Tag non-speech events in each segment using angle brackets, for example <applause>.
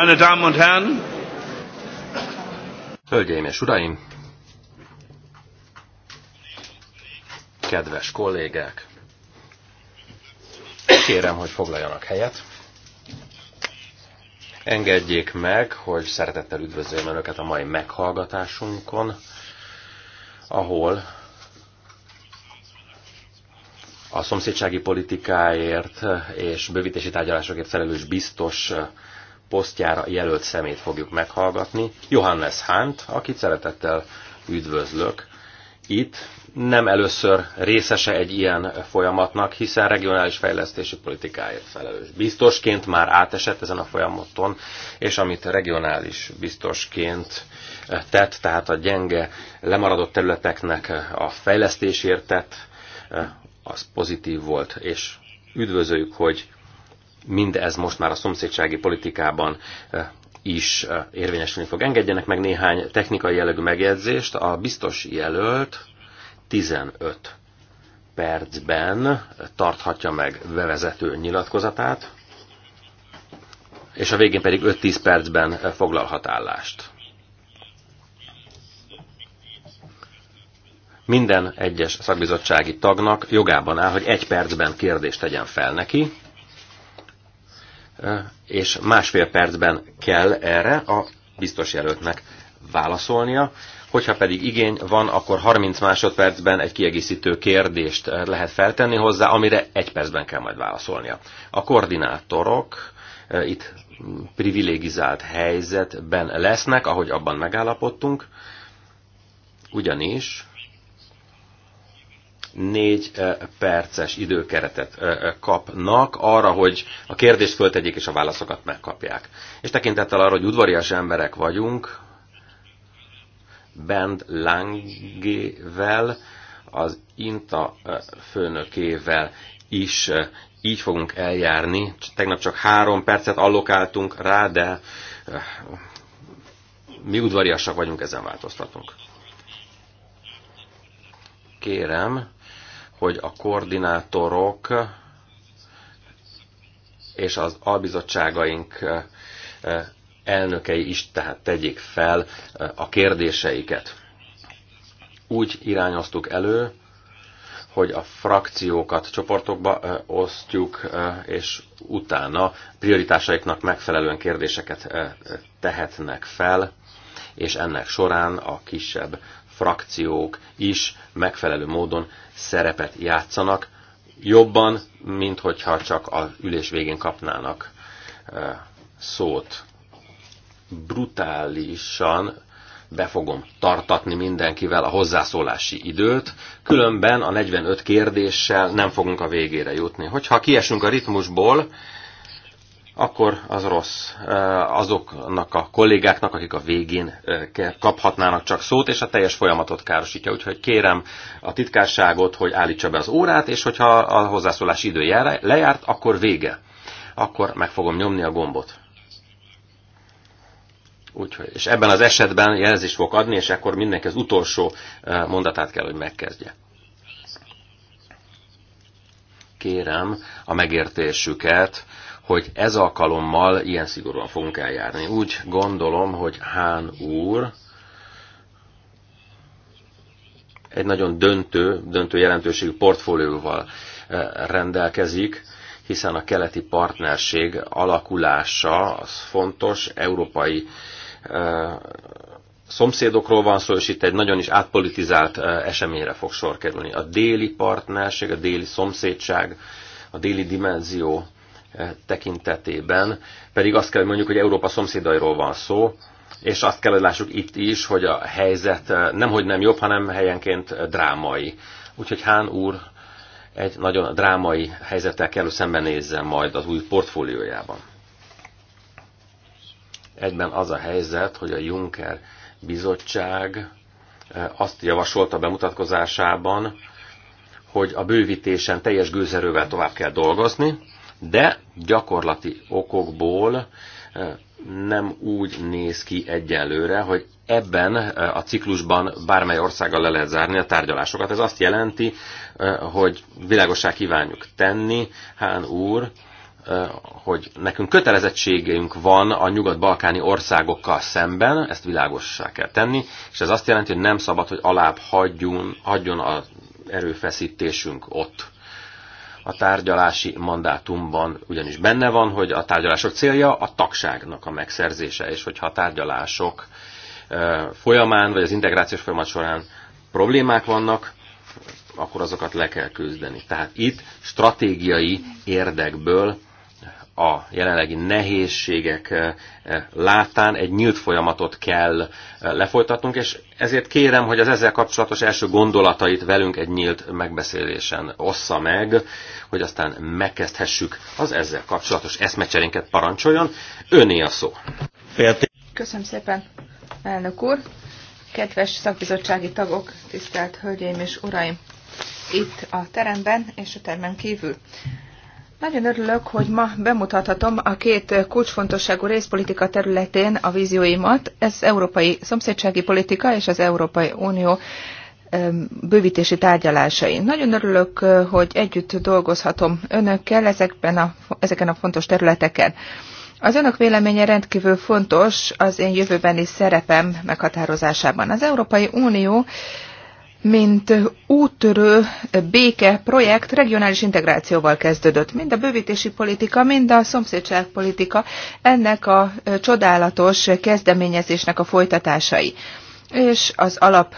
Meine Damen und Herren. Hölgyeim és Uraim! Kedves kollégák! Kérem, hogy foglaljanak helyet. Engedjék meg, hogy szeretettel üdvözlöm Önöket a mai meghallgatásunkon, ahol a szomszédsági politikáért és bővítési tárgyalásokért felelős biztos posztjára jelölt szemét fogjuk meghallgatni, Johannes Hunt, akit szeretettel üdvözlök itt. Nem először részese egy ilyen folyamatnak, hiszen regionális fejlesztési politikáért felelős. Biztosként már átesett ezen a folyamaton, és amit regionális biztosként tett, tehát a gyenge, lemaradott területeknek a fejlesztésért tett, az pozitív volt, és üdvözöljük, hogy mindez most már a szomszédsági politikában eh, is eh, érvényesülni fog. Engedjenek meg néhány technikai jellegű megjegyzést. A biztos jelölt 15 percben tarthatja meg bevezető nyilatkozatát, és a végén pedig 5-10 percben foglalhat állást. Minden egyes szakbizottsági tagnak jogában áll, hogy egy percben kérdést tegyen fel neki, és másfél percben kell erre a biztos jelöltnek válaszolnia. Hogyha pedig igény van, akkor 30 másodpercben egy kiegészítő kérdést lehet feltenni hozzá, amire egy percben kell majd válaszolnia. A koordinátorok itt privilegizált helyzetben lesznek, ahogy abban megállapodtunk, ugyanis négy perces időkeretet kapnak arra, hogy a kérdést föltegyék és a válaszokat megkapják. És tekintettel arra, hogy udvarias emberek vagyunk, Bend Langével, az INTA főnökével is így fogunk eljárni. Tegnap csak három percet allokáltunk rá, de mi udvariasak vagyunk, ezen változtatunk. Kérem, hogy a koordinátorok és az albizottságaink elnökei is tehát tegyék fel a kérdéseiket. Úgy irányoztuk elő, hogy a frakciókat csoportokba osztjuk, és utána prioritásaiknak megfelelően kérdéseket tehetnek fel, és ennek során a kisebb frakciók is megfelelő módon szerepet játszanak, jobban, mint hogyha csak a ülés végén kapnának eh, szót. Brutálisan be fogom tartatni mindenkivel a hozzászólási időt, különben a 45 kérdéssel nem fogunk a végére jutni. Hogyha kiesünk a ritmusból, akkor az rossz azoknak a kollégáknak, akik a végén kaphatnának csak szót, és a teljes folyamatot károsítja. Úgyhogy kérem a titkárságot, hogy állítsa be az órát, és hogyha a hozzászólás idő lejárt, akkor vége. Akkor meg fogom nyomni a gombot. Úgyhogy, és ebben az esetben jelzést fogok adni, és akkor mindenki az utolsó mondatát kell, hogy megkezdje kérem a megértésüket hogy ez alkalommal ilyen szigorúan fogunk eljárni. Úgy gondolom, hogy Hán úr egy nagyon döntő, döntő jelentőségű portfólióval eh, rendelkezik, hiszen a keleti partnerség alakulása az fontos, európai eh, szomszédokról van szó, és itt egy nagyon is átpolitizált eh, eseményre fog sor kerülni. A déli partnerség, a déli szomszédság, a déli dimenzió tekintetében, pedig azt kell, hogy mondjuk, hogy Európa szomszédairól van szó, és azt kell, hogy lássuk itt is, hogy a helyzet eh, nemhogy nem jobb, hanem helyenként drámai. Úgyhogy Hán úr egy nagyon drámai helyzettel kell, hogy szembenézzen majd az új portfóliójában. Egyben az a helyzet, hogy a Juncker bizottság eh, azt javasolta bemutatkozásában, hogy a bővítésen teljes gőzerővel tovább kell dolgozni, de gyakorlati okokból eh, nem úgy néz ki egyelőre, hogy ebben eh, a ciklusban bármely országgal le lehet zárni a tárgyalásokat. Ez azt jelenti, eh, hogy világosá kívánjuk tenni, Hán úr, hogy nekünk kötelezettségünk van a nyugat-balkáni országokkal szemben, ezt világossá kell tenni, és ez azt jelenti, hogy nem szabad, hogy alább hagyjon, hagyjon az erőfeszítésünk ott. A tárgyalási mandátumban ugyanis benne van, hogy a tárgyalások célja a tagságnak a megszerzése, és hogyha a tárgyalások folyamán, vagy az integrációs folyamat során problémák vannak, akkor azokat le kell küzdeni. Tehát itt stratégiai érdekből a jelenlegi nehézségek eh, eh, látán egy nyílt folyamatot kell eh, lefolytatnunk, és ezért kérem, hogy az ezzel kapcsolatos első gondolatait velünk egy nyílt megbeszélésen ossza meg, hogy aztán megkezdhessük az ezzel kapcsolatos eszmecserénket parancsoljon. Öné a szó. Köszönöm szépen, elnök úr. Kedves szakbizottsági tagok, tisztelt hölgyeim és uraim, itt a teremben és a termen kívül. Nagyon örülök, hogy ma bemutathatom a két kulcsfontosságú részpolitika területén a vízióimat. Ez európai szomszédsági politika és az Európai Unió bővítési tárgyalásai. Nagyon örülök, hogy együtt dolgozhatom önökkel ezekben a, ezeken a fontos területeken. Az önök véleménye rendkívül fontos az én jövőbeni szerepem meghatározásában. Az Európai Unió mint úttörő béke projekt regionális integrációval kezdődött. Mind a bővítési politika, mind a szomszédságpolitika ennek a csodálatos kezdeményezésnek a folytatásai. És az alap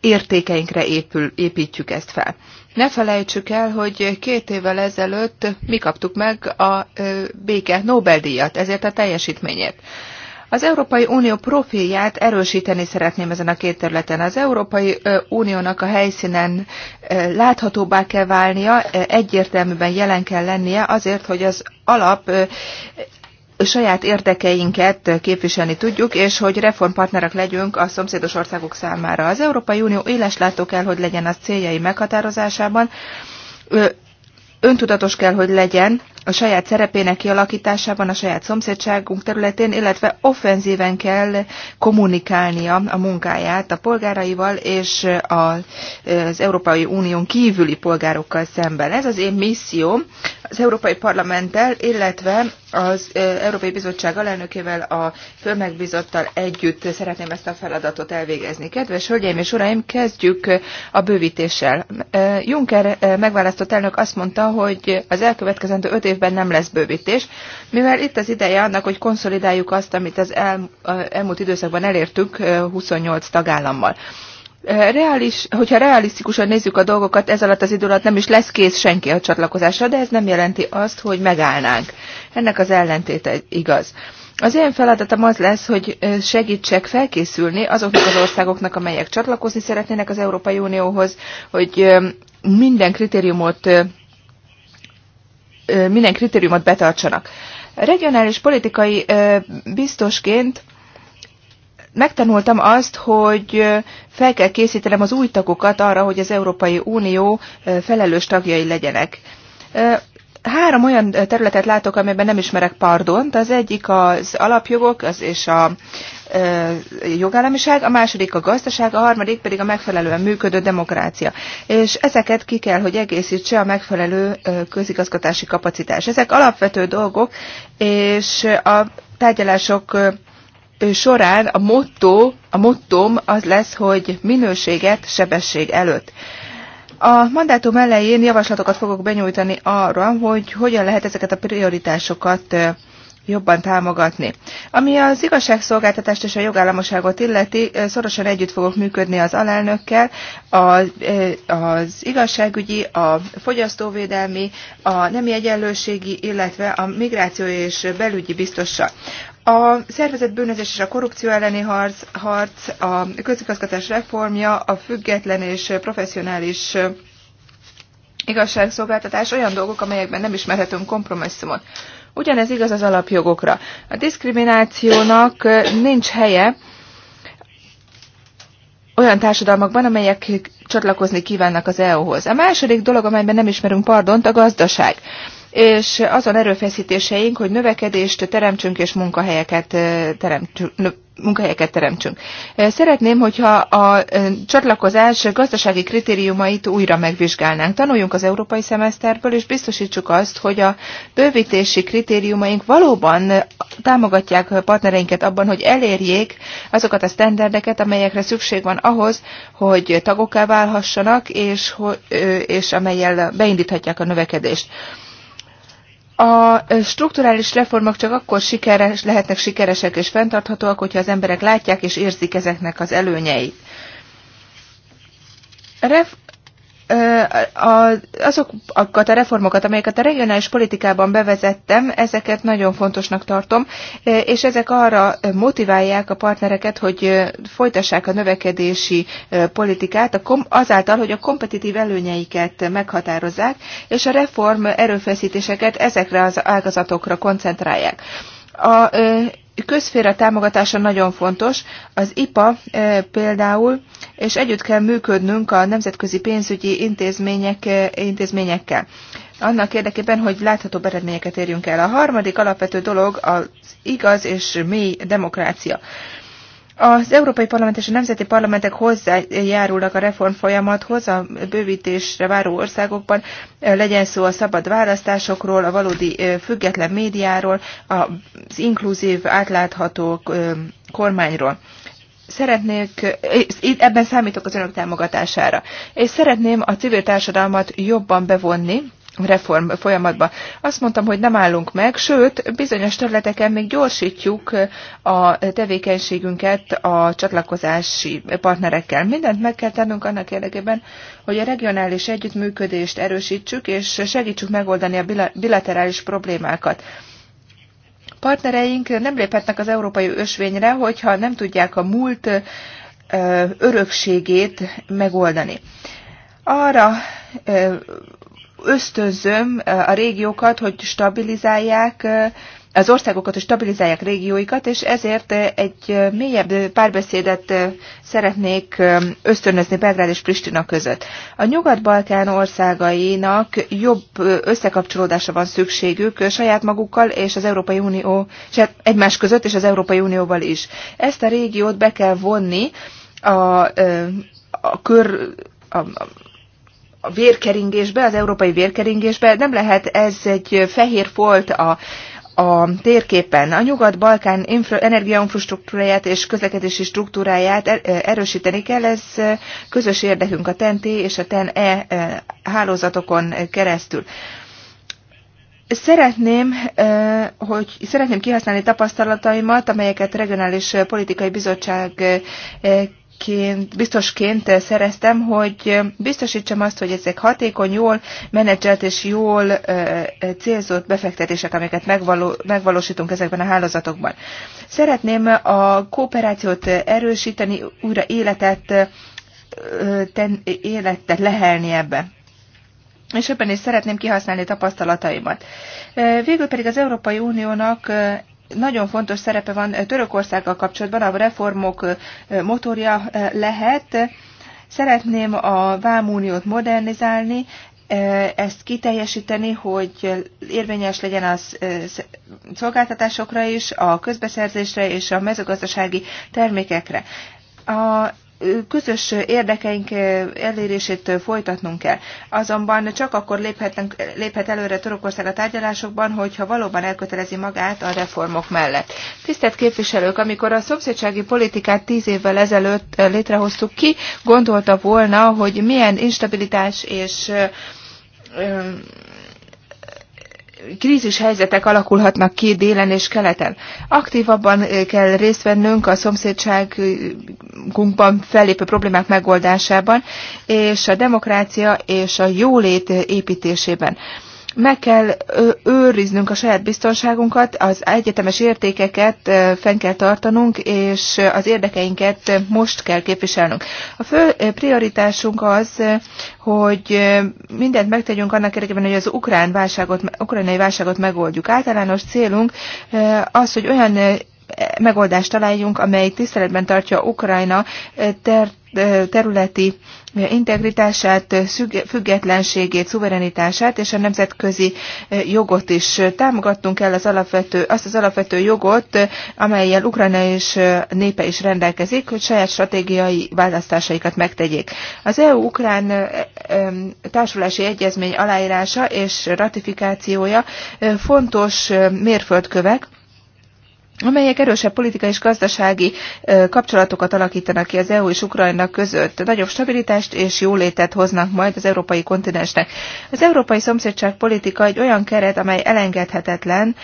értékeinkre épül, építjük ezt fel. Ne felejtsük el, hogy két évvel ezelőtt mi kaptuk meg a béke Nobel-díjat, ezért a teljesítményét. Az Európai Unió profilját erősíteni szeretném ezen a két területen. Az Európai Uniónak a helyszínen láthatóbbá kell válnia, egyértelműben jelen kell lennie azért, hogy az alap saját érdekeinket képviselni tudjuk, és hogy reformpartnerek legyünk a szomszédos országok számára. Az Európai Unió éles látó kell, hogy legyen az céljai meghatározásában öntudatos kell, hogy legyen a saját szerepének kialakításában, a saját szomszédságunk területén, illetve offenzíven kell kommunikálnia a munkáját a polgáraival és az Európai Unión kívüli polgárokkal szemben. Ez az én misszióm az Európai Parlamenttel, illetve az Európai Bizottság alelnökével, a főmegbizottal együtt szeretném ezt a feladatot elvégezni. Kedves hölgyeim és uraim, kezdjük a bővítéssel. Juncker megválasztott elnök azt mondta, hogy az elkövetkezendő öt évben nem lesz bővítés, mivel itt az ideje annak, hogy konszolidáljuk azt, amit az el, elmúlt időszakban elértük 28 tagállammal. Reális, hogyha realisztikusan nézzük a dolgokat, ez alatt az idő alatt nem is lesz kész senki a csatlakozásra, de ez nem jelenti azt, hogy megállnánk. Ennek az ellentéte igaz. Az én feladatom az lesz, hogy segítsek felkészülni azoknak az országoknak, amelyek csatlakozni szeretnének az Európai Unióhoz, hogy minden kritériumot, minden kritériumot betartsanak. Regionális politikai biztosként megtanultam azt, hogy fel kell készítenem az új tagokat arra, hogy az Európai Unió felelős tagjai legyenek. Három olyan területet látok, amelyben nem ismerek pardont. Az egyik az alapjogok az és a e, jogállamiság, a második a gazdaság, a harmadik pedig a megfelelően működő demokrácia. És ezeket ki kell, hogy egészítse a megfelelő közigazgatási kapacitás. Ezek alapvető dolgok, és a tárgyalások során a motto, a mottom az lesz, hogy minőséget sebesség előtt. A mandátum elején javaslatokat fogok benyújtani arra, hogy hogyan lehet ezeket a prioritásokat jobban támogatni. Ami az igazságszolgáltatást és a jogállamoságot illeti, szorosan együtt fogok működni az alelnökkel, az, az igazságügyi, a fogyasztóvédelmi, a nemi egyenlőségi, illetve a migráció és belügyi biztossal. A szervezet bűnözés és a korrupció elleni harc, harc a közigazgatás reformja, a független és professzionális igazságszolgáltatás olyan dolgok, amelyekben nem ismerhetünk kompromisszumot. Ugyanez igaz az alapjogokra. A diszkriminációnak nincs helye olyan társadalmakban, amelyek csatlakozni kívánnak az EU-hoz. A második dolog, amelyben nem ismerünk pardont, a gazdaság és azon erőfeszítéseink, hogy növekedést teremtsünk és munkahelyeket teremtsünk, munkahelyeket teremtsünk. Szeretném, hogyha a csatlakozás gazdasági kritériumait újra megvizsgálnánk. Tanuljunk az európai szemeszterből, és biztosítsuk azt, hogy a bővítési kritériumaink valóban támogatják partnereinket abban, hogy elérjék azokat a sztenderdeket, amelyekre szükség van ahhoz, hogy tagokká válhassanak, és, és amelyel beindíthatják a növekedést. A strukturális reformok csak akkor sikeres, lehetnek sikeresek és fenntarthatóak, hogyha az emberek látják és érzik ezeknek az előnyeit. Ref, azokat a reformokat, amelyeket a regionális politikában bevezettem, ezeket nagyon fontosnak tartom, és ezek arra motiválják a partnereket, hogy folytassák a növekedési politikát azáltal, hogy a kompetitív előnyeiket meghatározzák, és a reform erőfeszítéseket ezekre az ágazatokra koncentrálják. A közféra támogatása nagyon fontos, az IPA e, például, és együtt kell működnünk a nemzetközi pénzügyi intézmények, e, intézményekkel. Annak érdekében, hogy látható eredményeket érjünk el. A harmadik alapvető dolog az igaz és mély demokrácia. Az Európai Parlament és a Nemzeti Parlamentek hozzájárulnak a reform folyamathoz a bővítésre váró országokban, legyen szó a szabad választásokról, a valódi független médiáról, az inkluzív, átlátható kormányról. Szeretnék, ebben számítok az önök támogatására, és szeretném a civil társadalmat jobban bevonni reform folyamatba. Azt mondtam, hogy nem állunk meg, sőt, bizonyos területeken még gyorsítjuk a tevékenységünket a csatlakozási partnerekkel. Mindent meg kell tennünk annak érdekében, hogy a regionális együttműködést erősítsük, és segítsük megoldani a bilaterális problémákat. Partnereink nem léphetnek az európai ösvényre, hogyha nem tudják a múlt örökségét megoldani. Arra ösztönzöm a régiókat, hogy stabilizálják az országokat, is stabilizálják régióikat, és ezért egy mélyebb párbeszédet szeretnék ösztönözni Belgrád és Pristina között. A Nyugat-Balkán országainak jobb összekapcsolódása van szükségük saját magukkal és az Európai Unió, saját egymás között és az Európai Unióval is. Ezt a régiót be kell vonni a, a kör a, a vérkeringésbe, az európai vérkeringésbe. Nem lehet ez egy fehér folt a, a térképen a Nyugat-Balkán infra, energiainfrastruktúráját és közlekedési struktúráját er, erősíteni kell, ez közös érdekünk a TEN-T és a TEN-E hálózatokon keresztül. Szeretném, hogy szeretném kihasználni tapasztalataimat, amelyeket regionális politikai bizottság biztosként, biztosként szereztem, hogy biztosítsam azt, hogy ezek hatékony, jól menedzselt és jól célzott befektetések, amiket megvalósítunk ezekben a hálózatokban. Szeretném a kooperációt erősíteni, újra életet, ten, életet lehelni ebbe és ebben is szeretném kihasználni tapasztalataimat. Végül pedig az Európai Uniónak nagyon fontos szerepe van Törökországgal kapcsolatban, a reformok motorja lehet. Szeretném a Vámúniót modernizálni, ezt kiteljesíteni, hogy érvényes legyen a szolgáltatásokra is, a közbeszerzésre és a mezőgazdasági termékekre. A közös érdekeink eh, elérését eh, folytatnunk kell. Azonban csak akkor léphetnek, léphet előre Törökország a tárgyalásokban, hogyha valóban elkötelezi magát a reformok mellett. Tisztelt képviselők, amikor a szomszédsági politikát tíz évvel ezelőtt eh, létrehoztuk ki, gondolta volna, hogy milyen instabilitás és krízis helyzetek alakulhatnak ki délen és keleten. Aktívabban eh, kell részt vennünk a szomszédságunkban fellépő problémák megoldásában, és a demokrácia és a jólét építésében meg kell őriznünk a saját biztonságunkat, az egyetemes értékeket fenn kell tartanunk, és az érdekeinket most kell képviselnünk. A fő prioritásunk az, hogy mindent megtegyünk annak érdekében, hogy az ukrán válságot, ukrajnai válságot megoldjuk. Általános célunk az, hogy olyan megoldást találjunk, amely tiszteletben tartja Ukrajna ter területi integritását, függetlenségét, szuverenitását és a nemzetközi jogot is. Támogattunk el az alapvető, azt az alapvető jogot, amelyel Ukrajna és népe is rendelkezik, hogy saját stratégiai választásaikat megtegyék. Az EU-Ukrán társulási egyezmény aláírása és ratifikációja fontos mérföldkövek, amelyek erősebb politikai és gazdasági kapcsolatokat alakítanak ki az EU és Ukrajna között. Nagyobb stabilitást és jólétet hoznak majd az európai kontinensnek. Az európai szomszédság politika egy olyan keret, amely elengedhetetlen,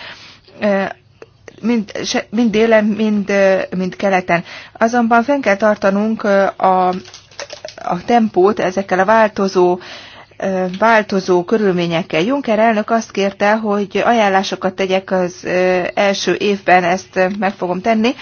mind, mind délen, mind, mind keleten. Azonban fenn kell tartanunk a, a tempót ezekkel a változó változó körülményekkel. Juncker elnök azt kérte, hogy ajánlásokat tegyek az első évben, ezt meg fogom tenni,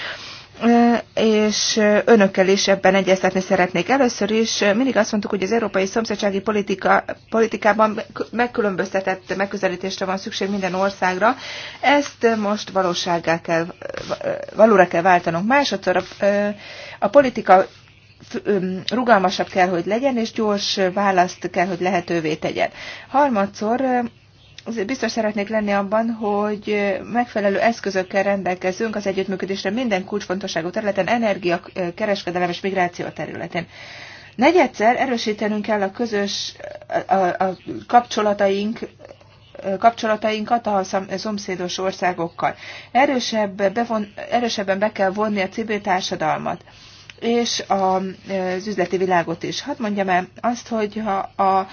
és önökkel is ebben egyeztetni szeretnék. Először is mindig azt mondtuk, hogy az európai szomszédsági politika, politikában megkülönböztetett megközelítésre van szükség minden országra. Ezt most valósággá kell, valóra kell váltanunk. Másodszor a, a politika rugalmasabb kell, hogy legyen, és gyors választ kell, hogy lehetővé tegyen. Harmadszor biztos szeretnék lenni abban, hogy megfelelő eszközökkel rendelkezünk az együttműködésre minden kulcsfontosságú területen, energia, kereskedelem és migráció területén. Negyedszer erősítenünk kell a közös a, a kapcsolataink kapcsolatainkat a szomszédos országokkal. Erősebb bevon, erősebben be kell vonni a civil társadalmat és az üzleti világot is. Hadd mondjam el azt, hogy ha a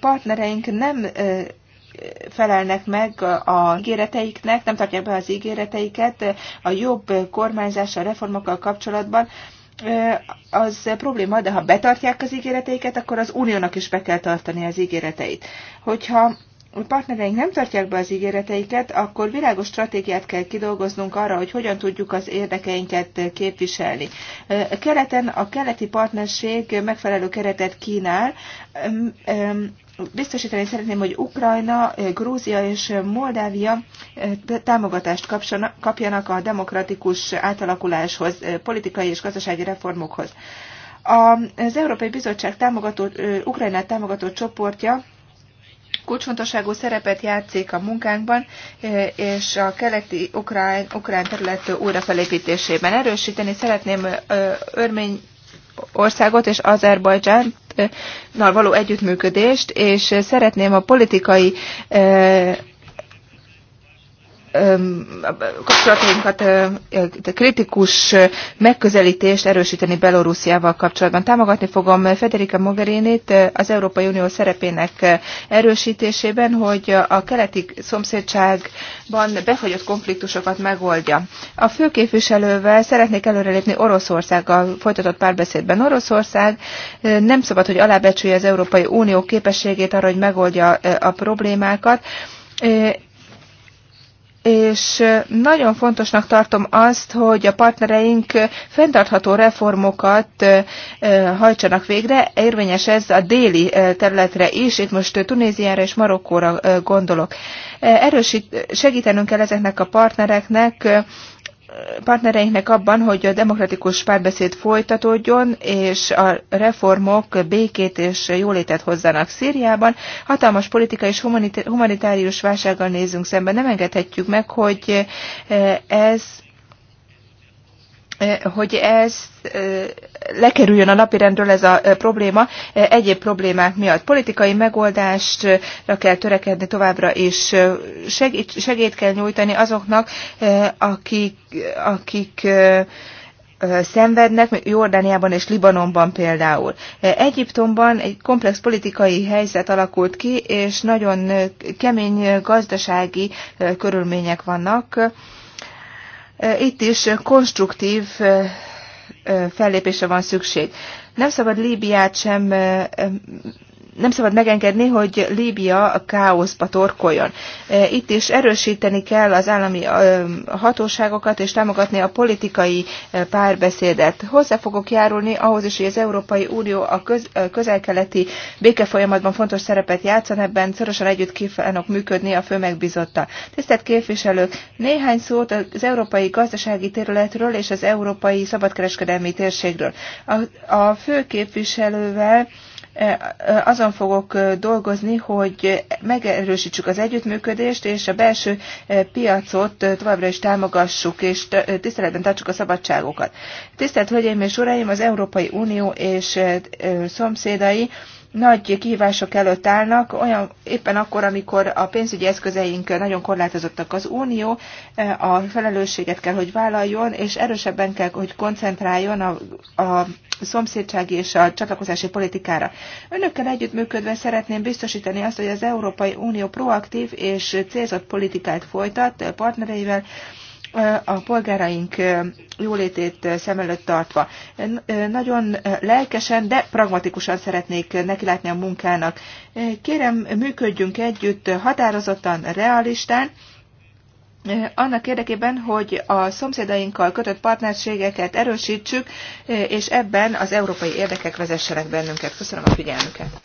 partnereink nem felelnek meg a ígéreteiknek, nem tartják be az ígéreteiket a jobb kormányzással, reformokkal kapcsolatban, az probléma, de ha betartják az ígéreteiket, akkor az uniónak is be kell tartani az ígéreteit. Hogyha partnereink nem tartják be az ígéreteiket, akkor világos stratégiát kell kidolgoznunk arra, hogy hogyan tudjuk az érdekeinket képviselni. A keleten a keleti partnerség megfelelő keretet kínál. Biztosítani szeretném, hogy Ukrajna, Grúzia és Moldávia támogatást kapjanak a demokratikus átalakuláshoz, politikai és gazdasági reformokhoz. Az Európai Bizottság támogató, Ukrajnát támogató csoportja kulcsfontosságú szerepet játszik a munkánkban és a keleti ukrán, ukrán terület újrafelépítésében. Erősíteni szeretném örmény országot és Azerbajdzsánt való együttműködést, és szeretném a politikai kapcsolatainkat, kritikus megközelítést erősíteni Belorussziával kapcsolatban. Támogatni fogom Federica Mogherinit az Európai Unió szerepének erősítésében, hogy a keleti szomszédságban befagyott konfliktusokat megoldja. A főképviselővel szeretnék előrelépni Oroszországgal folytatott párbeszédben. Oroszország nem szabad, hogy alábecsülje az Európai Unió képességét arra, hogy megoldja a problémákat és nagyon fontosnak tartom azt, hogy a partnereink fenntartható reformokat hajtsanak végre. Érvényes ez a déli területre is, itt most Tunéziára és Marokkóra gondolok. Erősít, segítenünk kell ezeknek a partnereknek partnereinknek abban, hogy a demokratikus párbeszéd folytatódjon, és a reformok békét és jólétet hozzanak Szíriában. Hatalmas politikai és humanitárius válsággal nézünk szemben. Nem engedhetjük meg, hogy eh, ez eh, hogy ez eh, lekerüljön a napirendről ez a probléma egyéb problémák miatt. Politikai megoldástra kell törekedni továbbra, és segít kell nyújtani azoknak, akik, akik szenvednek, Jordániában és Libanonban például. Egyiptomban egy komplex politikai helyzet alakult ki, és nagyon kemény gazdasági körülmények vannak. Itt is konstruktív fellépésre van szükség. Nem szabad Líbiát sem nem szabad megengedni, hogy Líbia a káoszba torkoljon. E, itt is erősíteni kell az állami hatóságokat, és támogatni a politikai e, párbeszédet. Hozzá fogok járulni ahhoz is, hogy az Európai Unió a e, közel-keleti békefolyamatban fontos szerepet játszan, ebben szorosan együtt kívánok működni a főmegbizotta. Tisztelt képviselők, néhány szót az európai gazdasági területről és az európai szabadkereskedelmi térségről. A, a képviselővel azon fogok dolgozni, hogy megerősítsük az együttműködést, és a belső piacot továbbra is támogassuk, és tiszteletben tartsuk a szabadságokat. Tisztelt Hölgyeim és Uraim, az Európai Unió és szomszédai nagy kihívások előtt állnak, olyan éppen akkor, amikor a pénzügyi eszközeink nagyon korlátozottak. Az Unió a felelősséget kell, hogy vállaljon, és erősebben kell, hogy koncentráljon a, a szomszédsági és a csatlakozási politikára. Önökkel együttműködve szeretném biztosítani azt, hogy az Európai Unió proaktív és célzott politikát folytat partnereivel, a polgáraink jólétét szem előtt tartva. Nagyon lelkesen, de pragmatikusan szeretnék nekilátni a munkának. Kérem, működjünk együtt határozottan, realistán, annak érdekében, hogy a szomszédainkkal kötött partnerségeket erősítsük, és ebben az európai érdekek vezessenek bennünket. Köszönöm a figyelmüket!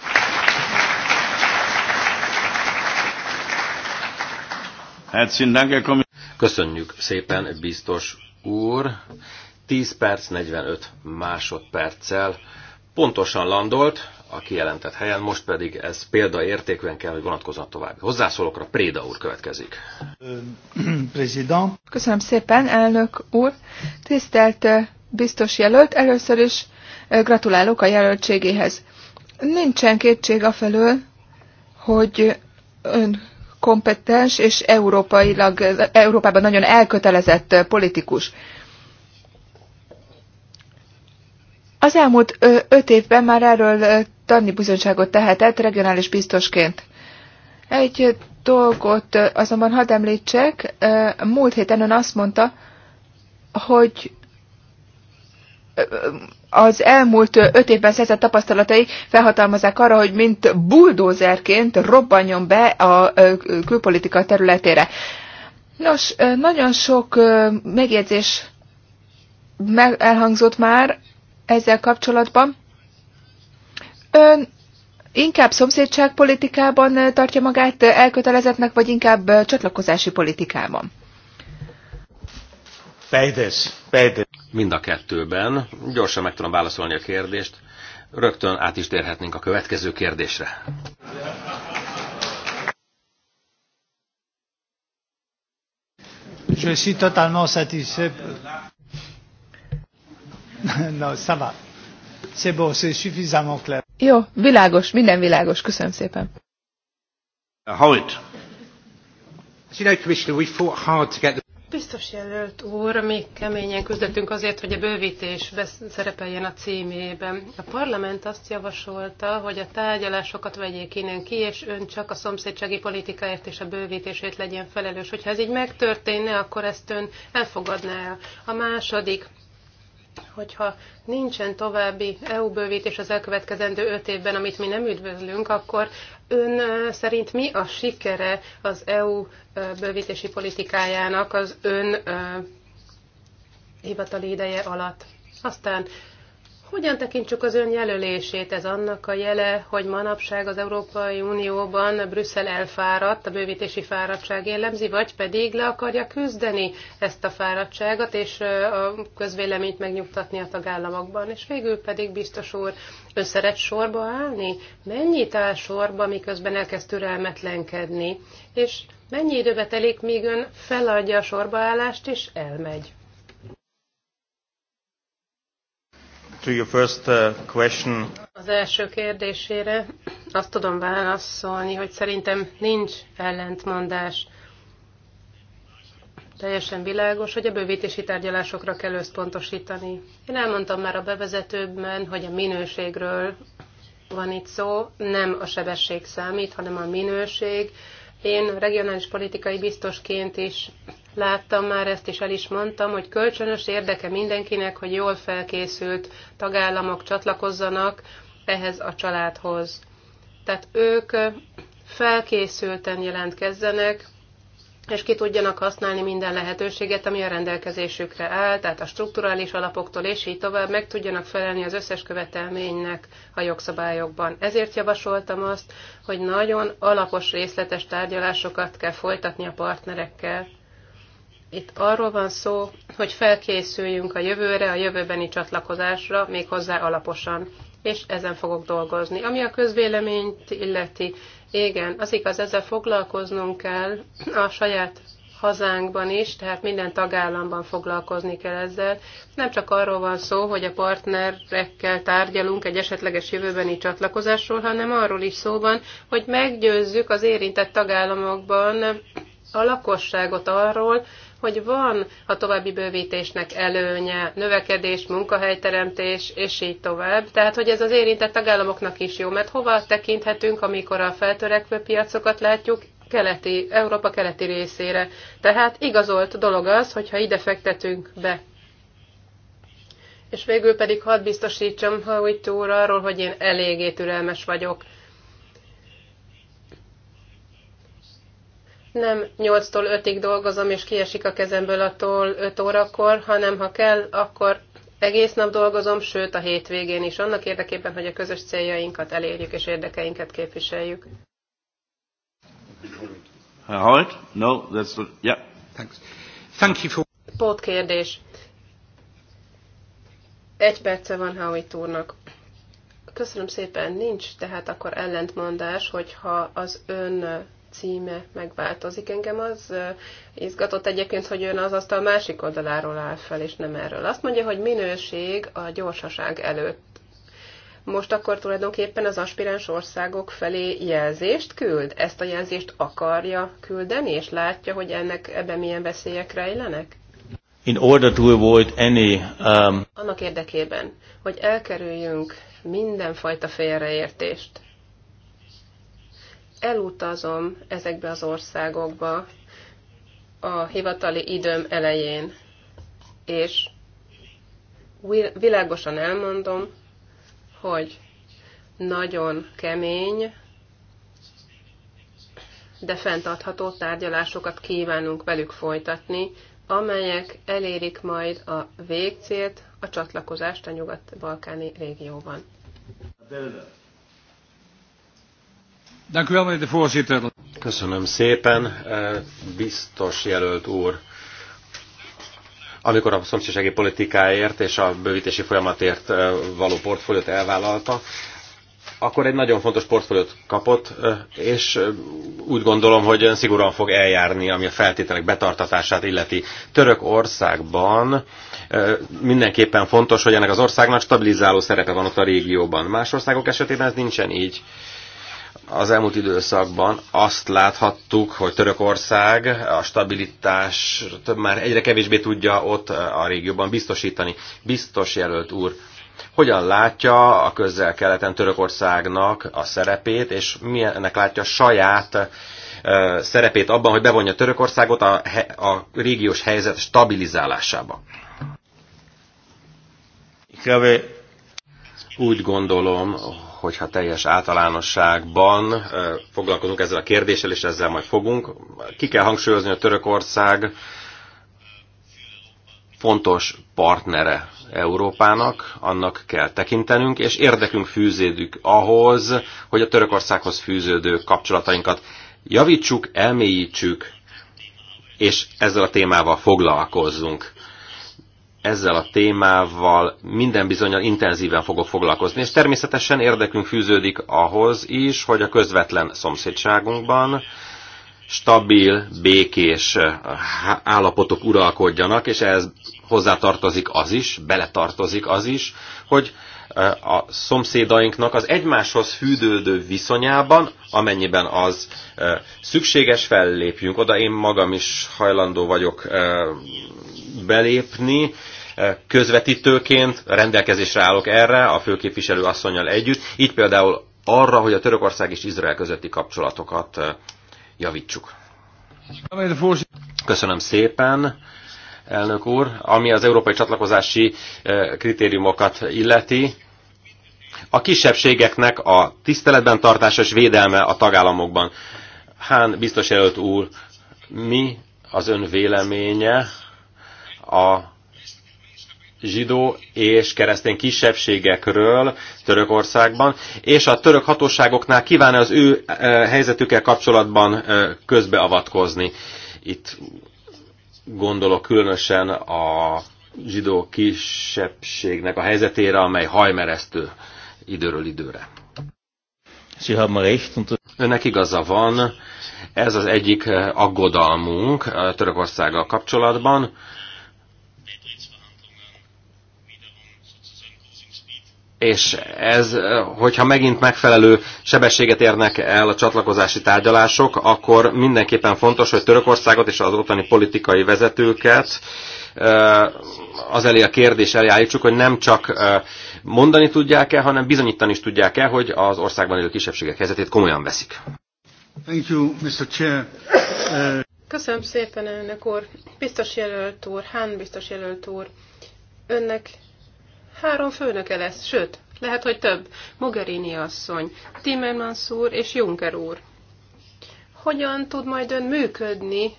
Köszönjük szépen, biztos úr! 10 perc, 45 másodperccel pontosan landolt, a kijelentett helyen, most pedig ez példaértékűen kell, hogy vonatkozzon tovább. Hozzászólókra Préda úr következik. Köszönöm szépen, elnök úr. Tisztelt biztos jelölt, először is gratulálok a jelöltségéhez. Nincsen kétség felől, hogy ön kompetens és európailag, Európában nagyon elkötelezett politikus. Az elmúlt öt évben már erről bizonyságot tehetett regionális biztosként. Egy dolgot azonban hadd említsek, múlt héten ön azt mondta, hogy az elmúlt öt évben szerzett tapasztalatai felhatalmazák arra, hogy mint buldózerként robbanjon be a külpolitika területére. Nos, nagyon sok megjegyzés elhangzott már ezzel kapcsolatban. Ön inkább szomszédságpolitikában tartja magát elkötelezettnek, vagy inkább csatlakozási politikában? Beides, beides. Mind a kettőben. Gyorsan meg tudom válaszolni a kérdést. Rögtön át is térhetnénk a következő kérdésre. Je suis totalement satisfait. <laughs> non, ça va. C'est bon, c'est suffisamment clair. Jó, világos, minden világos, köszönöm szépen. Howitt. Biztos jelölt úr, mi keményen küzdöttünk azért, hogy a bővítés szerepeljen a címében. A parlament azt javasolta, hogy a tárgyalásokat vegyék innen ki, és ön csak a szomszédsági politikáért és a bővítését legyen felelős. Hogyha ez így megtörténne, akkor ezt ön elfogadná A második hogyha nincsen további EU bővítés az elkövetkezendő öt évben, amit mi nem üdvözlünk, akkor ön szerint mi a sikere az EU bővítési politikájának az ön hivatali ideje alatt? Aztán hogyan tekintsük az ön jelölését? Ez annak a jele, hogy manapság az Európai Unióban Brüsszel elfáradt, a bővítési fáradtság jellemzi, vagy pedig le akarja küzdeni ezt a fáradtságot, és a közvéleményt megnyugtatni a tagállamokban. És végül pedig biztos úr, ön szeret sorba állni? Mennyit áll sorba, miközben elkezd türelmetlenkedni? És mennyi időbe telik, míg ön feladja a sorbaállást és elmegy? to your first uh, question. Az első kérdésére azt tudom válaszolni, hogy szerintem nincs ellentmondás. Teljesen világos, hogy a bővítési tárgyalásokra kell összpontosítani. Én elmondtam már a bevezetőben, hogy a minőségről van itt szó, nem a sebesség számít, hanem a minőség. Én regionális politikai biztosként is láttam már ezt, és el is mondtam, hogy kölcsönös érdeke mindenkinek, hogy jól felkészült tagállamok csatlakozzanak ehhez a családhoz. Tehát ők felkészülten jelentkezzenek, és ki tudjanak használni minden lehetőséget, ami a rendelkezésükre áll, tehát a strukturális alapoktól és így tovább meg tudjanak felelni az összes követelménynek a jogszabályokban. Ezért javasoltam azt, hogy nagyon alapos részletes tárgyalásokat kell folytatni a partnerekkel. Itt arról van szó, hogy felkészüljünk a jövőre, a jövőbeni csatlakozásra, méghozzá alaposan, és ezen fogok dolgozni. Ami a közvéleményt illeti, igen, az igaz, ezzel foglalkoznunk kell a saját hazánkban is, tehát minden tagállamban foglalkozni kell ezzel. Nem csak arról van szó, hogy a partnerekkel tárgyalunk egy esetleges jövőbeni csatlakozásról, hanem arról is szó van, hogy meggyőzzük az érintett tagállamokban a lakosságot arról, hogy van a további bővítésnek előnye, növekedés, munkahelyteremtés, és így tovább. Tehát, hogy ez az érintett tagállamoknak is jó, mert hova tekinthetünk, amikor a feltörekvő piacokat látjuk, keleti, Európa keleti részére. Tehát igazolt dolog az, hogyha ide fektetünk be. És végül pedig hadd biztosítsam úgy úr arról, hogy én eléggé türelmes vagyok. nem 8-tól 5-ig dolgozom, és kiesik a kezemből a tól 5 órakor, hanem ha kell, akkor egész nap dolgozom, sőt a hétvégén is, annak érdekében, hogy a közös céljainkat elérjük és érdekeinket képviseljük. Holt? No, that's not, yeah. Thanks. Thank you for... Pót kérdés. Egy perce van Howitt úrnak. Köszönöm szépen, nincs tehát akkor ellentmondás, hogyha az ön címe megváltozik. Engem az izgatott egyébként, hogy ön az asztal másik oldaláról áll fel, és nem erről. Azt mondja, hogy minőség a gyorsaság előtt. Most akkor tulajdonképpen az aspiráns országok felé jelzést küld? Ezt a jelzést akarja küldeni, és látja, hogy ennek ebben milyen veszélyek rejlenek? In order to avoid any, um... Annak érdekében, hogy elkerüljünk mindenfajta félreértést, elutazom ezekbe az országokba a hivatali időm elején, és világosan elmondom, hogy nagyon kemény, de fenntartható tárgyalásokat kívánunk velük folytatni, amelyek elérik majd a végcélt, a csatlakozást a nyugat-balkáni régióban. Köszönöm szépen, eh, biztos jelölt úr. Amikor a szomszédsági politikáért és a bővítési folyamatért eh, való portfóliót elvállalta, akkor egy nagyon fontos portfóliót kapott, eh, és úgy gondolom, hogy ön szigorúan fog eljárni, ami a feltételek betartatását illeti. Törökországban mindenképpen fontos, hogy ennek az országnak stabilizáló szerepe van ott a régióban. Más országok esetében ez nincsen így az elmúlt időszakban azt láthattuk, hogy Törökország a stabilitás már egyre kevésbé tudja ott eh, a régióban biztosítani. Biztos jelölt úr, hogyan látja a közel-keleten Törökországnak a szerepét, és milyennek látja saját eh, szerepét abban, hogy bevonja Törökországot a, a régiós helyzet stabilizálásába? Úgy gondolom, hogyha teljes általánosságban foglalkozunk ezzel a kérdéssel, és ezzel majd fogunk. Ki kell hangsúlyozni, hogy a Törökország fontos partnere Európának, annak kell tekintenünk, és érdekünk fűződik ahhoz, hogy a Törökországhoz fűződő kapcsolatainkat javítsuk, elmélyítsük, és ezzel a témával foglalkozzunk ezzel a témával minden bizonyal intenzíven fogok foglalkozni, és természetesen érdekünk fűződik ahhoz is, hogy a közvetlen szomszédságunkban stabil, békés eh, állapotok uralkodjanak, és ehhez hozzátartozik az is, beletartozik az is, hogy eh, a szomszédainknak az egymáshoz fűdődő viszonyában, amennyiben az eh, szükséges, fellépjünk. Oda én magam is hajlandó vagyok belépni, közvetítőként rendelkezésre állok erre a főképviselő asszonyal együtt, így például arra, hogy a Törökország és Izrael közötti kapcsolatokat javítsuk. Köszönöm szépen, elnök úr. Ami az európai csatlakozási kritériumokat illeti, a kisebbségeknek a tiszteletben tartása és védelme a tagállamokban. Hán biztos előtt úr, mi az ön véleménye a zsidó és keresztény kisebbségekről Törökországban, és a török hatóságoknál kívánja az ő eh, helyzetükkel kapcsolatban eh, közbeavatkozni. Itt gondolok különösen a zsidó kisebbségnek a helyzetére, amely hajmeresztő időről időre. Önnek igaza van, ez az egyik eh, aggodalmunk Törökországgal kapcsolatban, és ez, hogyha megint megfelelő sebességet érnek el a csatlakozási tárgyalások, akkor mindenképpen fontos, hogy Törökországot és az ottani politikai vezetőket az elé a kérdés elé állítsuk, hogy nem csak mondani tudják-e, hanem bizonyítani is tudják-e, hogy az országban élő kisebbségek helyzetét komolyan veszik. Thank you, Mr. Chair. Uh, Köszönöm szépen, elnök úr. Biztos jelölt úr, Hán biztos jelölt úr. Önnek három főnöke lesz, sőt, lehet, hogy több. Mogherini asszony, Timmermans úr és Juncker úr. Hogyan tud majd ön működni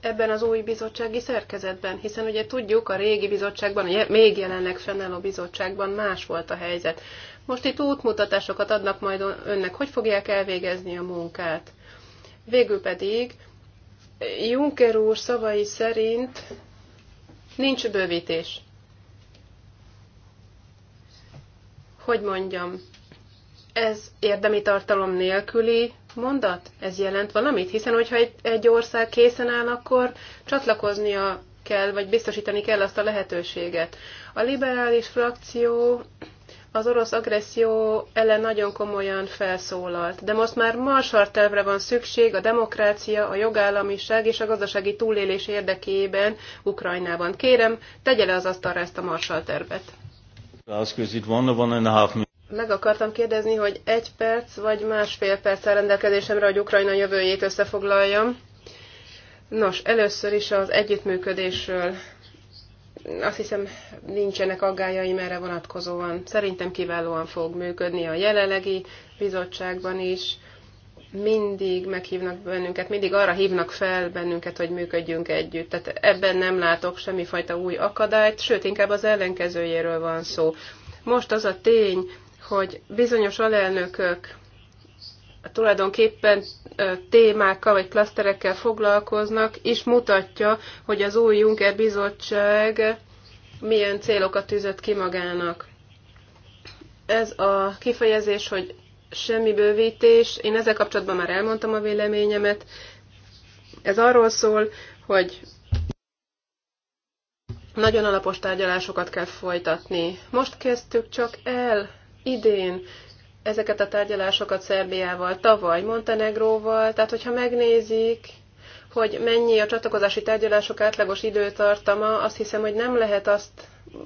ebben az új bizottsági szerkezetben? Hiszen ugye tudjuk, a régi bizottságban, a még jelenleg fennálló bizottságban más volt a helyzet. Most itt útmutatásokat adnak majd önnek, hogy fogják elvégezni a munkát. Végül pedig Juncker úr szavai szerint nincs bővítés. hogy mondjam, ez érdemi tartalom nélküli mondat? Ez jelent valamit? Hiszen, hogyha egy, egy ország készen áll, akkor csatlakoznia kell, vagy biztosítani kell azt a lehetőséget. A liberális frakció az orosz agresszió ellen nagyon komolyan felszólalt. De most már marsartelvre van szükség a demokrácia, a jogállamiság és a gazdasági túlélés érdekében Ukrajnában. Kérem, tegye le az asztalra ezt a marsartervet. Meg akartam kérdezni, hogy egy perc vagy másfél perc áll rendelkezésemre, hogy Ukrajna jövőjét összefoglaljam. Nos, először is az együttműködésről. Azt hiszem, nincsenek aggájaim erre vonatkozóan. Szerintem kiválóan fog működni a jelenlegi bizottságban is mindig meghívnak bennünket, mindig arra hívnak fel bennünket, hogy működjünk együtt. Tehát ebben nem látok semmifajta új akadályt, sőt, inkább az ellenkezőjéről van szó. Most az a tény, hogy bizonyos alelnökök tulajdonképpen témákkal vagy klaszterekkel foglalkoznak, és mutatja, hogy az új Juncker bizottság milyen célokat tűzött ki magának. Ez a kifejezés, hogy semmi bővítés. Én ezzel kapcsolatban már elmondtam a véleményemet. Ez arról szól, hogy nagyon alapos tárgyalásokat kell folytatni. Most kezdtük csak el, idén, ezeket a tárgyalásokat Szerbiával, tavaly Montenegróval, tehát hogyha megnézik, hogy mennyi a csatlakozási tárgyalások átlagos időtartama, azt hiszem, hogy nem lehet azt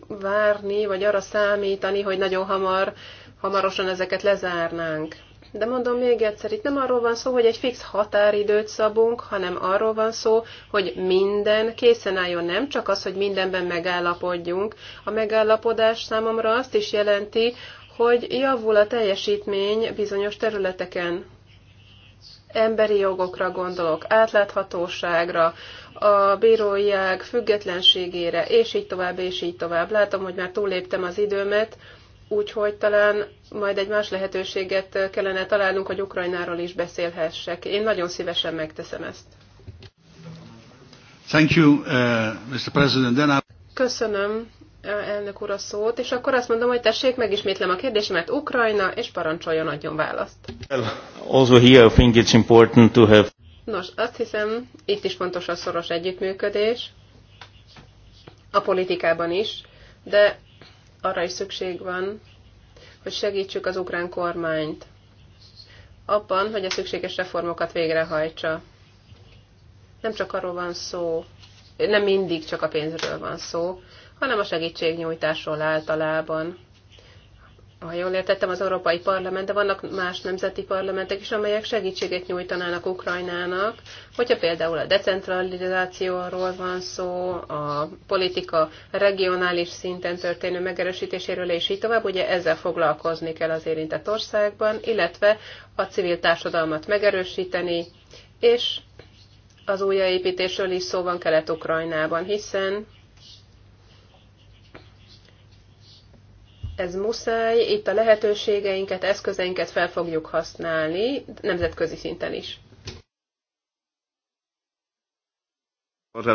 várni, vagy arra számítani, hogy nagyon hamar uh, hamarosan ezeket lezárnánk. De mondom még egyszer, itt nem arról van szó, hogy egy fix határidőt szabunk, hanem arról van szó, hogy minden készen álljon, nem csak az, hogy mindenben megállapodjunk. A megállapodás számomra azt is jelenti, hogy javul a teljesítmény bizonyos területeken. Emberi jogokra gondolok, átláthatóságra, a bírói ág függetlenségére, és így tovább, és így tovább. Látom, hogy már túléptem az időmet, Úgyhogy talán majd egy más lehetőséget kellene találnunk, hogy Ukrajnáról is beszélhessek. Én nagyon szívesen megteszem ezt. Thank you, uh, Mr. President. Then I... Köszönöm, uh, elnök úr, a szót, és akkor azt mondom, hogy tessék, megismétlem a kérdésemet, Ukrajna, és parancsoljon, adjon választ. Well, also here I think it's important to have... Nos, azt hiszem, itt is fontos a szoros együttműködés, a politikában is, de arra is szükség van, hogy segítsük az ukrán kormányt abban, hogy a szükséges reformokat végrehajtsa. Nem csak arról van szó, nem mindig csak a pénzről van szó, hanem a segítségnyújtásról általában ha jól értettem, az Európai Parlament, de vannak más nemzeti parlamentek is, amelyek segítséget nyújtanának Ukrajnának, hogyha például a decentralizációról van szó, a politika regionális szinten történő megerősítéséről, és így tovább, ugye ezzel foglalkozni kell az érintett országban, illetve a civil társadalmat megerősíteni, és az újjáépítésről is szó van Kelet-Ukrajnában, hiszen ez muszáj, itt a lehetőségeinket, eszközeinket fel fogjuk használni nemzetközi szinten is.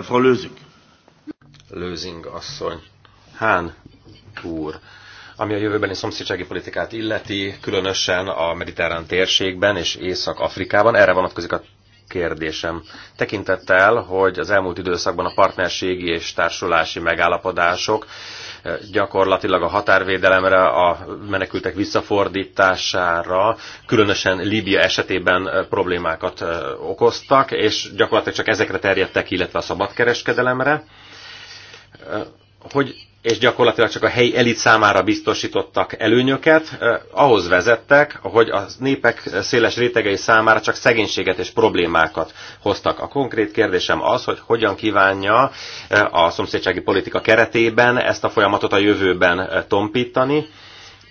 Frau Lőzing asszony. Hán úr ami a jövőbeni szomszédsági politikát illeti, különösen a mediterrán térségben és Észak-Afrikában. Erre vonatkozik a kérdésem. Tekintettel, hogy az elmúlt időszakban a partnerségi és társulási megállapodások gyakorlatilag a határvédelemre, a menekültek visszafordítására, különösen Líbia esetében problémákat okoztak, és gyakorlatilag csak ezekre terjedtek, illetve a szabadkereskedelemre. Hogy és gyakorlatilag csak a helyi elit számára biztosítottak előnyöket, eh, ahhoz vezettek, hogy a népek széles rétegei számára csak szegénységet és problémákat hoztak. A konkrét kérdésem az, hogy hogyan kívánja eh, a szomszédsági politika keretében ezt a folyamatot a jövőben eh, tompítani,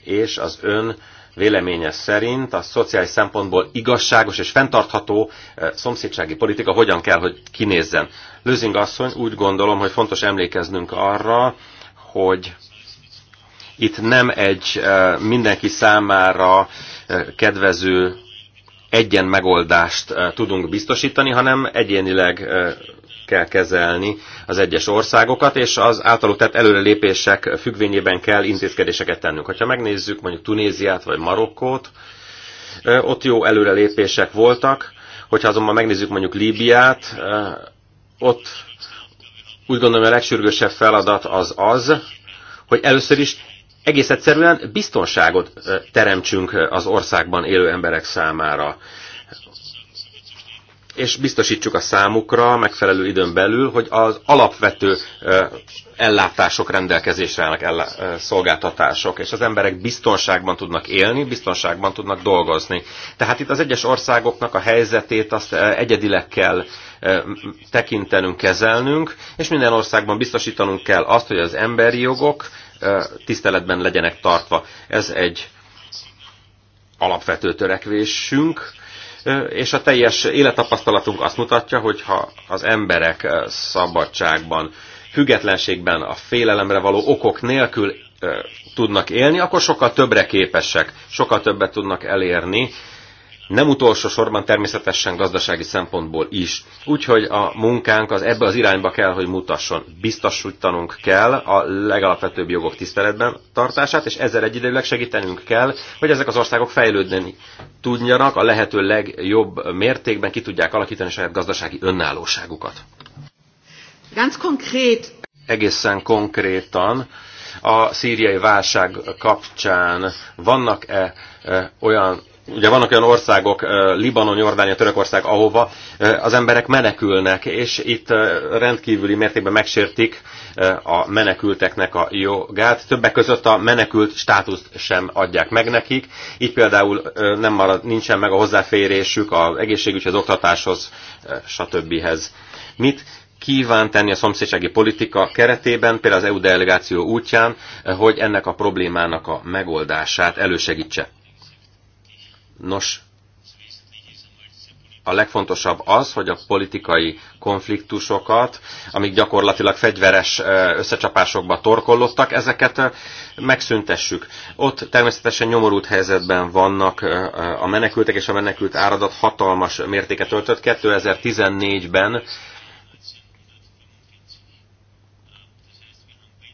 és az ön véleménye szerint a szociális szempontból igazságos és fenntartható szomszédsági politika hogyan kell, hogy kinézzen. Lőzing asszony, úgy gondolom, hogy fontos emlékeznünk arra, hogy itt nem egy eh, mindenki számára eh, kedvező egyen megoldást eh, tudunk biztosítani, hanem egyénileg kell kezelni az egyes országokat, és az általuk tett előrelépések függvényében kell intézkedéseket tennünk. Ha megnézzük mondjuk Tunéziát vagy Marokkót, ott jó előrelépések voltak, hogyha azonban megnézzük mondjuk Líbiát, ott úgy gondolom, a legsürgősebb feladat az az, hogy először is egész egyszerűen biztonságot teremtsünk az országban élő emberek számára és biztosítsuk a számukra megfelelő időn belül, hogy az alapvető ellátások rendelkezésre állnak, szolgáltatások, és az emberek biztonságban tudnak élni, biztonságban tudnak dolgozni. Tehát itt az egyes országoknak a helyzetét azt egyedileg kell tekintenünk, kezelnünk, és minden országban biztosítanunk kell azt, hogy az emberi jogok tiszteletben legyenek tartva. Ez egy alapvető törekvésünk, és a teljes élettapasztalatunk azt mutatja, hogy ha az emberek szabadságban, függetlenségben, a félelemre való okok nélkül tudnak élni, akkor sokkal többre képesek, sokkal többet tudnak elérni, nem utolsó sorban természetesen gazdasági szempontból is. Úgyhogy a munkánk az ebbe az irányba kell, hogy mutasson. Biztosítanunk kell a legalapvetőbb jogok tiszteletben tartását, és ezzel egyidejűleg segítenünk kell, hogy ezek az országok fejlődni tudjanak, a lehető legjobb mértékben ki tudják alakítani saját gazdasági önállóságukat. Ganz konkrét. Egészen konkrétan a szíriai válság kapcsán vannak-e olyan Ugye vannak olyan országok, Libanon, Jordánia, Törökország, ahova az emberek menekülnek, és itt rendkívüli mértékben megsértik a menekülteknek a jogát. Többek között a menekült státuszt sem adják meg nekik. Így például nem marad, nincsen meg a hozzáférésük az egészségügyhez, az oktatáshoz, stb. Mit kíván tenni a szomszédsági politika keretében, például az EU delegáció útján, hogy ennek a problémának a megoldását elősegítse. Nos, a legfontosabb az, hogy a politikai konfliktusokat, amik gyakorlatilag fegyveres összecsapásokba torkollottak, ezeket megszüntessük. Ott természetesen nyomorult helyzetben vannak a menekültek, és a menekült áradat hatalmas mértéket öltött. 2014-ben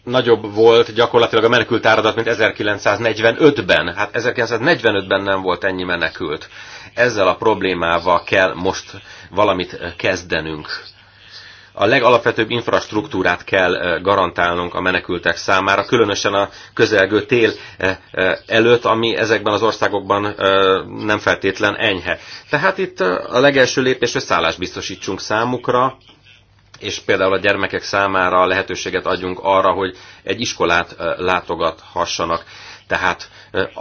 nagyobb volt gyakorlatilag a menekült áradat, mint 1945-ben. Hát 1945-ben nem volt ennyi menekült. Ezzel a problémával kell most valamit kezdenünk. A legalapvetőbb infrastruktúrát kell eh, garantálnunk a menekültek számára, különösen a közelgő tél eh, eh, előtt, ami ezekben az országokban nem feltétlen enyhe. Tehát itt a legelső lépés, hogy szállást biztosítsunk számukra, és például a gyermekek számára lehetőséget adjunk arra, hogy egy iskolát látogathassanak. Tehát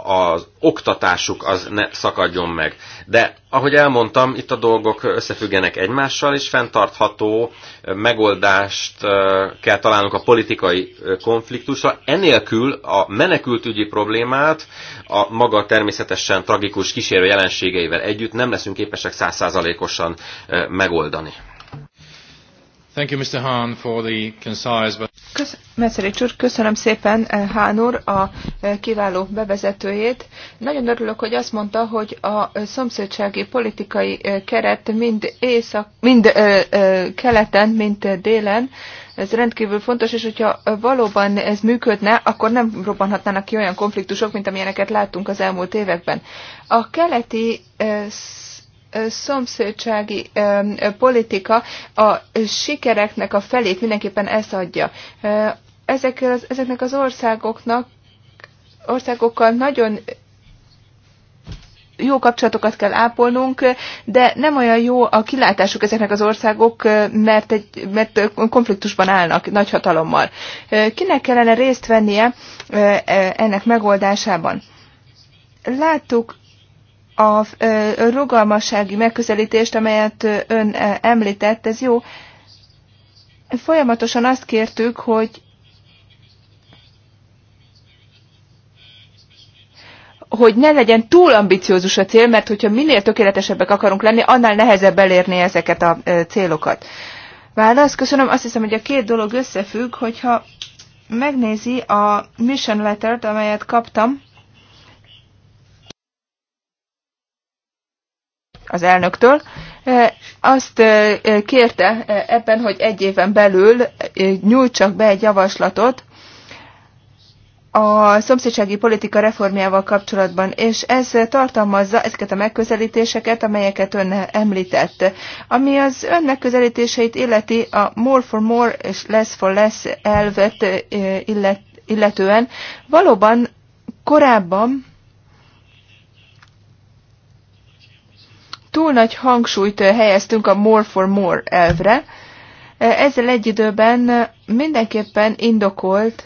az oktatásuk az ne szakadjon meg. De ahogy elmondtam, itt a dolgok összefüggenek egymással, és fenntartható megoldást kell találnunk a politikai konfliktusra. Enélkül a menekültügyi problémát a maga természetesen tragikus kísérő jelenségeivel együtt nem leszünk képesek százszázalékosan megoldani. Thank you, Mr. Hahn, for the concise but... úr, köszönöm szépen Hán eh, úr a eh, kiváló bevezetőjét. Nagyon örülök, hogy azt mondta, hogy a eh, szomszédsági politikai keret mind, észak, mind ö, ö, keleten, mind délen, ez rendkívül fontos, és hogyha valóban ez működne, akkor nem robbanhatnának ki olyan konfliktusok, mint amilyeneket láttunk az elmúlt években. A keleti szomszédsági politika a sikereknek a felét mindenképpen ez adja. Ezek az, ezeknek az országoknak, országokkal nagyon jó kapcsolatokat kell ápolnunk, de nem olyan jó a kilátásuk ezeknek az országok, mert, egy, mert konfliktusban állnak nagy hatalommal. Kinek kellene részt vennie e, ennek megoldásában? Láttuk a rugalmassági megközelítést, amelyet ön említett, ez jó. Folyamatosan azt kértük, hogy hogy ne legyen túl ambiciózus a cél, mert hogyha minél tökéletesebbek akarunk lenni, annál nehezebb elérni ezeket a célokat. Válasz, köszönöm. Azt hiszem, hogy a két dolog összefügg, hogyha megnézi a mission lettert, amelyet kaptam, az elnöktől, azt kérte ebben, hogy egy éven belül nyújtsak be egy javaslatot a szomszédsági politika reformjával kapcsolatban, és ez tartalmazza ezeket a megközelítéseket, amelyeket ön említett. Ami az ön megközelítéseit illeti, a more for more és less for less elvet illetően valóban korábban túl nagy hangsúlyt eh, helyeztünk a more for more elvre. Eh, ezzel egy időben eh, mindenképpen indokolt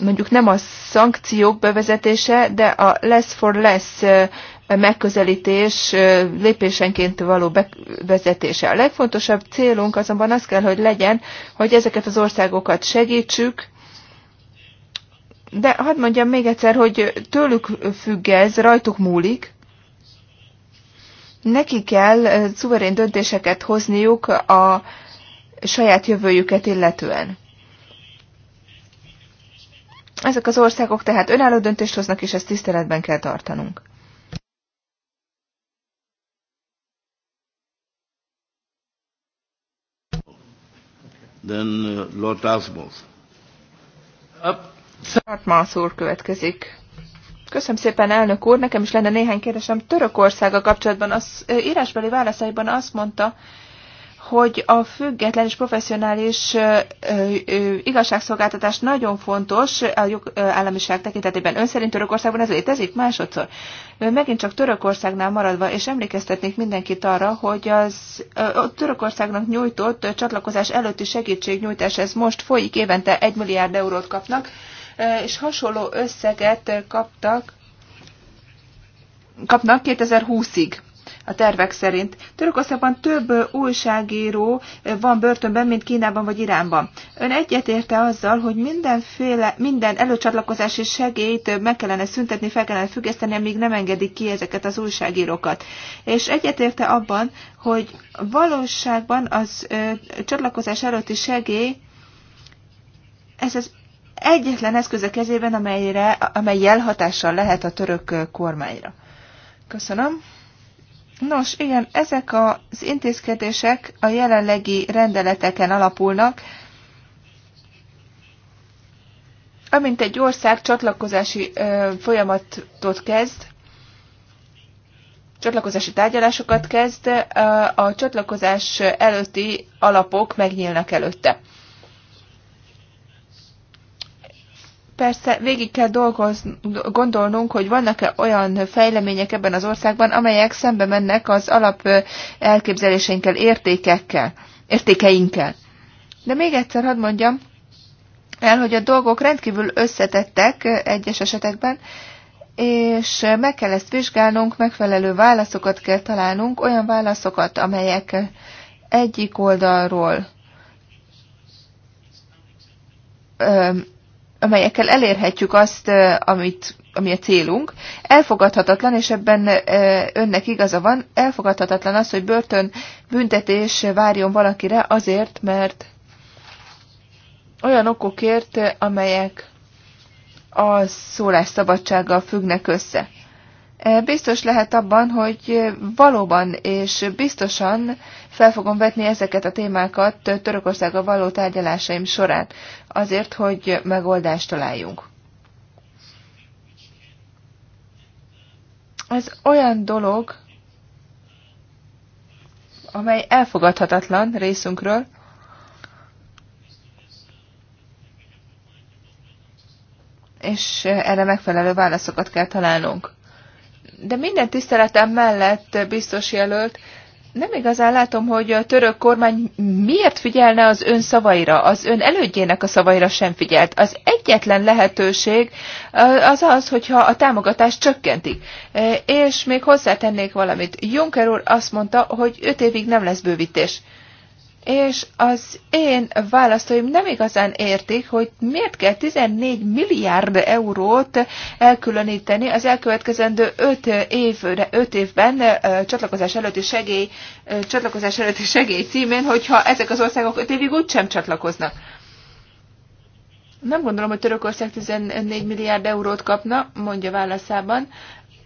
mondjuk nem a szankciók bevezetése, de a less for less megközelítés lépésenként való bevezetése. A legfontosabb célunk azonban az kell, hogy legyen, hogy ezeket az országokat segítsük, de hadd mondjam még egyszer, hogy tőlük függ ez, rajtuk múlik, Neki kell szuverén döntéseket hozniuk a saját jövőjüket illetően. Ezek az országok tehát önálló döntést hoznak, és ezt tiszteletben kell tartanunk. Then uh, Lord Asmus. Up. Szartmász úr következik. Köszönöm szépen, elnök úr. Nekem is lenne néhány kérdésem Törökországa kapcsolatban. Az írásbeli válaszaiban azt mondta, hogy a független és professzionális igazságszolgáltatás nagyon fontos a államiság tekintetében. Ön szerint Törökországban ez létezik másodszor? Megint csak Törökországnál maradva, és emlékeztetnék mindenkit arra, hogy az a Törökországnak nyújtott csatlakozás előtti segítségnyújtás, ez most folyik, évente 1 milliárd eurót kapnak Eh, és hasonló összeget eh, kaptak, kapnak 2020-ig a tervek szerint. Törökországban több eh, újságíró van börtönben, mint Kínában vagy Iránban. Ön egyetérte azzal, hogy mindenféle, minden előcsatlakozási segélyt meg kellene szüntetni, fel kellene függeszteni, amíg nem engedik ki ezeket az újságírókat. És egyetérte abban, hogy valóságban az ö, csatlakozás előtti segély ez az egyetlen eszköz a kezében, amelyre, amely jelhatással lehet a török kormányra. Köszönöm. Nos, igen, ezek az intézkedések a jelenlegi rendeleteken alapulnak, amint egy ország csatlakozási ö, folyamatot kezd, csatlakozási tárgyalásokat kezd, a csatlakozás előtti alapok megnyílnak előtte. Persze végig kell dolgoz, gondolnunk, hogy vannak-e olyan fejlemények ebben az országban, amelyek szembe mennek az alap elképzeléseinkkel, értékekkel, értékeinkkel. De még egyszer hadd mondjam el, hogy a dolgok rendkívül összetettek egyes esetekben, és meg kell ezt vizsgálnunk, megfelelő válaszokat kell találnunk, olyan válaszokat, amelyek egyik oldalról amelyekkel elérhetjük azt, amit, ami a célunk. Elfogadhatatlan, és ebben önnek igaza van, elfogadhatatlan az, hogy börtön büntetés várjon valakire azért, mert olyan okokért, amelyek a szólásszabadsággal függnek össze biztos lehet abban, hogy valóban és biztosan fel fogom vetni ezeket a témákat Törökországgal való tárgyalásaim során, azért, hogy megoldást találjunk. Ez olyan dolog, amely elfogadhatatlan részünkről, és erre megfelelő válaszokat kell találnunk de minden tiszteletem mellett, biztos jelölt, nem igazán látom, hogy a török kormány miért figyelne az ön szavaira, az ön elődjének a szavaira sem figyelt. Az egyetlen lehetőség az az, hogyha a támogatást csökkentik. És még hozzátennék valamit. Juncker úr azt mondta, hogy öt évig nem lesz bővítés és az én választóim nem igazán értik, hogy miért kell 14 milliárd eurót elkülöníteni az elkövetkezendő 5, évre, 5 évben csatlakozás előtti segély, csatlakozás előtti segély címén, hogyha ezek az országok 5 évig úgysem csatlakoznak. Nem gondolom, hogy Törökország 14 milliárd eurót kapna, mondja válaszában,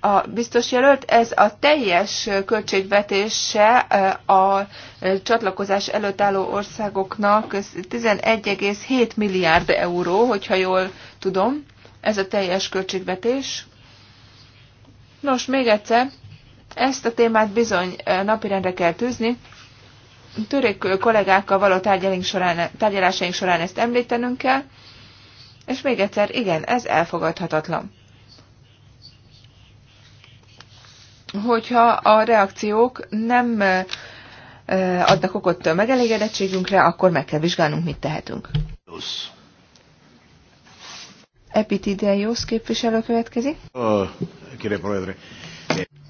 a biztos jelölt, ez a teljes költségvetése eh, a eh, csatlakozás előtt álló országoknak 11,7 milliárd euró, hogyha jól tudom, ez a teljes költségvetés. Nos, még egyszer, ezt a témát bizony eh, napirendre kell tűzni. Törék kollégákkal való tárgyalásaink során, tárgyalásaink során ezt említenünk kell. És még egyszer, igen, ez elfogadhatatlan. hogyha a reakciók nem adnak okot megelégedettségünkre, akkor meg kell vizsgálnunk, mit tehetünk. Epitideios képviselő következik.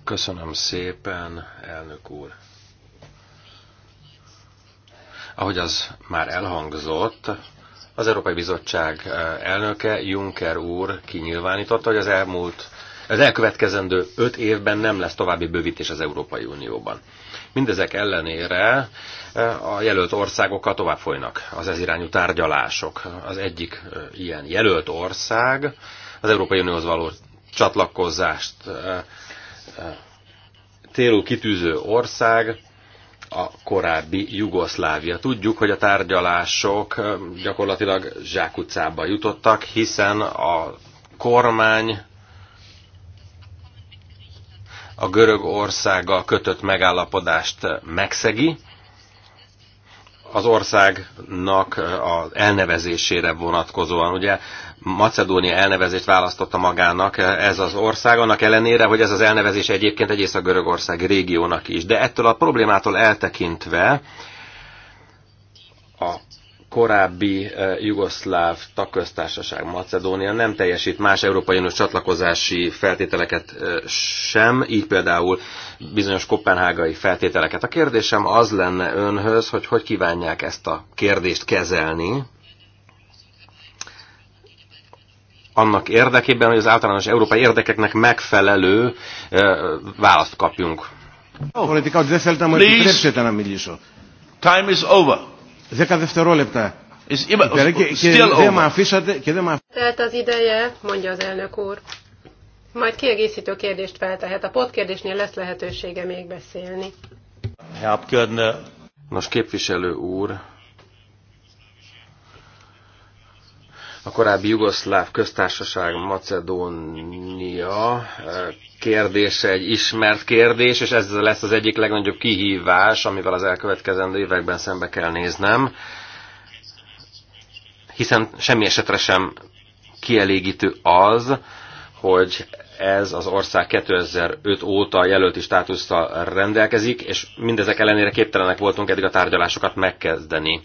Köszönöm szépen, elnök úr. Ahogy az már elhangzott, az Európai Bizottság elnöke Juncker úr kinyilvánította, hogy az elmúlt az elkövetkezendő öt évben nem lesz további bővítés az Európai Unióban. Mindezek ellenére eh, a jelölt országokkal tovább folynak az ez irányú tárgyalások. Az egyik eh, ilyen jelölt ország az Európai Unióhoz való csatlakozást eh, télú kitűző ország, a korábbi Jugoszlávia. Tudjuk, hogy a tárgyalások gyakorlatilag zsákutcába jutottak, hiszen a kormány a görög országgal kötött megállapodást megszegi, az országnak az elnevezésére vonatkozóan. Ugye Macedónia elnevezést választotta magának ez az ország, annak ellenére, hogy ez az elnevezés egyébként egy Észak-Görögország régiónak is. De ettől a problémától eltekintve a korábbi eh, jugoszláv tagköztársaság Macedónia nem teljesít más Európai Uniós csatlakozási feltételeket eh, sem, így például bizonyos kopenhágai feltételeket. A kérdésem az lenne önhöz, hogy hogy kívánják ezt a kérdést kezelni, annak érdekében, hogy az általános európai érdekeknek megfelelő eh, választ kapjunk. Politika, hogy δεν hogy να Time is over. Δέκα δευτερόλεπτα. Tehát az ideje, mondja az elnök úr. Majd kiegészítő kérdést feltehet. A potkérdésnél lesz lehetősége még beszélni. Herr Abgeordneter. Nos, képviselő úr, a korábbi Jugoszláv köztársaság Macedónia eh, kérdése egy ismert kérdés, és ez lesz az egyik legnagyobb kihívás, amivel az elkövetkezendő években szembe kell néznem, hiszen semmi esetre sem kielégítő az, hogy ez az ország 2005 óta jelölti státusztal rendelkezik, és mindezek ellenére képtelenek voltunk eddig a tárgyalásokat megkezdeni.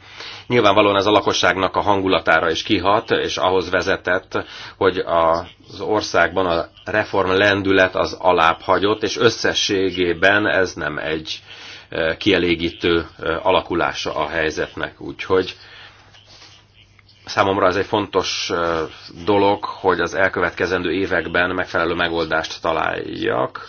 Nyilvánvalóan ez a lakosságnak a hangulatára is kihat, és ahhoz vezetett, hogy az országban a reform lendület az alább hagyott, és összességében ez nem egy eh, kielégítő eh, alakulása a helyzetnek. Úgyhogy számomra ez egy fontos dolog, hogy az elkövetkezendő években megfelelő megoldást találjak.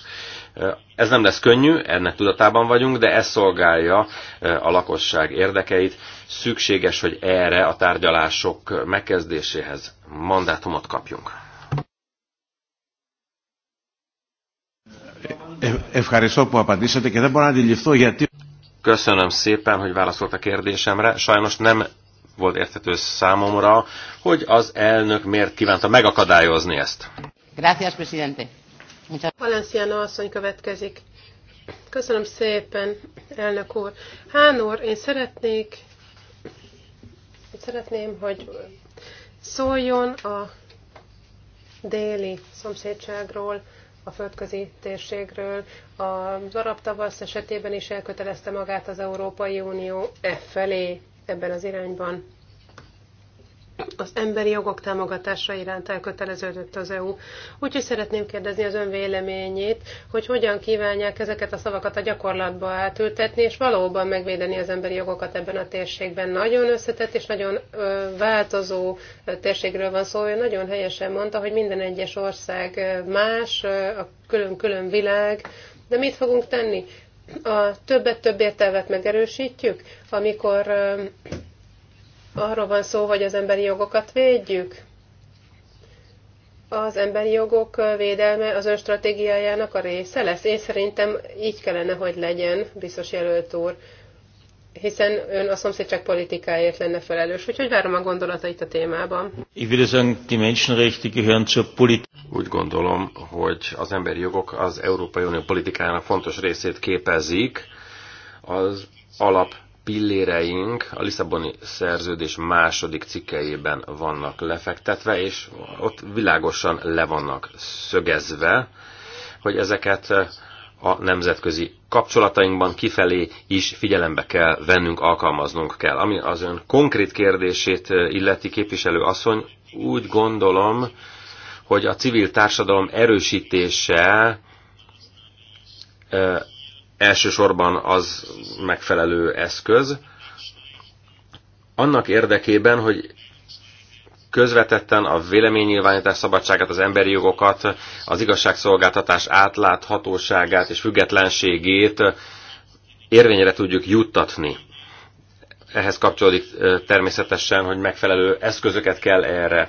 Ez nem lesz könnyű, ennek tudatában vagyunk, de ez szolgálja a lakosság érdekeit. Szükséges, hogy erre a tárgyalások megkezdéséhez mandátumot kapjunk. Köszönöm szépen, hogy válaszolt a kérdésemre. Sajnos nem volt érthető számomra, hogy az elnök miért kívánta megakadályozni ezt. Gracias, presidente. Valenciano asszony következik. Köszönöm szépen, elnök úr. Hán úr, én szeretnék, szeretném, hogy szóljon a déli szomszédságról, a földközi térségről. Az arab tavasz esetében is elkötelezte magát az Európai Unió e felé ebben az irányban. Az emberi jogok támogatása iránt elköteleződött az EU. Úgyhogy szeretném kérdezni az ön véleményét, hogy hogyan kívánják ezeket a szavakat a gyakorlatba átültetni, és valóban megvédeni az emberi jogokat ebben a térségben. Nagyon összetett és nagyon változó térségről van szó. Ő nagyon helyesen mondta, hogy minden egyes ország más, a külön-külön világ, de mit fogunk tenni? A többet több elvet megerősítjük, amikor arról van szó, hogy az emberi jogokat védjük. Az emberi jogok védelme az ön stratégiájának a része lesz. Én szerintem így kellene, hogy legyen, biztos jelölt úr hiszen ön a szomszédság politikáért lenne felelős, úgyhogy várom a gondolatait a témában. Úgy gondolom, hogy az emberi jogok az Európai Unió politikájának fontos részét képezik. Az alap pilléreink a Lisszaboni szerződés második cikkeiben vannak lefektetve, és ott világosan le vannak szögezve, hogy ezeket a nemzetközi kapcsolatainkban kifelé is figyelembe kell vennünk, alkalmaznunk kell. Ami az ön konkrét kérdését eh, illeti képviselő asszony, úgy gondolom, hogy a civil társadalom erősítése eh, elsősorban az megfelelő eszköz, annak érdekében, hogy közvetetten a véleménynyilvánítás szabadságát, az emberi jogokat, az igazságszolgáltatás átláthatóságát és függetlenségét érvényre tudjuk juttatni. Ehhez kapcsolódik természetesen, hogy megfelelő eszközöket kell erre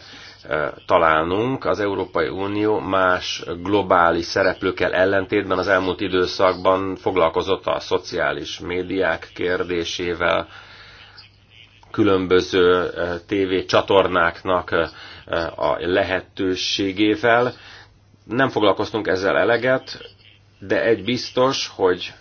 találnunk. Az Európai Unió más globális szereplőkkel ellentétben az elmúlt időszakban foglalkozott a szociális médiák kérdésével, különböző eh, TV csatornáknak eh, eh, a lehetőségével. Nem foglalkoztunk ezzel eleget, de egy biztos, hogy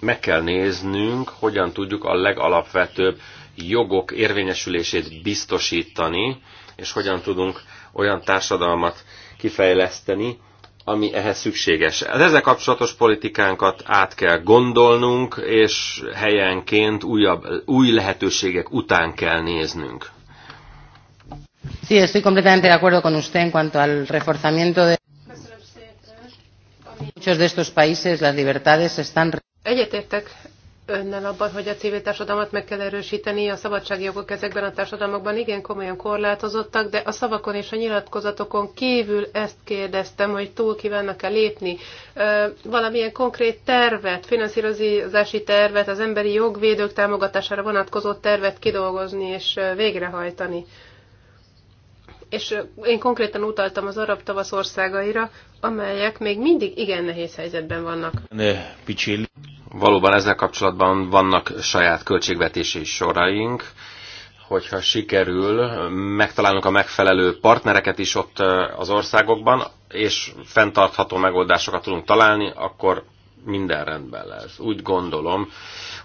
meg kell néznünk, hogyan tudjuk a legalapvetőbb jogok érvényesülését biztosítani, és hogyan tudunk olyan társadalmat kifejleszteni, ami ehhez szükséges. Az ezzel kapcsolatos politikánkat át kell gondolnunk, és helyenként újabb, új lehetőségek után kell néznünk. Sí, estoy completamente de acuerdo con usted en cuanto al reforzamiento de muchos de estos países las libertades están Egyetértek önnel abban, hogy a civil társadalmat meg kell erősíteni, a szabadsági jogok ezekben a társadalmakban igen komolyan korlátozottak, de a szavakon és a nyilatkozatokon kívül ezt kérdeztem, hogy túl kívánnak-e lépni. Valamilyen konkrét tervet, finanszírozási tervet, az emberi jogvédők támogatására vonatkozó tervet kidolgozni és végrehajtani és én konkrétan utaltam az arab tavasz országaira, amelyek még mindig igen nehéz helyzetben vannak. Valóban ezzel kapcsolatban vannak saját költségvetési soraink, hogyha sikerül, megtalálunk a megfelelő partnereket is ott az országokban, és fenntartható megoldásokat tudunk találni, akkor minden rendben lesz. Úgy gondolom,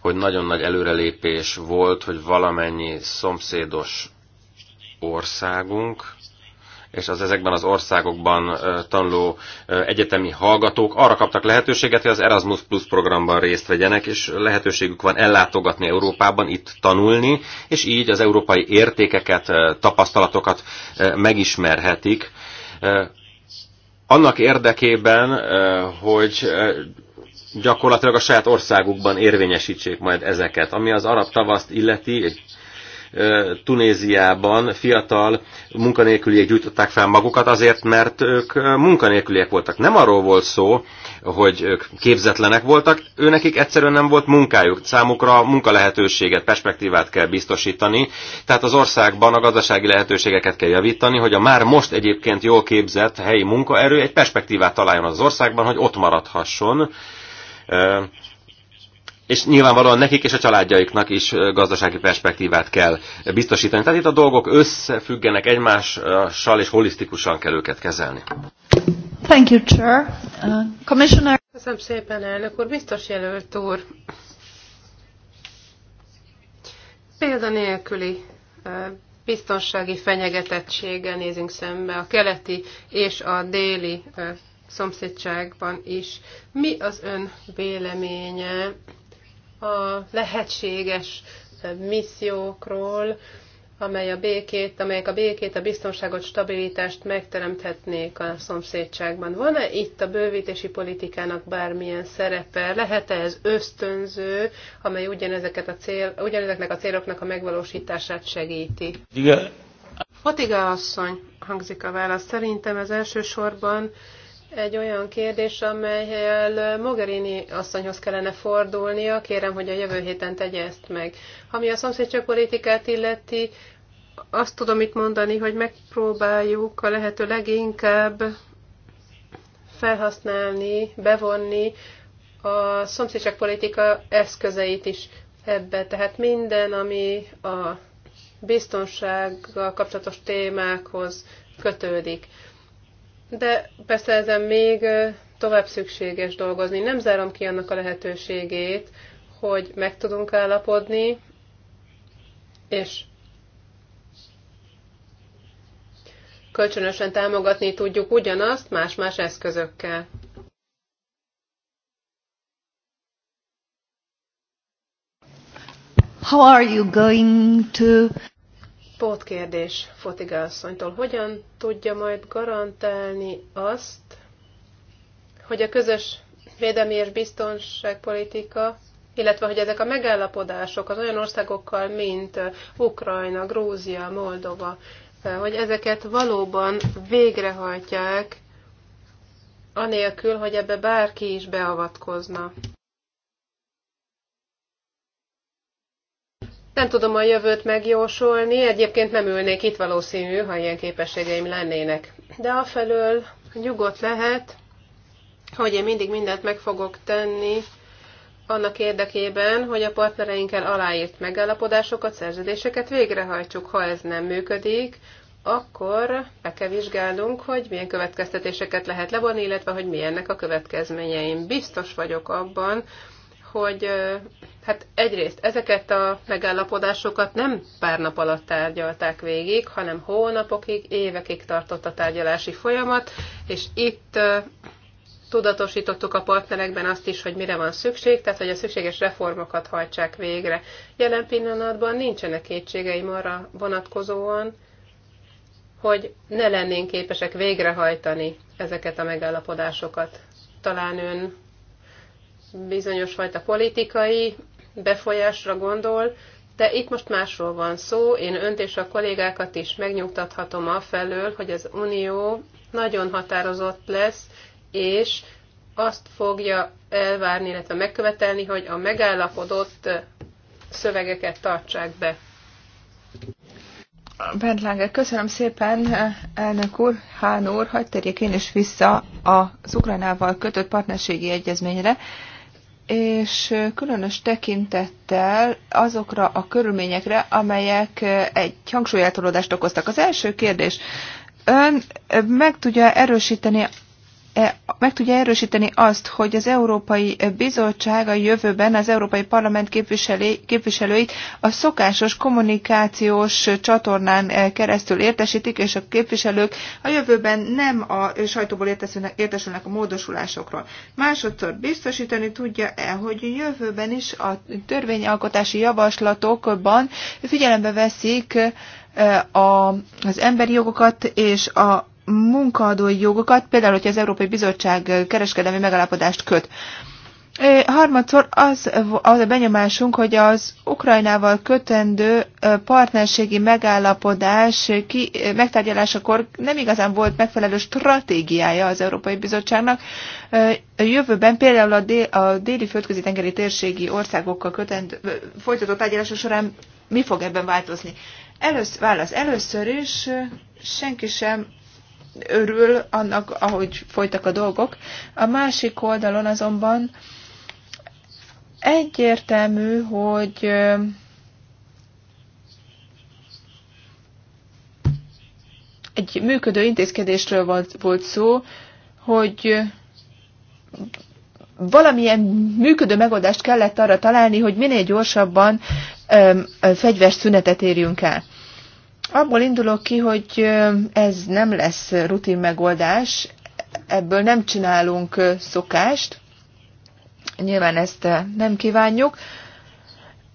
hogy nagyon nagy előrelépés volt, hogy valamennyi szomszédos országunk és az ezekben az országokban tanuló egyetemi hallgatók arra kaptak lehetőséget, hogy az Erasmus Plus programban részt vegyenek, és lehetőségük van ellátogatni Európában, itt tanulni, és így az európai értékeket, tapasztalatokat megismerhetik. Annak érdekében, hogy gyakorlatilag a saját országukban érvényesítsék majd ezeket. Ami az arab tavaszt illeti, egy Tunéziában fiatal munkanélküliek gyújtották fel magukat azért, mert ők munkanélküliek voltak. Nem arról volt szó, hogy ők képzetlenek voltak, őnekik egyszerűen nem volt munkájuk. Számukra munkalehetőséget, perspektívát kell biztosítani, tehát az országban a gazdasági lehetőségeket kell javítani, hogy a már most egyébként jól képzett helyi munkaerő egy perspektívát találjon az országban, hogy ott maradhasson és nyilvánvalóan nekik és a családjaiknak is gazdasági perspektívát kell biztosítani. Tehát itt a dolgok összefüggenek egymással, és holisztikusan kell őket kezelni. Thank you, Chair. Uh, Commissioner... Köszönöm szépen, elnök úr, biztos jelölt úr. nélküli biztonsági fenyegetettséggel nézünk szembe a keleti és a déli szomszédságban is. Mi az ön véleménye a lehetséges missziókról, amely a békét, amelyek a békét, a biztonságot, stabilitást megteremthetnék a szomszédságban. Van-e itt a bővítési politikának bármilyen szerepe? Lehet-e ez ösztönző, amely ugyanezeket a cél, ugyanezeknek a céloknak a megvalósítását segíti? Igen. Fatiga asszony, hangzik a válasz. Szerintem ez elsősorban egy olyan kérdés, amelyel Mogherini asszonyhoz kellene fordulnia. Kérem, hogy a jövő héten tegye ezt meg. Ami a politikát illeti, azt tudom itt mondani, hogy megpróbáljuk a lehető leginkább felhasználni, bevonni a politika eszközeit is ebbe. Tehát minden, ami a biztonsággal kapcsolatos témákhoz kötődik de persze ezen még tovább szükséges dolgozni. Nem zárom ki annak a lehetőségét, hogy meg tudunk állapodni, és kölcsönösen támogatni tudjuk ugyanazt más-más eszközökkel. How are you going to Pótkérdés Fotiga asszonytól. Hogyan tudja majd garantálni azt, hogy a közös védelmi és biztonságpolitika, illetve hogy ezek a megállapodások az olyan országokkal, mint Ukrajna, Grúzia, Moldova, hogy ezeket valóban végrehajtják, anélkül, hogy ebbe bárki is beavatkozna. Nem tudom a jövőt megjósolni, egyébként nem ülnék itt valószínű, ha ilyen képességeim lennének. De afelől nyugodt lehet, hogy én mindig mindent meg fogok tenni annak érdekében, hogy a partnereinkkel aláírt megállapodásokat, szerződéseket végrehajtsuk. Ha ez nem működik, akkor be kell vizsgálnunk, hogy milyen következtetéseket lehet levonni, illetve hogy milyennek a következményeim. Biztos vagyok abban, hogy hát egyrészt ezeket a megállapodásokat nem pár nap alatt tárgyalták végig, hanem hónapokig, évekig tartott a tárgyalási folyamat, és itt tudatosítottuk a partnerekben azt is, hogy mire van szükség, tehát hogy a szükséges reformokat hajtsák végre. Jelen pillanatban nincsenek kétségeim arra vonatkozóan, hogy ne lennénk képesek végrehajtani ezeket a megállapodásokat. Talán ön bizonyos fajta politikai befolyásra gondol, de itt most másról van szó. Én önt és a kollégákat is megnyugtathatom afelől, hogy az Unió nagyon határozott lesz, és azt fogja elvárni, illetve megkövetelni, hogy a megállapodott szövegeket tartsák be. Bent Lange, köszönöm szépen, elnök úr, Hán úr, hagyd térjek én is vissza az Ukrajnával kötött partnerségi egyezményre és különös tekintettel azokra a körülményekre, amelyek egy hangsúlyeltolódást okoztak. Az első kérdés, ön meg tudja erősíteni E, meg tudja erősíteni azt, hogy az Európai Bizottság a jövőben az Európai Parlament képviselőit a szokásos kommunikációs csatornán e, keresztül értesítik, és a képviselők a jövőben nem a sajtóból értesülnek, értesülnek a módosulásokról. Másodszor biztosítani tudja e hogy jövőben is a törvényalkotási javaslatokban figyelembe veszik e, az emberi jogokat és a munkaadói jogokat, például, hogyha az Európai Bizottság kereskedelmi megállapodást köt. Harmadszor az, az a benyomásunk, hogy az Ukrajnával kötendő partnerségi megállapodás ki, megtárgyalásakor nem igazán volt megfelelő stratégiája az Európai Bizottságnak. A jövőben például a, dél, a déli földközi tengeri térségi országokkal kötendő, folytatott tárgyalása során mi fog ebben változni? Elősz, válasz. Először is senki sem örül annak, ahogy folytak a dolgok. A másik oldalon azonban egyértelmű, hogy egy működő intézkedésről volt, volt szó, hogy valamilyen működő megoldást kellett arra találni, hogy minél gyorsabban öm, fegyverszünetet érjünk el. Abból indulok ki, hogy ez nem lesz rutin megoldás, ebből nem csinálunk szokást, nyilván ezt nem kívánjuk.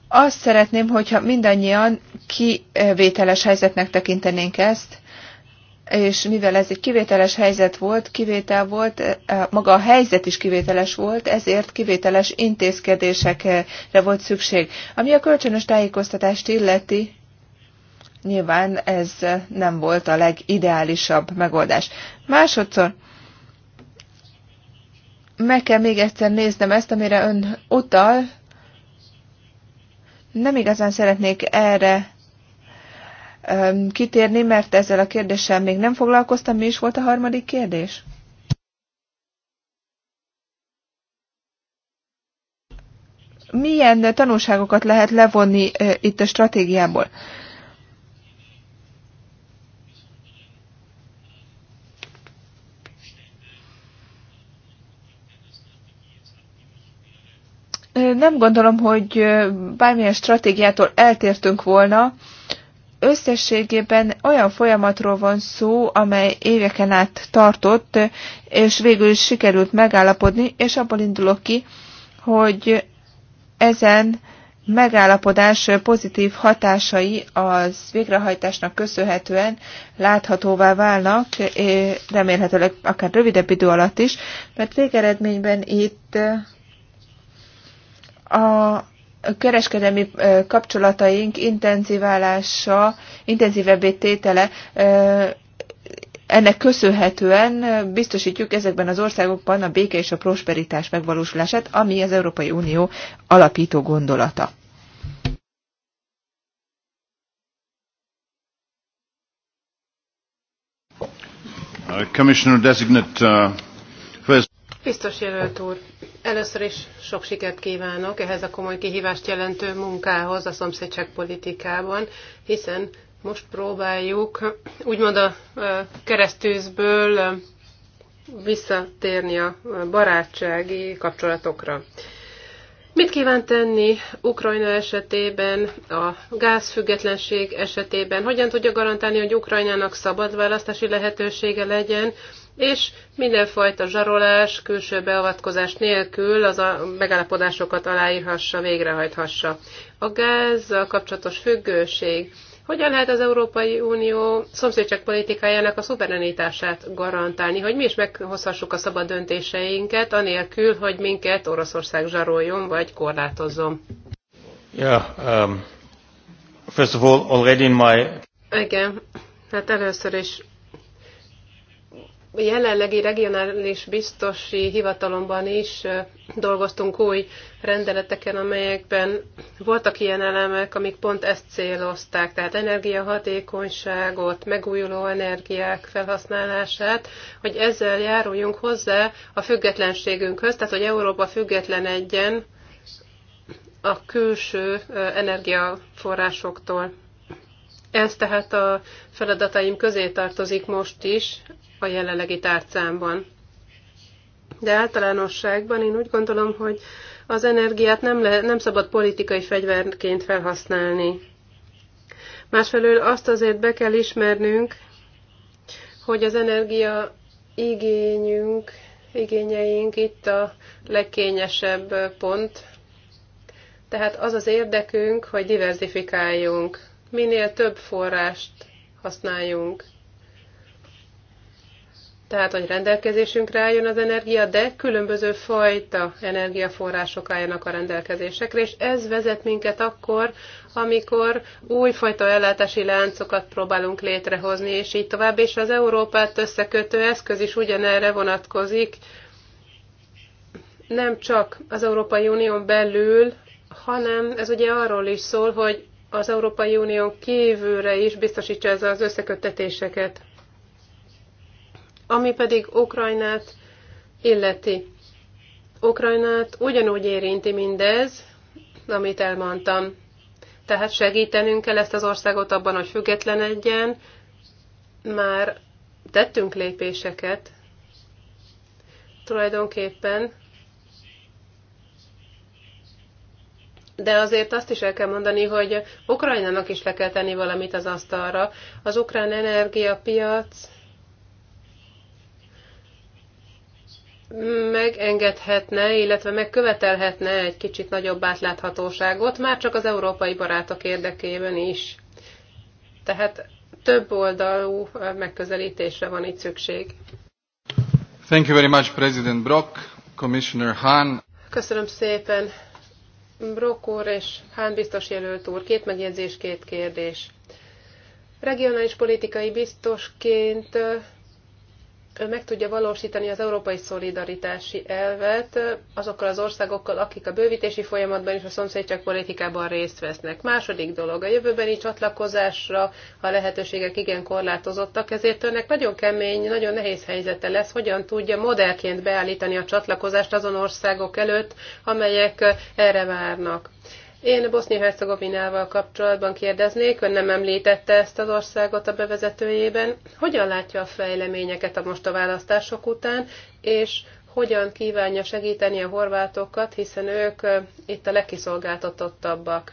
Azt szeretném, hogyha mindannyian kivételes helyzetnek tekintenénk ezt, és mivel ez egy kivételes helyzet volt, kivétel volt, maga a helyzet is kivételes volt, ezért kivételes intézkedésekre volt szükség. Ami a kölcsönös tájékoztatást illeti, Nyilván ez nem volt a legideálisabb megoldás. Másodszor meg kell még egyszer néznem ezt, amire ön utal. Nem igazán szeretnék erre kitérni, mert ezzel a kérdéssel még nem foglalkoztam. Mi is volt a harmadik kérdés? Milyen tanulságokat lehet levonni itt a stratégiából? Nem gondolom, hogy bármilyen stratégiától eltértünk volna. Összességében olyan folyamatról van szó, amely éveken át tartott, és végül is sikerült megállapodni, és abból indulok ki, hogy ezen megállapodás pozitív hatásai az végrehajtásnak köszönhetően láthatóvá válnak, remélhetőleg akár rövidebb idő alatt is, mert végeredményben itt a kereskedelmi kapcsolataink intenziválása, intenzívebbé tétele ennek köszönhetően biztosítjuk ezekben az országokban a béke és a prosperitás megvalósulását, ami az Európai Unió alapító gondolata. Commissioner designate uh... Biztos jelölt úr, először is sok sikert kívánok ehhez a komoly kihívást jelentő munkához a szomszédság politikában, hiszen most próbáljuk úgymond a keresztűzből visszatérni a barátsági kapcsolatokra. Mit kíván tenni Ukrajna esetében, a gázfüggetlenség esetében? Hogyan tudja garantálni, hogy Ukrajnának szabad választási lehetősége legyen, és mindenfajta zsarolás, külső beavatkozás nélkül az a megállapodásokat aláírhassa, végrehajthassa. A gázzal kapcsolatos függőség. Hogyan lehet az Európai Unió szomszédság politikájának a szuverenitását garantálni, hogy mi is meghozhassuk a szabad döntéseinket, anélkül, hogy minket Oroszország zsaroljon vagy korlátozzon? Yeah, um, first of all, already in my... Igen, hát először is jelenlegi regionális biztosi hivatalomban is dolgoztunk új rendeleteken, amelyekben voltak ilyen elemek, amik pont ezt célozták, tehát energiahatékonyságot, megújuló energiák felhasználását, hogy ezzel járuljunk hozzá a függetlenségünkhöz, tehát hogy Európa független egyen a külső energiaforrásoktól. Ez tehát a feladataim közé tartozik most is, a jelenlegi tárcámban. De általánosságban én úgy gondolom, hogy az energiát nem, le, nem szabad politikai fegyverként felhasználni. Másfelől azt azért be kell ismernünk, hogy az energia igényünk, igényeink itt a legkényesebb pont. Tehát az az érdekünk, hogy diversifikáljunk, minél több forrást használjunk tehát hogy rendelkezésünkre álljon az energia, de különböző fajta energiaforrások álljanak a rendelkezésekre, és ez vezet minket akkor, amikor újfajta ellátási láncokat próbálunk létrehozni, és így tovább, és az Európát összekötő eszköz is ugyanerre vonatkozik, nem csak az Európai Unión belül, hanem ez ugye arról is szól, hogy az Európai Unión kívülre is biztosítsa ez az összeköttetéseket. Ami pedig Ukrajnát illeti. Ukrajnát ugyanúgy érinti mindez, amit elmondtam. Tehát segítenünk kell ezt az országot abban, hogy függetlenedjen. Már tettünk lépéseket. Tulajdonképpen De azért azt is el kell mondani, hogy Ukrajnának is le kell tenni valamit az asztalra. Az ukrán energiapiac megengedhetne, illetve megkövetelhetne egy kicsit nagyobb átláthatóságot, már csak az európai barátok érdekében is. Tehát több oldalú megközelítésre van itt szükség. Thank you very much, President Brock, Commissioner Hahn. Köszönöm szépen, Brock úr és Hahn biztos jelölt úr. Két megjegyzés, két kérdés. Regionális politikai biztosként meg tudja valósítani az európai szolidaritási elvet azokkal az országokkal, akik a bővítési folyamatban és a szomszédság politikában részt vesznek. Második dolog, a jövőbeni csatlakozásra a lehetőségek igen korlátozottak, ezért önnek nagyon kemény, nagyon nehéz helyzete lesz, hogyan tudja modellként beállítani a csatlakozást azon országok előtt, amelyek erre várnak. Én Bosznia-Hercegovinával kapcsolatban kérdeznék, ön nem említette ezt az országot a bevezetőjében. Hogyan látja a fejleményeket a most a választások után, és hogyan kívánja segíteni a horvátokat, hiszen ők eh, itt a legkiszolgáltatottabbak?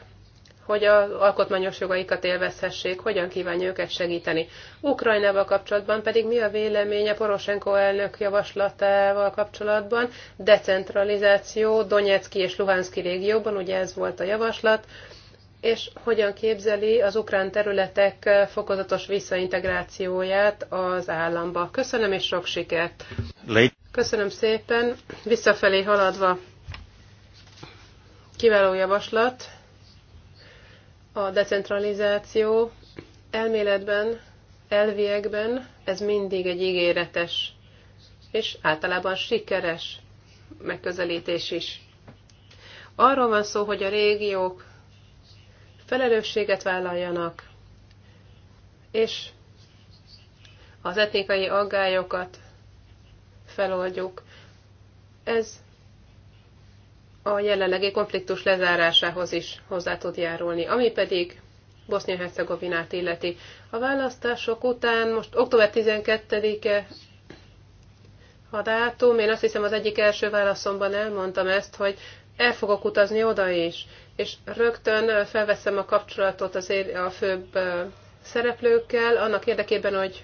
hogy az alkotmányos jogaikat élvezhessék, hogyan kívánja őket segíteni. Ukrajnával kapcsolatban pedig mi a véleménye Poroshenko elnök javaslatával kapcsolatban? Decentralizáció Donetszki és Luhanszki régióban, ugye ez volt a javaslat, és hogyan képzeli az ukrán területek fokozatos visszaintegrációját az államba. Köszönöm és sok sikert! Köszönöm szépen, visszafelé haladva. Kiváló javaslat, a decentralizáció elméletben, elviekben ez mindig egy ígéretes és általában sikeres megközelítés is. Arról van szó, hogy a régiók felelősséget vállaljanak, és az etnikai aggályokat feloldjuk. Ez a jelenlegi konfliktus lezárásához is hozzá tud járulni. Ami pedig Bosznia-Hercegovinát illeti. A választások után most október 12-e a dátum, én azt hiszem az egyik első válaszomban elmondtam ezt, hogy el fogok utazni oda is, és rögtön felveszem a kapcsolatot az a főbb szereplőkkel, annak érdekében, hogy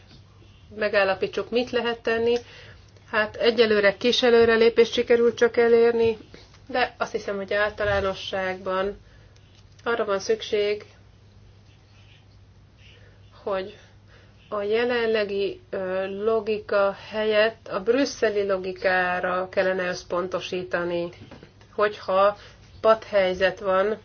megállapítsuk, mit lehet tenni. Hát egyelőre kis előrelépést sikerült csak elérni, de azt hiszem, hogy általánosságban arra van szükség, hogy a jelenlegi logika helyett a brüsszeli logikára kellene összpontosítani, hogyha padhelyzet van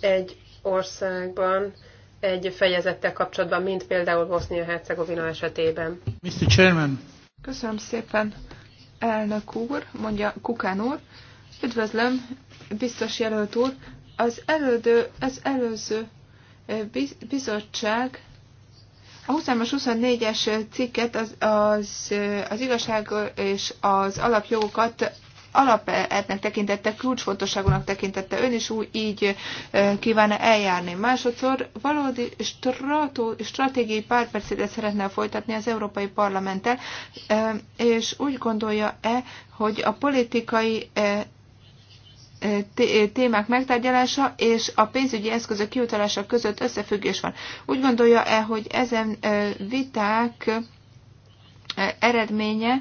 egy országban, egy fejezettel kapcsolatban, mint például Bosznia-Hercegovina esetében. Mr. Chairman. Köszönöm szépen, elnök úr, mondja Kukán úr. Üdvözlöm, biztos jelölt úr. Az, elődő, az előző bizottság a 23-as 24-es cikket az, az, az igazság és az alapjogokat alapelvnek tekintette, kulcsfontosságúnak tekintette, ön is úgy így kívánna eljárni. Másodszor valódi strató, stratégiai párbeszédet szeretne folytatni az Európai Parlamenttel, és úgy gondolja-e, hogy a politikai témák megtárgyalása és a pénzügyi eszközök kiutalása között összefüggés van. Úgy gondolja-e, hogy ezen viták eredménye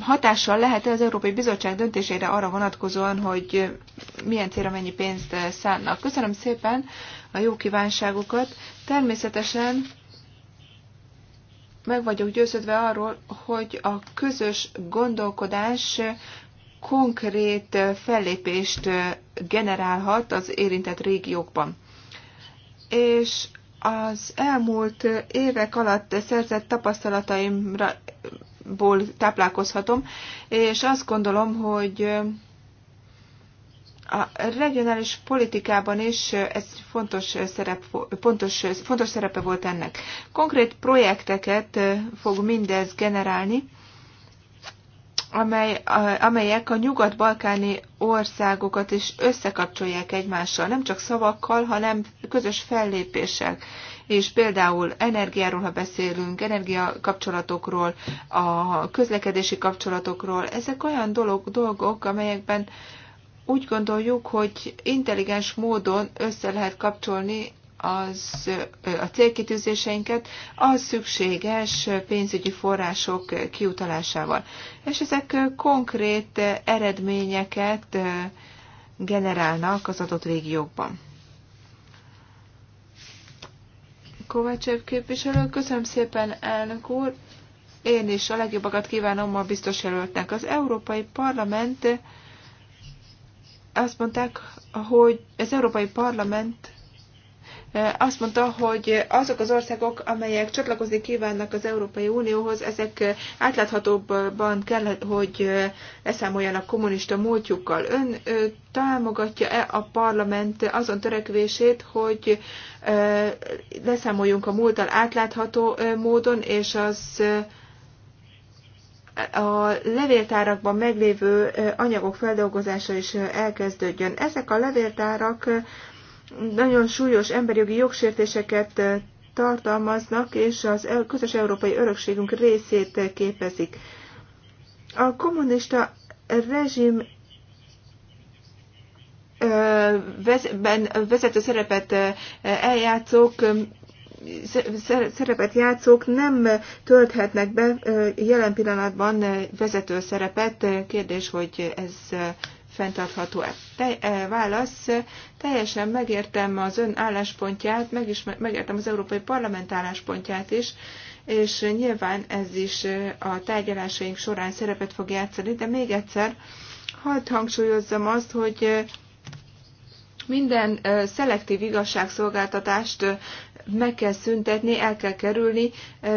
hatással lehet az Európai Bizottság döntésére arra vonatkozóan, hogy milyen célra mennyi pénzt szánnak. Köszönöm szépen a jó kívánságokat. Természetesen meg vagyok győződve arról, hogy a közös gondolkodás konkrét fellépést generálhat az érintett régiókban. És az elmúlt évek alatt szerzett tapasztalataimra ból táplálkozhatom, és azt gondolom, hogy a regionális politikában is ez fontos, szerep, fontos, fontos szerepe volt ennek. Konkrét projekteket fog mindez generálni, amely, amelyek a nyugat-balkáni országokat is összekapcsolják egymással, nem csak szavakkal, hanem közös fellépéssel és például energiáról, ha beszélünk, energiakapcsolatokról, a közlekedési kapcsolatokról, ezek olyan dolog, dolgok, amelyekben úgy gondoljuk, hogy intelligens módon össze lehet kapcsolni az, a célkitűzéseinket az szükséges pénzügyi források kiutalásával. És ezek konkrét eredményeket generálnak az adott régiókban. Kovácsev képviselő, köszönöm szépen, elnök úr. Én is a legjobbakat kívánom a biztos jelöltnek. Az Európai Parlament azt mondták, hogy az Európai Parlament azt mondta, hogy azok az országok, amelyek csatlakozni kívánnak az Európai Unióhoz, ezek átláthatóbban kell, hogy leszámoljanak kommunista múltjukkal. Ön támogatja-e a parlament azon törekvését, hogy leszámoljunk a múltal átlátható módon, és az a levéltárakban meglévő anyagok feldolgozása is elkezdődjön. Ezek a levéltárak nagyon súlyos emberjogi jogsértéseket eh, tartalmaznak, és az közös európai örökségünk részét eh, képezik. A kommunista rezsim eh, vezető szerepet eljátszók szerepet játszók nem tölthetnek be jelen pillanatban vezető szerepet. Kérdés, hogy ez fenntartható-e. Te, e, válasz, teljesen megértem az ön álláspontját, megismer, megértem az Európai Parlament álláspontját is, és nyilván ez is e, a tárgyalásaink során szerepet fog játszani, de még egyszer hadd hangsúlyozzam azt, hogy e, minden szelektív igazságszolgáltatást meg kell szüntetni, el kell kerülni,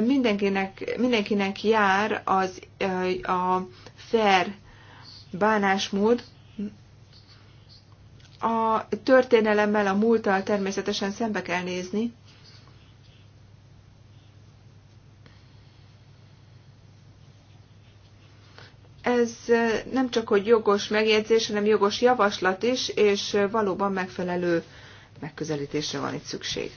mindenkinek, mindenkinek jár az, a fair bánásmód, a történelemmel, a múlttal természetesen szembe kell nézni, ez nem csak hogy jogos megjegyzés, hanem jogos javaslat is, és valóban megfelelő megközelítésre van itt szükség.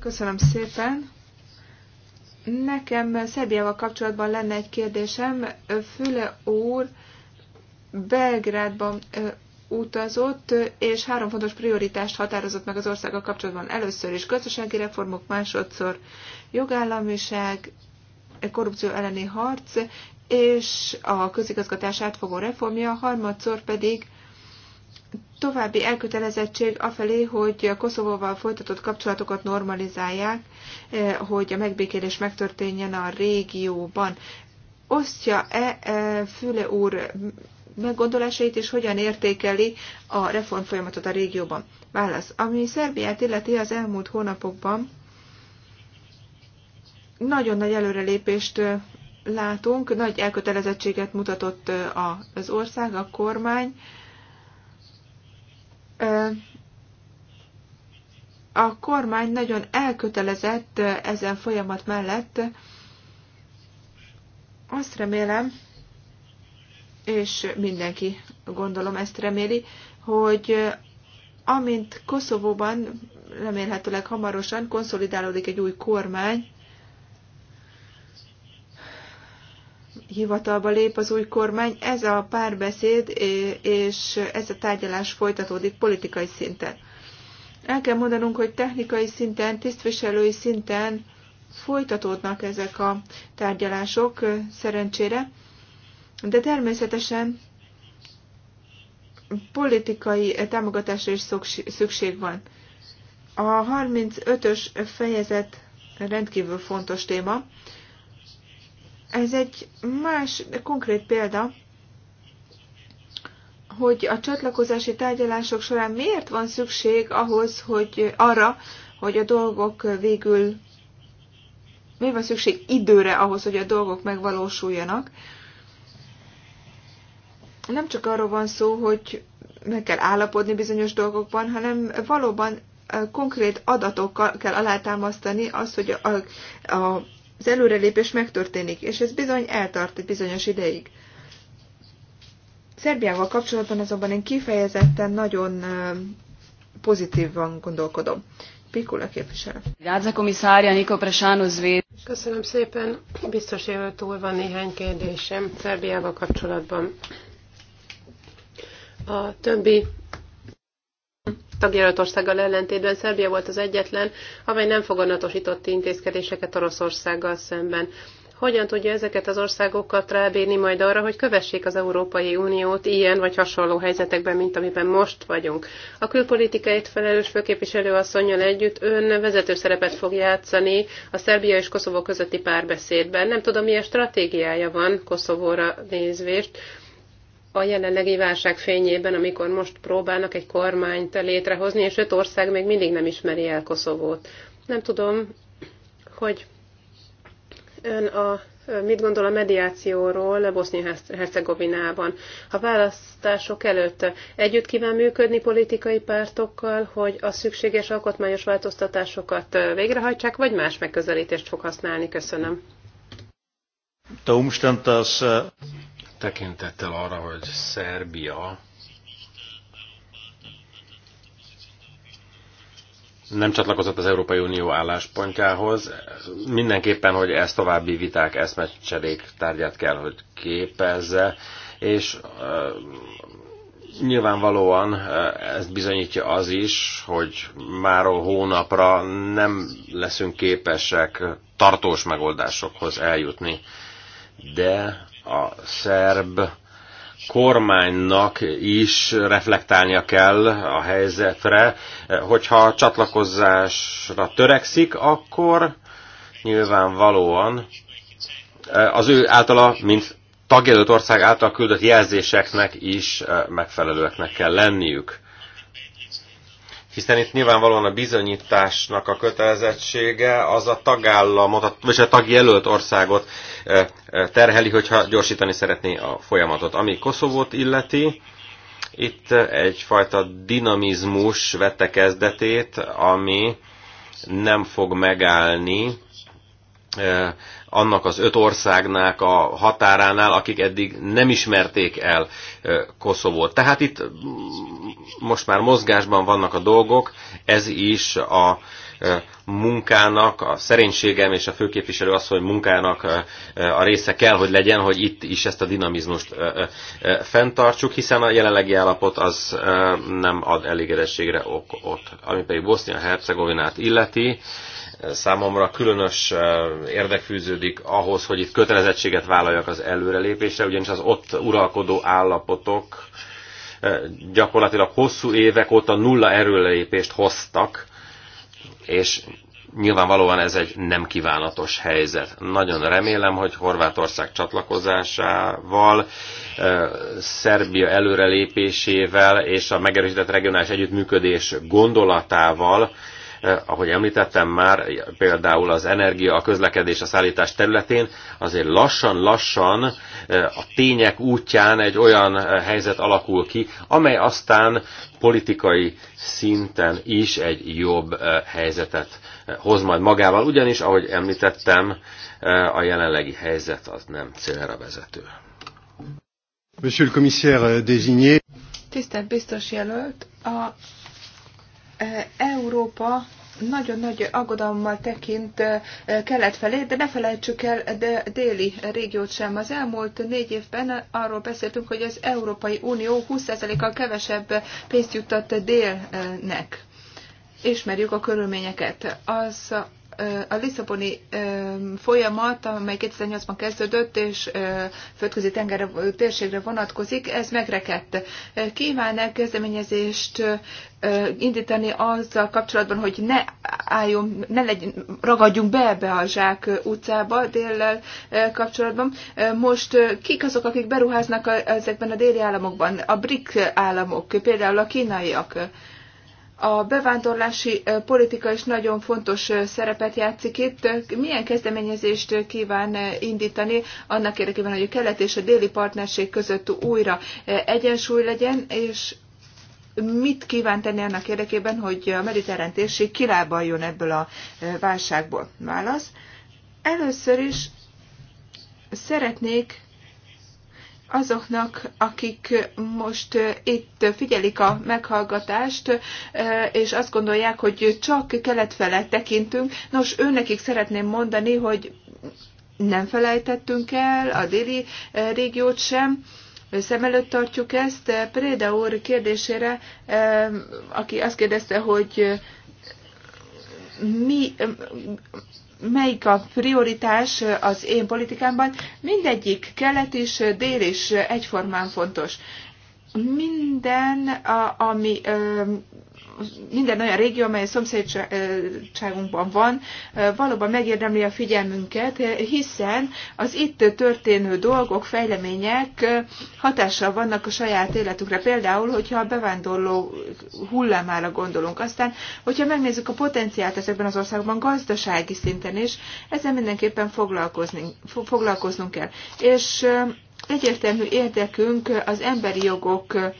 Köszönöm szépen. Nekem Szerbiával kapcsolatban lenne egy kérdésem. Füle úr Belgrádban utazott, és három fontos prioritást határozott meg az országgal kapcsolatban. Először is gazdasági reformok, másodszor jogállamiság, korrupció elleni harc, és a közigazgatás átfogó reformja, harmadszor pedig további elkötelezettség afelé, hogy a Koszovóval folytatott kapcsolatokat normalizálják, hogy a megbékélés megtörténjen a régióban. Osztja-e Füle úr meggondolásait, és hogyan értékeli a reform folyamatot a régióban. Válasz. Ami Szerbiát illeti az elmúlt hónapokban, nagyon nagy előrelépést látunk, nagy elkötelezettséget mutatott az ország, a kormány. A kormány nagyon elkötelezett ezen folyamat mellett. Azt remélem, és mindenki gondolom ezt reméli, hogy eh, amint Koszovóban remélhetőleg hamarosan konszolidálódik egy új kormány, hivatalba lép az új kormány, ez a párbeszéd eh, és ez a tárgyalás folytatódik politikai szinten. El kell mondanunk, hogy technikai szinten, tisztviselői szinten folytatódnak ezek a tárgyalások eh, szerencsére. De természetesen politikai támogatásra is szükség van. A 35-ös fejezet rendkívül fontos téma. Ez egy más konkrét példa, hogy a csatlakozási tárgyalások során miért van szükség ahhoz, hogy arra, hogy a dolgok végül, miért van szükség időre ahhoz, hogy a dolgok megvalósuljanak nem csak arról van szó, hogy meg kell állapodni bizonyos dolgokban, hanem valóban konkrét adatokkal kell alátámasztani azt, hogy a, a, az előrelépés megtörténik, és ez bizony eltart egy bizonyos ideig. Szerbiával kapcsolatban azonban én kifejezetten nagyon pozitívan gondolkodom. Pikula képviselő. Köszönöm szépen. Biztos jelölt túl van néhány kérdésem Szerbiával kapcsolatban. A többi tagjelölt országgal ellentétben Szerbia volt az egyetlen, amely nem foganatosított intézkedéseket Oroszországgal szemben. Hogyan tudja ezeket az országokat rábírni majd arra, hogy kövessék az Európai Uniót ilyen vagy hasonló helyzetekben, mint amiben most vagyunk? A külpolitikait felelős főképviselő asszonyjal együtt ön vezető szerepet fog játszani a Szerbia és Koszovó közötti párbeszédben. Nem tudom, milyen stratégiája van Koszovóra nézvést a jelenlegi válság fényében, amikor most próbálnak egy kormányt létrehozni, és öt ország még mindig nem ismeri el Koszovót. Nem tudom, hogy ön a, mit gondol a mediációról Bosznia-Hercegovinában. A választások előtt együtt kíván működni politikai pártokkal, hogy a szükséges alkotmányos változtatásokat végrehajtsák, vagy más megközelítést fog használni? Köszönöm. De tekintettel arra, hogy Szerbia nem csatlakozott az Európai Unió álláspontjához. Mindenképpen, hogy ez további viták, eszmecserék tárgyát kell, hogy képezze, és nyilvánvalóan ezt bizonyítja az is, hogy már hónapra nem leszünk képesek tartós megoldásokhoz eljutni, de a szerb kormánynak is reflektálnia kell a helyzetre. Hogyha csatlakozásra törekszik, akkor nyilvánvalóan az ő általa, mint tagjelölt ország által küldött jelzéseknek is megfelelőeknek kell lenniük hiszen itt nyilvánvalóan a bizonyításnak a kötelezettsége az a tagállamot, vagy a tagjelölt országot terheli, hogyha gyorsítani szeretné a folyamatot. Ami Koszovót illeti, itt egyfajta dinamizmus vette kezdetét, ami nem fog megállni annak az öt országnak a határánál, akik eddig nem ismerték el Koszovót. Tehát itt most már mozgásban vannak a dolgok, ez is a munkának, a szerénységem és a főképviselő az, hogy munkának a része kell, hogy legyen, hogy itt is ezt a dinamizmust fenntartsuk, hiszen a jelenlegi állapot az nem ad elégedességre okot. Ami pedig Bosznia-Hercegovinát illeti, számomra különös eh, érdekfűződik ahhoz, hogy itt kötelezettséget vállaljak az előrelépésre, ugyanis az ott uralkodó állapotok eh, gyakorlatilag hosszú évek óta nulla erőlépést hoztak, és nyilvánvalóan ez egy nem kívánatos helyzet. Nagyon remélem, hogy Horvátország csatlakozásával, eh, Szerbia előrelépésével és a megerősített regionális együttműködés gondolatával Eh, ahogy említettem már, például az energia, a közlekedés, a szállítás területén, azért lassan-lassan eh, a tények útján egy olyan eh, helyzet alakul ki, amely aztán politikai szinten is egy jobb helyzetet hoz majd magával, ugyanis, ahogy említettem, a jelenlegi helyzet az nem célra vezető. Monsieur le commissaire euh, désigné. Tisztelt biztos jelölt, a Európa nagyon nagy aggodalommal tekint kelet felé, de ne felejtsük el de déli régiót sem. Az elmúlt négy évben arról beszéltünk, hogy az Európai Unió 20%-kal kevesebb pénzt juttat délnek. Ismerjük a körülményeket. Az a Lisszaboni folyamat, amely 2008-ban kezdődött, és földközi tengerre, térségre vonatkozik, ez megrekedt. kíván kezdeményezést indítani azzal kapcsolatban, hogy ne álljon, ne legyen, ragadjunk be ebbe a zsák utcába déllel kapcsolatban. Most kik azok, akik beruháznak ezekben a déli államokban? A BRIC államok, például a kínaiak a bevándorlási politika is nagyon fontos szerepet játszik itt. Milyen kezdeményezést kíván indítani annak érdekében, hogy a kelet és a déli partnerség között újra egyensúly legyen, és mit kíván tenni annak érdekében, hogy a mediterrán térség kilábaljon ebből a válságból? Válasz. Először is szeretnék azoknak, akik most eh, itt figyelik a meghallgatást, eh, és azt gondolják, hogy csak kelet-fele tekintünk. Nos, őnekik szeretném mondani, hogy nem felejtettünk el a déli eh, régiót sem, szem előtt tartjuk ezt. Préda úr kérdésére, aki azt kérdezte, hogy mi melyik a prioritás az én politikámban, mindegyik kelet és dél is egyformán fontos. Minden, ami minden olyan régió, amely a szomszédságunkban van, valóban megérdemli a figyelmünket, hiszen az itt történő dolgok, fejlemények hatással vannak a saját életükre. Például, hogyha a bevándorló hullámára gondolunk. Aztán, hogyha megnézzük a potenciált ezekben az országban gazdasági szinten is, ezzel mindenképpen foglalkozni, foglalkoznunk kell. És egyértelmű érdekünk az emberi jogok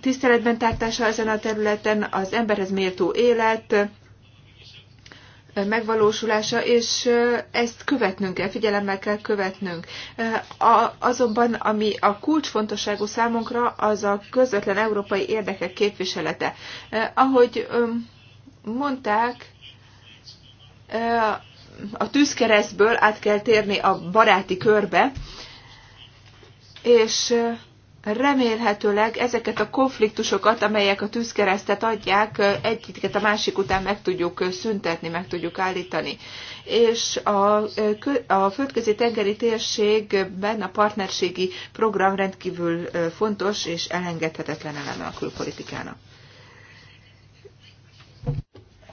tiszteletben tartása ezen a területen, az emberhez méltó élet megvalósulása, és ezt követnünk kell, figyelemmel kell követnünk. A, azonban, ami a kulcsfontosságú számunkra, az a közvetlen európai érdekek képviselete. Ahogy mondták, a tűzkeresztből át kell térni a baráti körbe, és remélhetőleg ezeket a konfliktusokat, amelyek a tűzkeresztet adják, egyiket a másik után meg tudjuk szüntetni, meg tudjuk állítani. És a, a földközi tengeri térségben a partnerségi program rendkívül fontos és elengedhetetlen eleme a külpolitikának.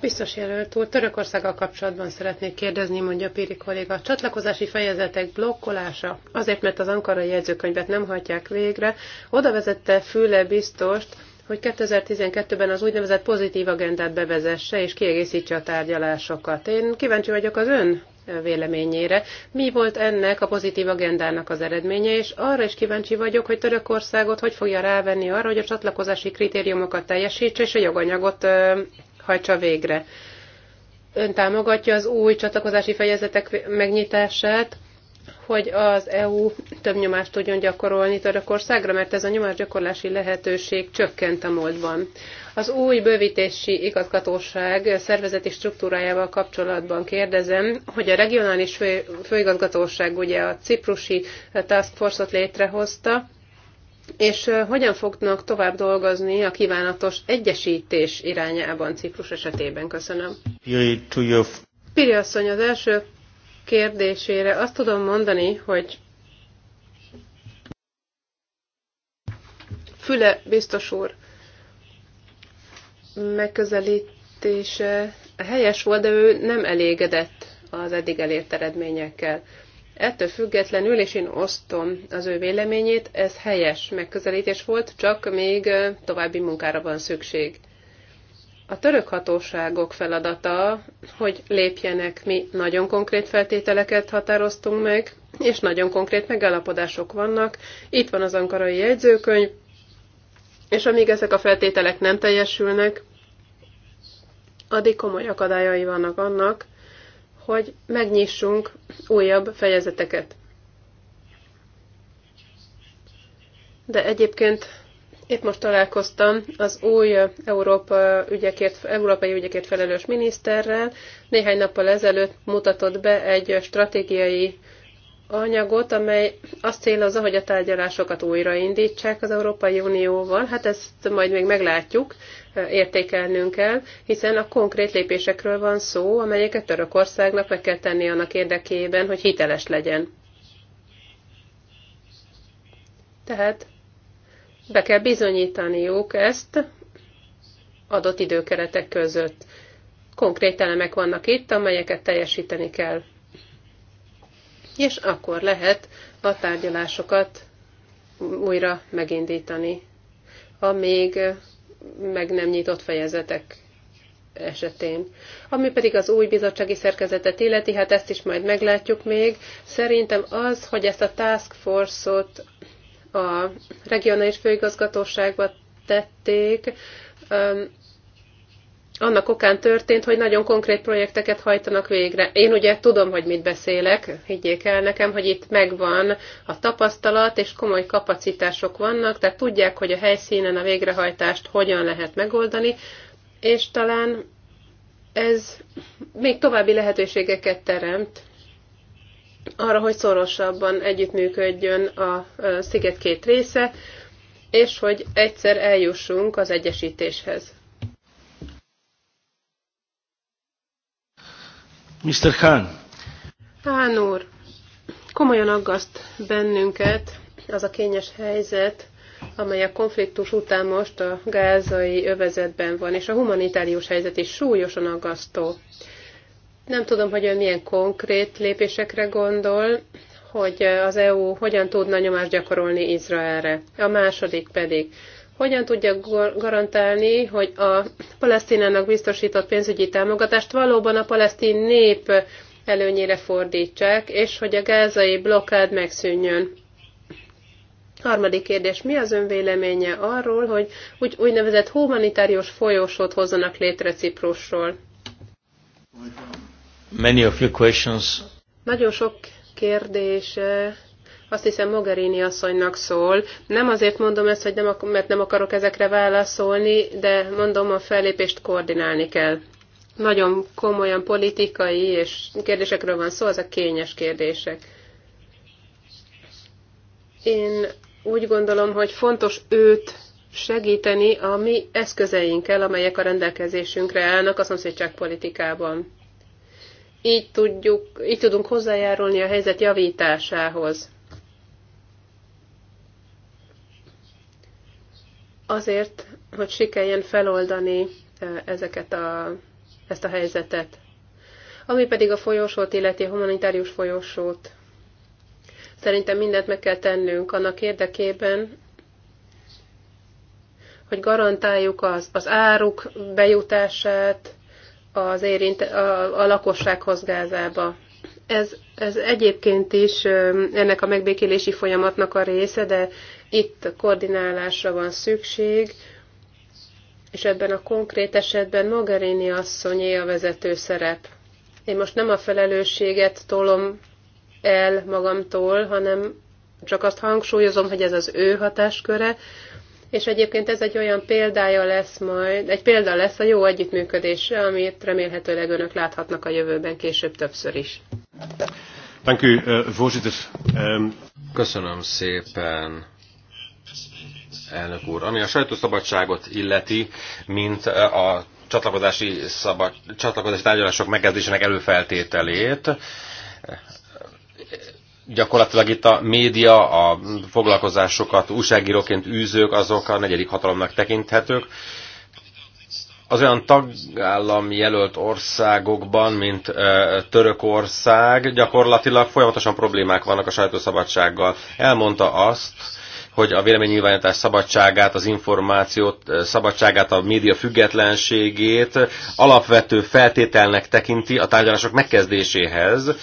Biztos jelölt úr, Törökországgal kapcsolatban szeretnék kérdezni, mondja Piri kolléga. Csatlakozási fejezetek blokkolása, azért mert az ankarai jegyzőkönyvet nem hajtják végre, oda vezette Füle biztost, hogy 2012-ben az úgynevezett pozitív agendát bevezesse és kiegészítse a tárgyalásokat. Én kíváncsi vagyok az ön véleményére. Mi volt ennek a pozitív agendának az eredménye, és arra is kíváncsi vagyok, hogy Törökországot hogy fogja rávenni arra, hogy a csatlakozási kritériumokat teljesítse, és a joganyagot hajtsa végre. Ön támogatja az új csatlakozási fejezetek megnyitását, hogy az EU több nyomást tudjon gyakorolni Törökországra, mert ez a nyomásgyakorlási lehetőség csökkent a múltban. Az új bővítési igazgatóság szervezeti struktúrájával kapcsolatban kérdezem, hogy a regionális fő, főigazgatóság ugye a ciprusi task force-ot létrehozta, és hogyan fognak tovább dolgozni a kívánatos egyesítés irányában Ciprus esetében? Köszönöm. Piri asszony, az első kérdésére azt tudom mondani, hogy Füle biztos úr megközelítése helyes volt, de ő nem elégedett az eddig elért eredményekkel. Ettől függetlenül, és én osztom az ő véleményét, ez helyes megközelítés volt, csak még további munkára van szükség. A török hatóságok feladata, hogy lépjenek, mi nagyon konkrét feltételeket határoztunk meg, és nagyon konkrét megállapodások vannak. Itt van az ankarai jegyzőkönyv, és amíg ezek a feltételek nem teljesülnek, addig komoly akadályai vannak annak, hogy megnyissunk újabb fejezeteket. De egyébként itt most találkoztam az új Európa ügyekért, európai ügyekért felelős miniszterrel. Néhány nappal ezelőtt mutatott be egy stratégiai anyagot, amely azt célozza, hogy a tárgyalásokat újraindítsák az Európai Unióval. Hát ezt majd még meglátjuk, értékelnünk kell, hiszen a konkrét lépésekről van szó, amelyeket Törökországnak meg kell tenni annak érdekében, hogy hiteles legyen. Tehát be kell bizonyítaniuk ezt adott időkeretek között. Konkrét elemek vannak itt, amelyeket teljesíteni kell és akkor lehet a tárgyalásokat újra megindítani ha még meg nem nyitott fejezetek esetén. Ami pedig az új bizottsági szerkezetet illeti, hát ezt is majd meglátjuk még. Szerintem az, hogy ezt a task force-ot a regionális főigazgatóságba tették, annak okán történt, hogy nagyon konkrét projekteket hajtanak végre. Én ugye tudom, hogy mit beszélek, higgyék el nekem, hogy itt megvan a tapasztalat, és komoly kapacitások vannak, tehát tudják, hogy a helyszínen a végrehajtást hogyan lehet megoldani, és talán ez még további lehetőségeket teremt arra, hogy szorosabban együttműködjön a sziget két része, és hogy egyszer eljussunk az egyesítéshez. Mr. Khan. Khan úr, komolyan aggaszt bennünket az a kényes helyzet, amely a konfliktus után most a gázai övezetben van, és a humanitárius helyzet is súlyosan aggasztó. Nem tudom, hogy ön milyen konkrét lépésekre gondol, hogy az EU hogyan tudna nyomást gyakorolni Izraelre. A második pedig, hogyan tudja garantálni, hogy a palesztinának biztosított pénzügyi támogatást valóban a palesztin nép előnyére fordítsák, és hogy a gázai blokkád megszűnjön. Harmadik kérdés, mi az ön véleménye arról, hogy úgy, úgynevezett humanitárius folyósót hozzanak létre Ciprusról? Many of your questions. Nagyon sok kérdése azt hiszem Mogherini asszonynak szól. Nem azért mondom ezt, hogy nem, mert nem akarok ezekre válaszolni, de mondom, a fellépést koordinálni kell. Nagyon komolyan politikai és kérdésekről van szó, ezek kényes kérdések. Én úgy gondolom, hogy fontos őt segíteni a mi eszközeinkkel, amelyek a rendelkezésünkre állnak a szomszédság politikában. Így, tudjuk, így tudunk hozzájárulni a helyzet javításához. azért, hogy sikerjen feloldani ezeket a, ezt a helyzetet. Ami pedig a folyosót illeti, a humanitárius folyosót. Szerintem mindent meg kell tennünk annak érdekében, hogy garantáljuk az, az áruk bejutását az érint, a, a lakossághoz Gázába. Ez, ez egyébként is ennek a megbékélési folyamatnak a része, de itt koordinálásra van szükség, és ebben a konkrét esetben Mogherini asszonyé a vezető szerep. Én most nem a felelősséget tolom el magamtól, hanem csak azt hangsúlyozom, hogy ez az ő hatásköre, és egyébként ez egy olyan példája lesz majd, egy példa lesz a jó együttműködésre, amit remélhetőleg önök láthatnak a jövőben később többször is. Thank you, uh, Köszönöm szépen elnök úr. Ami a sajtószabadságot illeti, mint eh, a csatlakozási, szabad, csatlakozási tárgyalások megkezdésének előfeltételét, gyakorlatilag itt a média, a foglalkozásokat újságíróként űzők, azok a negyedik hatalomnak tekinthetők. Az olyan tagállam jelölt országokban, mint ö, eh, Törökország, gyakorlatilag folyamatosan problémák vannak a sajtószabadsággal. Elmondta azt, hogy a véleménynyilvánítás szabadságát, az információt szabadságát, a média függetlenségét alapvető feltételnek tekinti a tárgyalások megkezdéséhez,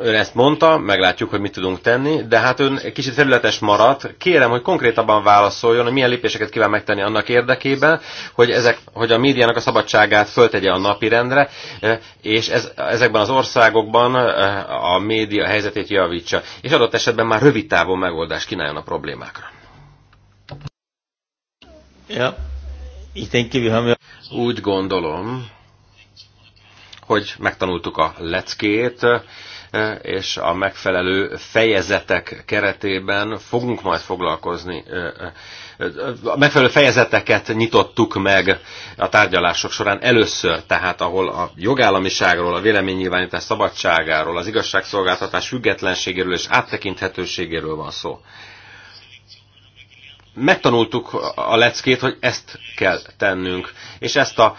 Ön ezt mondta, meglátjuk, hogy mit tudunk tenni, de hát ön kicsit felületes maradt. Kérem, hogy konkrétabban válaszoljon, hogy milyen lépéseket kíván megtenni annak érdekében, hogy, ezek, hogy a médiának a szabadságát föltegye a napirendre, eh, és ez, ezekben az országokban eh, a média helyzetét javítsa, és adott esetben már rövid távon megoldást kínáljon a problémákra. Ja, Úgy gondolom, hogy megtanultuk a leckét, e, és a megfelelő fejezetek keretében fogunk majd foglalkozni. E, e, a megfelelő fejezeteket nyitottuk meg a tárgyalások során először, tehát ahol a jogállamiságról, a véleménynyilvánítás szabadságáról, az igazságszolgáltatás függetlenségéről és áttekinthetőségéről van szó megtanultuk a leckét, hogy ezt kell tennünk. És ezt a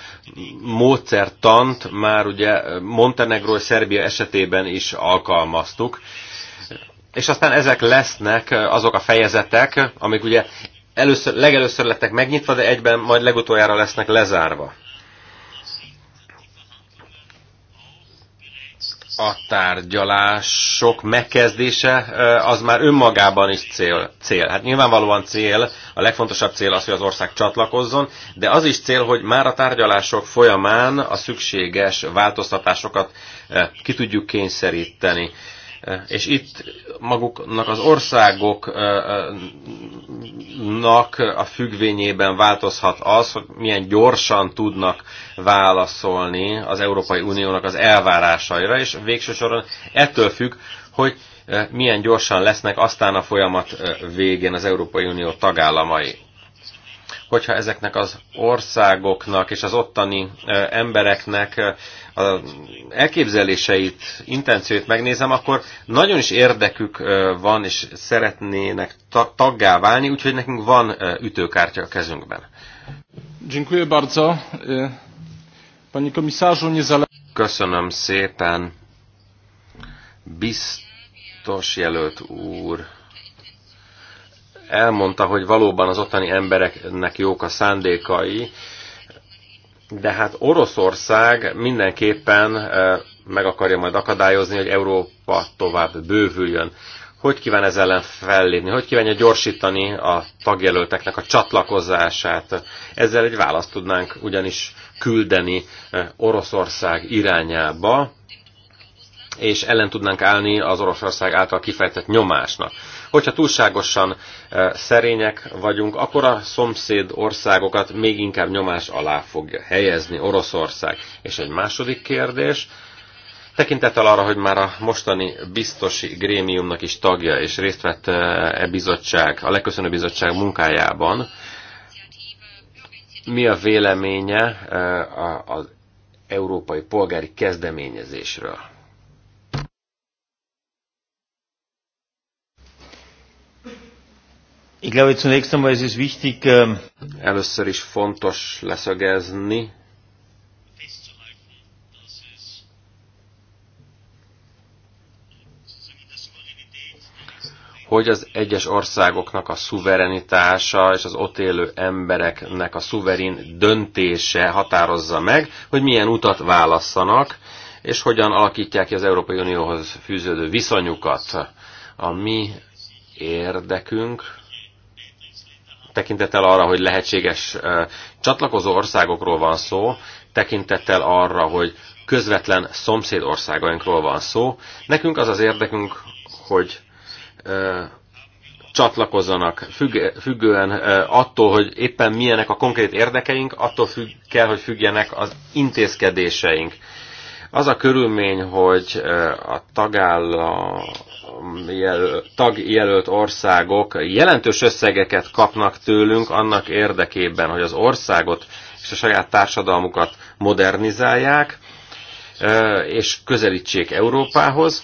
módszertant már ugye Montenegro és Szerbia esetében is alkalmaztuk. És aztán ezek lesznek azok a fejezetek, amik ugye először, legelőször lettek megnyitva, de egyben majd legutoljára lesznek lezárva. a tárgyalások megkezdése az már önmagában is cél. cél. Hát nyilvánvalóan cél, a legfontosabb cél az, hogy az ország csatlakozzon, de az is cél, hogy már a tárgyalások folyamán a szükséges változtatásokat ki tudjuk kényszeríteni. Eh, és itt maguknak az országoknak eh, eh, a függvényében változhat az, hogy milyen gyorsan tudnak válaszolni az Európai Uniónak az elvárásaira, és végső soron ettől függ, hogy milyen gyorsan lesznek aztán a folyamat végén az Európai Unió tagállamai hogyha ezeknek az országoknak és az ottani embereknek a elképzeléseit, intencióit megnézem, akkor nagyon is érdekük van, és szeretnének taggá válni, úgyhogy nekünk van ütőkártya a kezünkben. Dziękuję bardzo. Panie komisarzu, Köszönöm szépen. Biztos jelölt úr elmondta, hogy valóban az ottani embereknek jók a szándékai, de hát Oroszország mindenképpen eh, meg akarja majd akadályozni, hogy Európa tovább bővüljön. Hogy kíván ez ellen fellépni? Hogy kívánja gyorsítani a tagjelölteknek a csatlakozását? Ezzel egy választ tudnánk ugyanis küldeni eh, Oroszország irányába, és ellen tudnánk állni az Oroszország által kifejtett nyomásnak. Hogyha túlságosan e, szerények vagyunk, akkor a szomszéd országokat még inkább nyomás alá fogja helyezni Oroszország. És egy második kérdés, Tekintettel arra, hogy már a mostani biztosi grémiumnak is tagja és részt vett e, e bizottság, a legköszönő bizottság munkájában, mi a véleménye e, az európai polgári kezdeményezésről? Ich glaube, zunächst einmal ist es wichtig, ähm, Először is fontos leszögezni, hogy az egyes országoknak a szuverenitása és az ott élő embereknek a szuverén döntése határozza meg, hogy milyen utat válasszanak, és hogyan alakítják ki az Európai Unióhoz fűződő viszonyukat. A mi érdekünk tekintettel arra, hogy lehetséges csatlakozó országokról van szó, tekintettel arra, hogy közvetlen szomszéd országainkról van szó. Nekünk az az érdekünk, hogy csatlakozzanak, függően attól, hogy éppen milyenek a konkrét érdekeink, attól függ, kell, hogy függjenek az intézkedéseink. Az a körülmény, hogy a tagállam, tagjelölt országok jelentős összegeket kapnak tőlünk annak érdekében, hogy az országot és a saját társadalmukat modernizálják, és közelítsék Európához.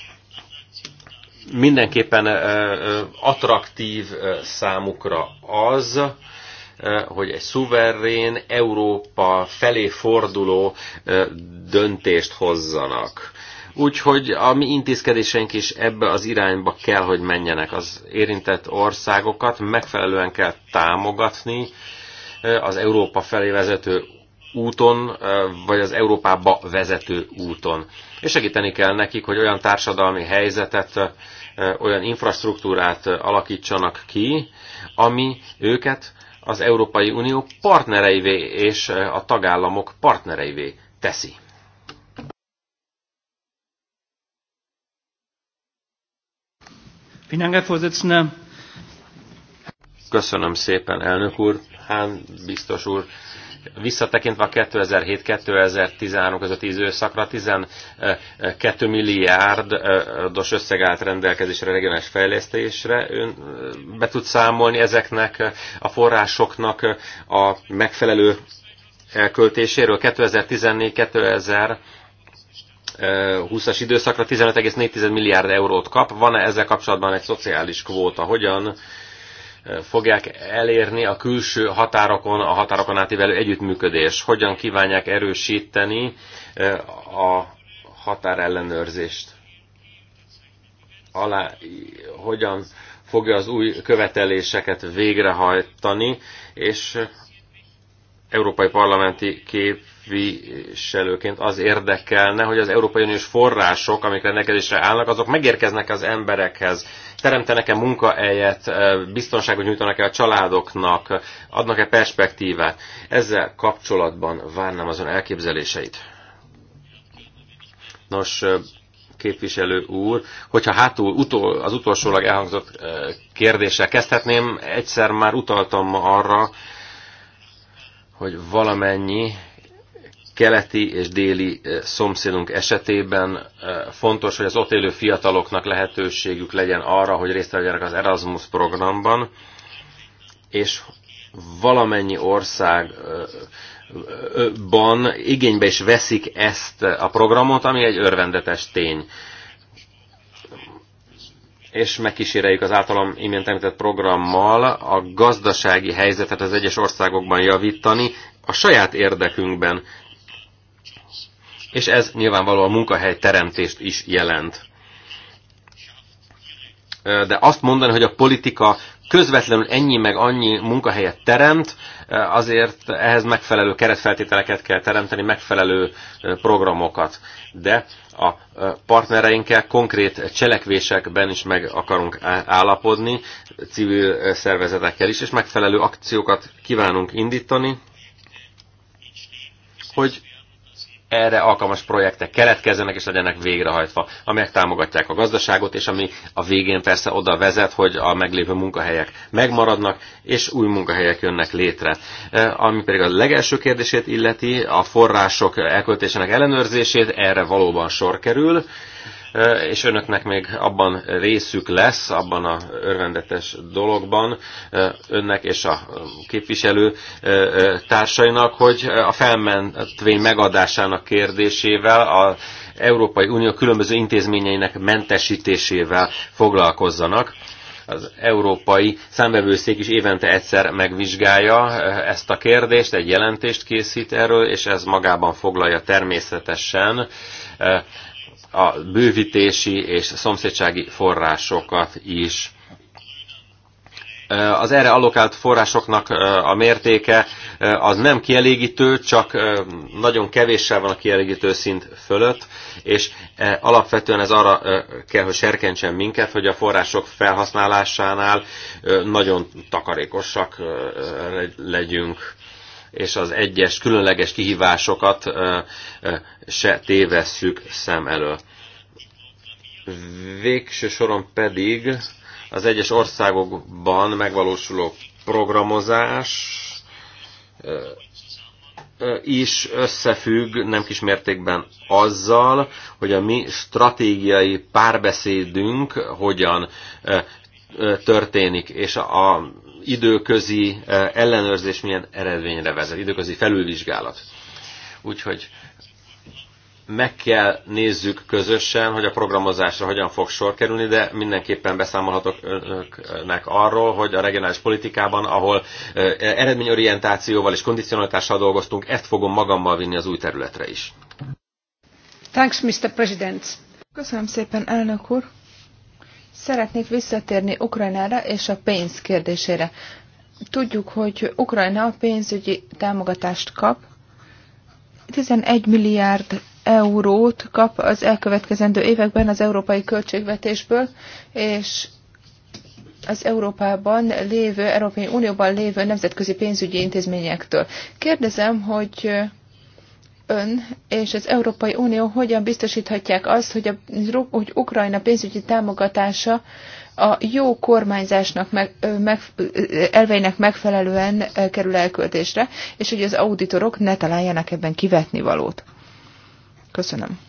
Mindenképpen attraktív számukra az, hogy egy szuverén Európa felé forduló döntést hozzanak. Úgyhogy a mi intézkedéseink is ebbe az irányba kell, hogy menjenek az érintett országokat, megfelelően kell támogatni az Európa felé vezető úton, vagy az Európába vezető úton. És segíteni kell nekik, hogy olyan társadalmi helyzetet, olyan infrastruktúrát alakítsanak ki, ami őket az Európai Unió partnereivé és a tagállamok partnereivé teszi. Köszönöm szépen, elnök úr. Hán biztos úr, visszatekintve a 2007-2013 közötti időszakra 12 milliárdos összeg állt rendelkezésre regionális fejlesztésre. Ön be tud számolni ezeknek a forrásoknak a megfelelő elköltéséről 2014-2000 20-as eh, időszakra 15,4 milliárd eurót kap. Van-e ezzel kapcsolatban egy szociális kvóta? Hogyan eh, fogják elérni a külső határokon, a határokon átívelő együttműködés? Hogyan kívánják erősíteni eh, a határellenőrzést? Alá, hogyan fogja az új követeléseket végrehajtani, és európai parlamenti kép képviselőként az érdekelne, hogy az Európai Uniós források, amik rendelkezésre állnak, azok megérkeznek az emberekhez, teremtenek-e munkaeljet, e, biztonságot nyújtanak-e a családoknak, adnak-e perspektívát. Ezzel kapcsolatban várnám azon elképzeléseit. Nos, e, képviselő úr, hogyha hátul utol, az utolsólag elhangzott e, kérdéssel kezdhetném, egyszer már utaltam arra, hogy valamennyi keleti és déli szomszédunk esetében fontos, hogy az ott élő fiataloknak lehetőségük legyen arra, hogy részt vegyenek az Erasmus programban, és valamennyi országban igénybe is veszik ezt a programot, ami egy örvendetes tény. És megkíséreljük az általam imént említett programmal a gazdasági helyzetet az egyes országokban javítani, a saját érdekünkben és ez nyilvánvalóan munkahely teremtést is jelent. De azt mondani, hogy a politika közvetlenül ennyi meg annyi munkahelyet teremt, azért ehhez megfelelő keretfeltételeket kell teremteni, megfelelő programokat. De a partnereinkkel konkrét cselekvésekben is meg akarunk állapodni, civil szervezetekkel is, és megfelelő akciókat kívánunk indítani, hogy erre alkalmas projektek keletkezzenek és legyenek végrehajtva, amelyek támogatják a gazdaságot, és ami a végén persze oda vezet, hogy a meglévő munkahelyek megmaradnak, és új munkahelyek jönnek létre. E, ami pedig a legelső kérdését illeti, a források elköltésének ellenőrzését, erre valóban sor kerül és önöknek még abban részük lesz, abban a örvendetes dologban, önnek és a képviselő társainak, hogy a felmentvény megadásának kérdésével a Európai Unió különböző intézményeinek mentesítésével foglalkozzanak az európai számbevőszék is évente egyszer megvizsgálja ezt a kérdést, egy jelentést készít erről, és ez magában foglalja természetesen a bővítési és szomszédsági forrásokat is. Az erre allokált forrásoknak a mértéke az nem kielégítő, csak nagyon kevéssel van a kielégítő szint fölött, és alapvetően ez arra kell, hogy serkentsen minket, hogy a források felhasználásánál nagyon takarékosak legyünk és az egyes különleges kihívásokat se tévesszük szem elől. Végső soron pedig az egyes országokban megvalósuló programozás is összefügg nem kis mértékben azzal, hogy a mi stratégiai párbeszédünk hogyan történik, és a időközi eh, ellenőrzés milyen eredményre vezet, időközi felülvizsgálat. Úgyhogy meg kell nézzük közösen, hogy a programozásra hogyan fog sor kerülni, de mindenképpen beszámolhatok önöknek arról, hogy a regionális politikában, ahol eh, eredményorientációval és kondicionalitással dolgoztunk, ezt fogom magammal vinni az új területre is. Thanks, Mr. President. Köszönöm szépen, elnök úr. Szeretnék visszatérni Ukrajnára és a pénz kérdésére. Tudjuk, hogy Ukrajna pénzügyi támogatást kap, 11 milliárd eurót kap az elkövetkezendő években az európai költségvetésből, és az Európában lévő, Európai Unióban lévő nemzetközi pénzügyi intézményektől. Kérdezem, hogy ön és az Európai Unió hogyan biztosíthatják azt, hogy, a, hogy Ukrajna pénzügyi támogatása a jó kormányzásnak meg, meg, elveinek megfelelően kerül elköltésre, és hogy az auditorok ne találjanak ebben kivetni valót. Köszönöm.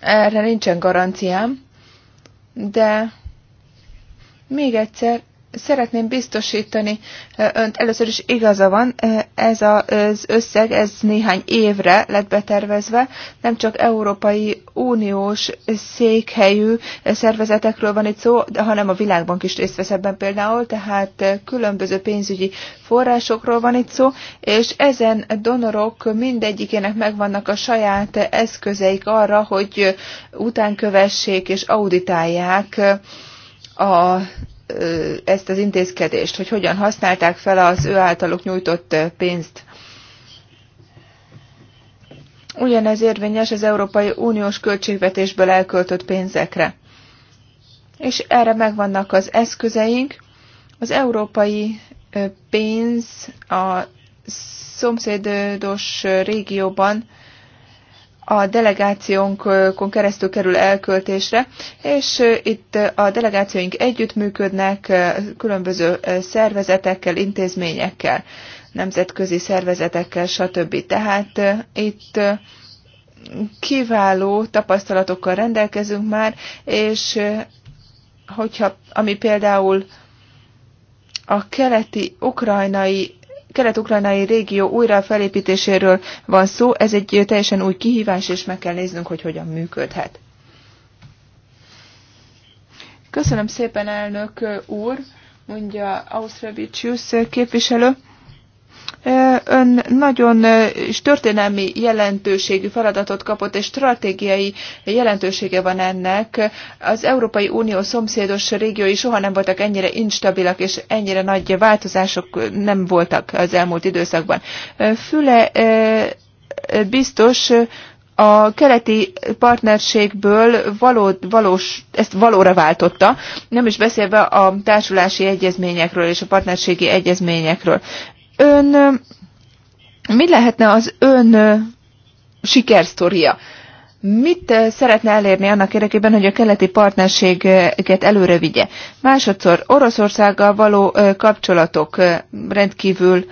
Erre nincsen garanciám, de még egyszer Szeretném biztosítani önt, először is igaza van, ez az összeg, ez néhány évre lett betervezve, nem csak Európai Uniós székhelyű szervezetekről van itt szó, hanem a Világbank is részt vesz ebben például, tehát különböző pénzügyi forrásokról van itt szó, és ezen donorok mindegyikének megvannak a saját eszközeik arra, hogy utánkövessék és auditálják a ezt az intézkedést, hogy hogyan használták fel az ő általuk nyújtott pénzt. Ugyanez érvényes az Európai Uniós költségvetésből elköltött pénzekre. És erre megvannak az eszközeink. Az európai pénz a szomszédos régióban a delegációnkon keresztül kerül elköltésre, és itt a delegációink együttműködnek különböző szervezetekkel, intézményekkel, nemzetközi szervezetekkel, stb. Tehát itt kiváló tapasztalatokkal rendelkezünk már, és hogyha, ami például a keleti ukrajnai kelet-ukrajnai régió újra felépítéséről van szó, ez egy teljesen új kihívás, és meg kell néznünk, hogy hogyan működhet. Köszönöm szépen, elnök úr, mondja Ausztravicius képviselő ön nagyon történelmi jelentőségű feladatot kapott, és stratégiai jelentősége van ennek. Az Európai Unió szomszédos régiói soha nem voltak ennyire instabilak, és ennyire nagy változások nem voltak az elmúlt időszakban. Füle biztos a keleti partnerségből való, valós, ezt valóra váltotta, nem is beszélve a társulási egyezményekről és a partnerségi egyezményekről ön, mi lehetne az ön sikersztoria? Mit szeretne elérni annak érdekében, hogy a keleti partnerséget előre vigye? Másodszor Oroszországgal való kapcsolatok rendkívül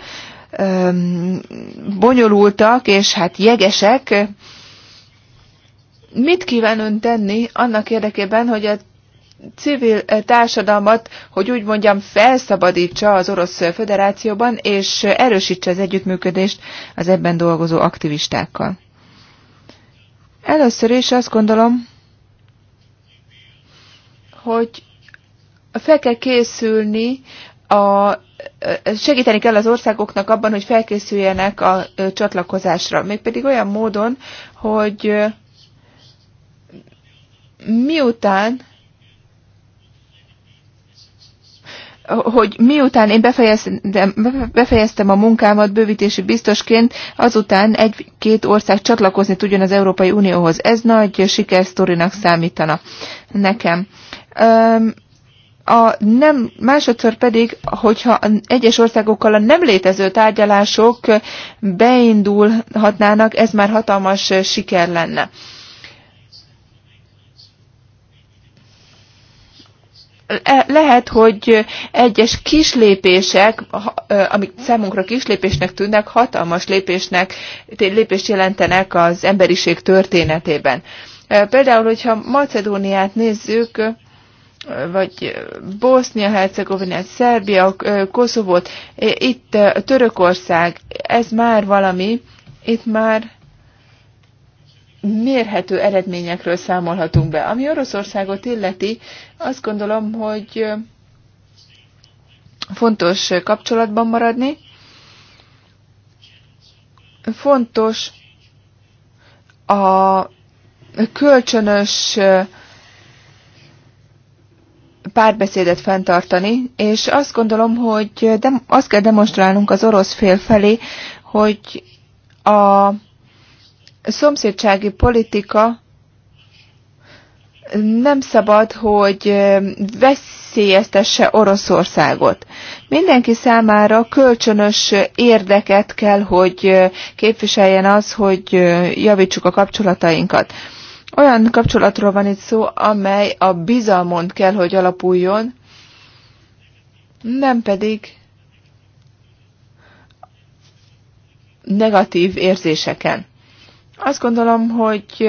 bonyolultak, és hát jegesek. Mit kíván ön tenni annak érdekében, hogy a civil eh, társadalmat, hogy úgy mondjam, felszabadítsa az Orosz Föderációban, és erősítse az együttműködést az ebben dolgozó aktivistákkal. Először is azt gondolom, hogy fel kell készülni a eh, segíteni kell az országoknak abban, hogy felkészüljenek a eh, csatlakozásra. Mégpedig olyan módon, hogy miután hogy miután én befejeztem, befejeztem a munkámat bővítési biztosként, azután egy-két ország csatlakozni tudjon az Európai Unióhoz. Ez nagy sikersztorinak számítana nekem. A nem, másodszor pedig, hogyha egyes országokkal a nem létező tárgyalások beindulhatnának, ez már hatalmas siker lenne. lehet, hogy egyes kislépések, amik számunkra kislépésnek tűnnek, hatalmas lépésnek, lépést jelentenek az emberiség történetében. Például, hogyha Macedóniát nézzük, vagy Bosznia-Hercegovinát, Szerbia, Koszovót, itt Törökország, ez már valami, itt már mérhető eredményekről számolhatunk be. Ami Oroszországot illeti, azt gondolom, hogy fontos kapcsolatban maradni, fontos a kölcsönös párbeszédet fenntartani, és azt gondolom, hogy de, azt kell demonstrálnunk az orosz fél felé, hogy a szomszédsági politika nem szabad, hogy veszélyeztesse Oroszországot. Mindenki számára kölcsönös érdeket kell, hogy képviseljen az, hogy javítsuk a kapcsolatainkat. Olyan kapcsolatról van itt szó, amely a bizalmon kell, hogy alapuljon, nem pedig negatív érzéseken. Azt gondolom, hogy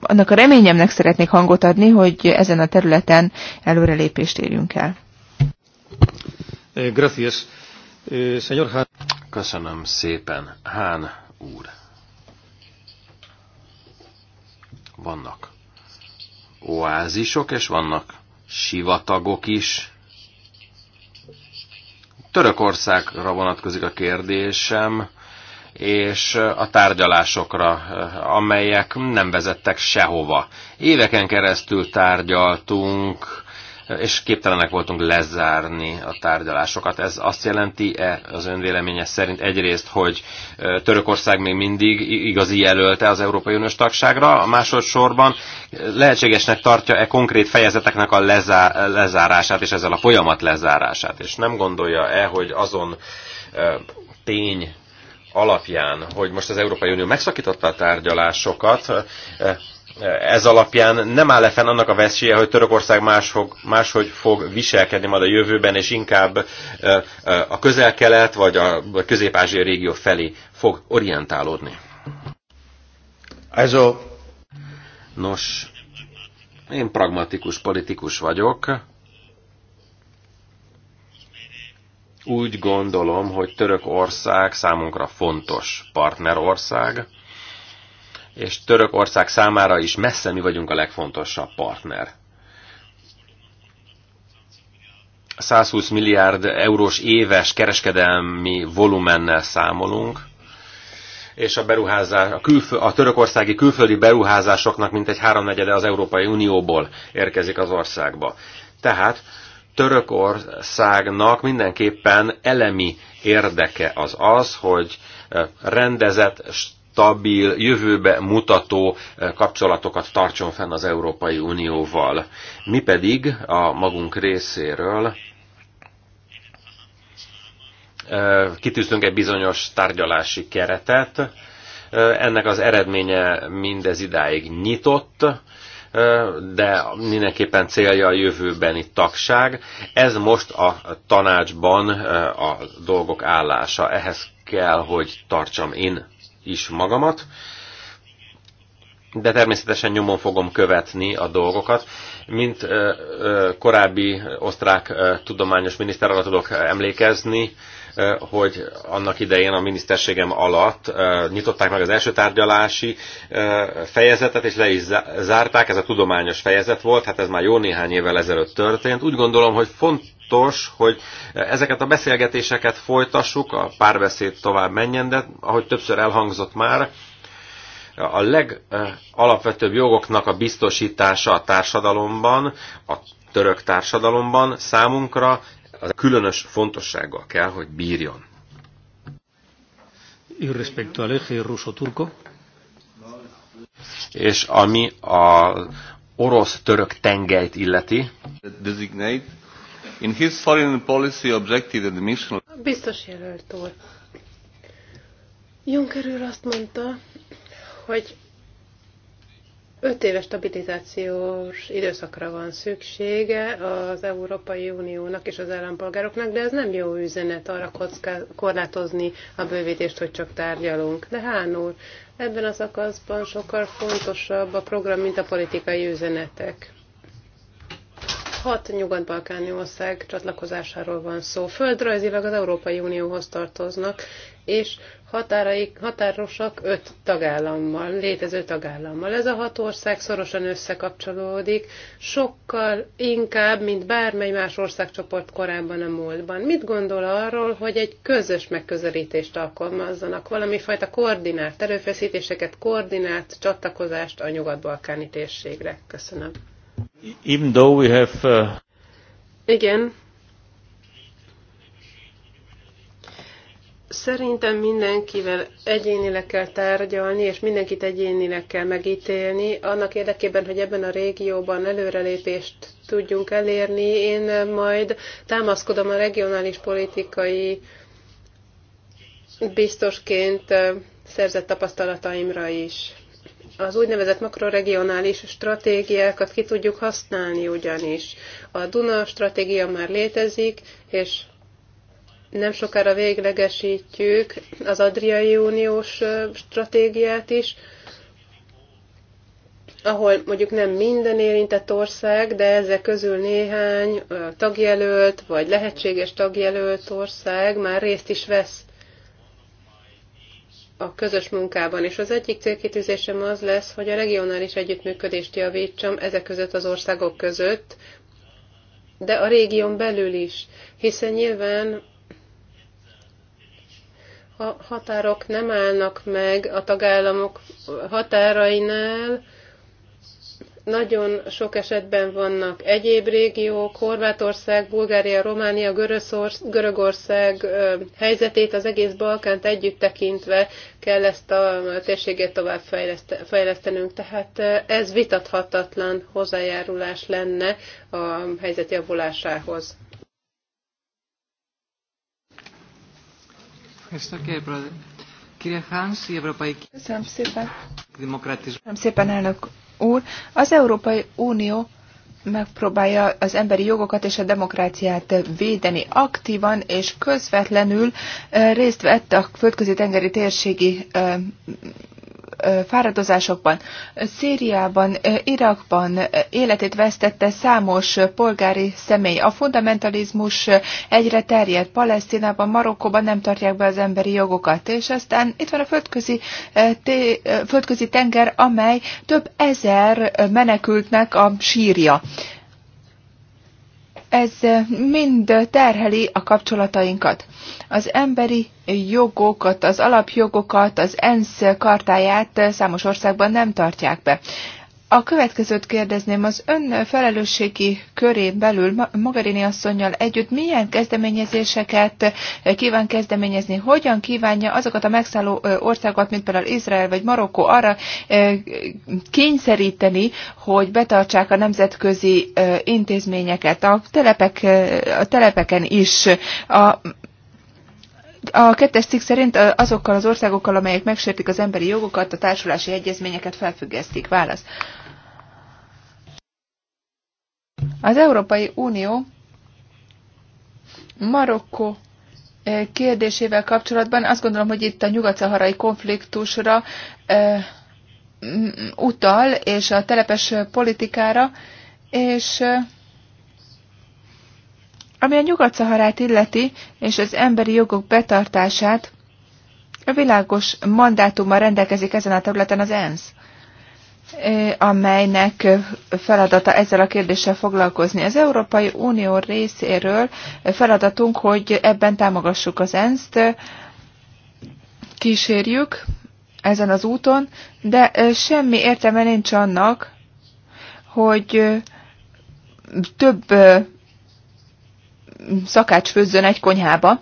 annak a reményemnek szeretnék hangot adni, hogy ezen a területen előrelépést érjünk el. Eh, gracias. Eh, señor Hán. Köszönöm szépen, Hán úr. Vannak oázisok, és vannak sivatagok is. Törökországra vonatkozik a kérdésem és a tárgyalásokra, amelyek nem vezettek sehova. Éveken keresztül tárgyaltunk, és képtelenek voltunk lezárni a tárgyalásokat. Ez azt jelenti-e az önvéleménye szerint egyrészt, hogy Törökország még mindig igazi jelölte az Európai Uniós tagságra, a másodszorban lehetségesnek tartja-e konkrét fejezeteknek a lezá lezárását, és ezzel a folyamat lezárását, és nem gondolja-e, hogy azon tény alapján, hogy most az Európai Unió megszakította a tárgyalásokat, ez alapján nem áll -e fenn annak a veszélye, hogy Törökország máshogy, máshogy fog viselkedni majd a jövőben, és inkább a közel-kelet vagy a közép régió felé fog orientálódni? a, Nos, én pragmatikus politikus vagyok. Úgy gondolom, hogy Törökország számunkra fontos partnerország, és Törökország számára is messze mi vagyunk a legfontosabb partner. 120 milliárd eurós éves kereskedelmi volumennel számolunk, és a, beruházás, a, külfö, a törökországi külföldi beruházásoknak mintegy háromnegyede az Európai Unióból érkezik az országba. Tehát Törökországnak mindenképpen elemi érdeke az az, hogy eh, rendezett, stabil, jövőbe mutató eh, kapcsolatokat tartson fenn az Európai Unióval. Mi pedig a magunk részéről eh, kitűztünk egy bizonyos tárgyalási keretet. Ennek az eredménye mindez idáig nyitott, de mindenképpen célja a jövőbeni tagság. Ez most a tanácsban a dolgok állása. Ehhez kell, hogy tartsam én is magamat, de természetesen nyomon fogom követni a dolgokat. Mint korábbi osztrák tudományos miniszterre tudok emlékezni, hogy annak idején a miniszterségem alatt nyitották meg az első tárgyalási fejezetet, és le is zárták, ez a tudományos fejezet volt, hát ez már jó néhány évvel ezelőtt történt. Úgy gondolom, hogy fontos, hogy ezeket a beszélgetéseket folytassuk, a párbeszéd tovább menjen, de ahogy többször elhangzott már, a legalapvetőbb jogoknak a biztosítása a társadalomban, a török társadalomban számunkra az különös fontossággal kell, hogy bírjon. És ami a orosz-török tengelyt illeti. Designate in his foreign policy objective and mission. Biztos jelölt Juncker úr azt mondta, hogy Öt éves stabilizációs időszakra van szüksége az Európai Uniónak és az állampolgároknak, de ez nem jó üzenet arra kocká, korlátozni a bővítést, hogy csak tárgyalunk. De úr, ebben a szakaszban sokkal fontosabb a program, mint a politikai üzenetek. Hat nyugat-balkáni ország csatlakozásáról van szó. Földrajzilag az Európai Unióhoz tartoznak, és határaik, határosak öt tagállammal, létező tagállammal. Ez a hat ország szorosan összekapcsolódik, sokkal inkább, mint bármely más országcsoport korábban a múltban. Mit gondol arról, hogy egy közös megközelítést alkalmazzanak, valami fajta koordinált erőfeszítéseket, koordinált csatlakozást a nyugat-balkáni térségre? Köszönöm. Even though we have, uh... Igen, Szerintem mindenkivel egyénileg kell tárgyalni, és mindenkit egyénileg kell megítélni, annak érdekében, hogy ebben a régióban előrelépést tudjunk elérni. Én majd támaszkodom a regionális politikai biztosként szerzett tapasztalataimra is. Az úgynevezett makroregionális stratégiákat ki tudjuk használni ugyanis. A Duna stratégia már létezik, és nem sokára véglegesítjük az Adriai Uniós stratégiát is, ahol mondjuk nem minden érintett ország, de ezek közül néhány tagjelölt vagy lehetséges tagjelölt ország már részt is vesz a közös munkában, és az egyik célkitűzésem az lesz, hogy a regionális együttműködést javítsam ezek között az országok között, de a régión belül is, hiszen nyilván ha határok nem állnak meg a tagállamok határainál, nagyon sok esetben vannak egyéb régiók, Horvátország, Bulgária, Románia, Görögország helyzetét, az egész Balkánt együtt tekintve kell ezt a térséget tovább fejlesztenünk. Tehát ez vitathatatlan hozzájárulás lenne a helyzet javulásához. Ευχαριστώ κύριε Πρόεδρε. Κύριε Χάνς, η Ευρωπαϊκή... Köszönöm szépen. Köszönöm szépen, elnök úr. Az Európai Unió megpróbálja az emberi jogokat és a demokráciát védeni. Aktívan és közvetlenül eh, részt vett a földközi tengeri térségi eh, fáradozásokban. Szíriában, Irakban életét vesztette számos polgári személy. A fundamentalizmus egyre terjed. Palesztinában, Marokkóban nem tartják be az emberi jogokat. És aztán itt van a földközi, földközi tenger, amely több ezer menekültnek a sírja. Ez mind terheli a kapcsolatainkat. Az emberi jogokat, az alapjogokat, az ENSZ kartáját számos országban nem tartják be. A következőt kérdezném, az ön felelősségi körén belül Magarini asszonynal együtt milyen kezdeményezéseket kíván kezdeményezni, hogyan kívánja azokat a megszálló országokat, mint például Izrael vagy Marokkó arra kényszeríteni, hogy betartsák a nemzetközi intézményeket a, telepek, a telepeken is. A, a kettes cikk szerint azokkal az országokkal, amelyek megsértik az emberi jogokat, a társulási egyezményeket felfüggesztik. Válasz. Az Európai Unió Marokkó eh, kérdésével kapcsolatban azt gondolom, hogy itt a nyugat-szaharai konfliktusra eh, mm, utal, és a telepes politikára, és eh, ami a nyugat-szaharát illeti, és az emberi jogok betartását, a világos mandátummal rendelkezik ezen a területen az ENSZ amelynek feladata ezzel a kérdéssel foglalkozni. Az Európai Unió részéről feladatunk, hogy ebben támogassuk az ENSZ-t, kísérjük ezen az úton, de semmi értelme nincs annak, hogy több szakács főzzön egy konyhába,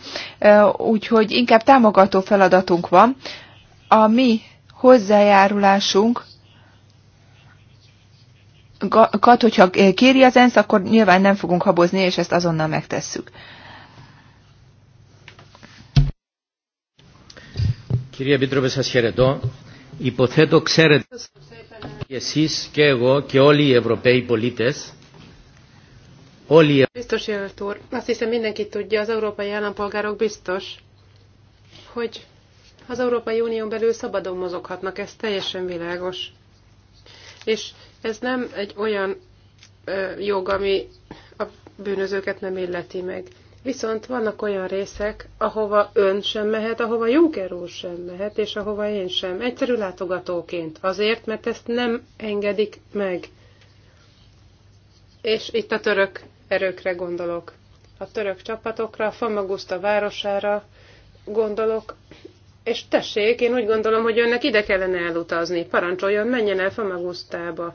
úgyhogy inkább támogató feladatunk van. A mi hozzájárulásunk kat, hogyha eh, kéri az ENSZ, akkor nyilván nem fogunk habozni, és ezt azonnal megtesszük. Κυρία Επίτροπε, σας χαιρετώ. Υποθέτω ξέρετε και εσείς και εγώ και όλοι οι Ευρωπαίοι πολίτες όλοι οι... Biztos jelölt úr, azt hiszem mindenki tudja, az európai állampolgárok biztos, hogy az Európai Unión belül szabadon mozoghatnak, ez teljesen világos. És ez nem egy olyan ö, jog, ami a bűnözőket nem illeti meg. Viszont vannak olyan részek, ahova ön sem mehet, ahova Juncker úr sem mehet, és ahova én sem. Egyszerű látogatóként. Azért, mert ezt nem engedik meg. És itt a török erőkre gondolok. A török csapatokra, a Famagusta városára gondolok, és tessék, én úgy gondolom, hogy önnek ide kellene elutazni. Parancsoljon, menjen el Famagusztába.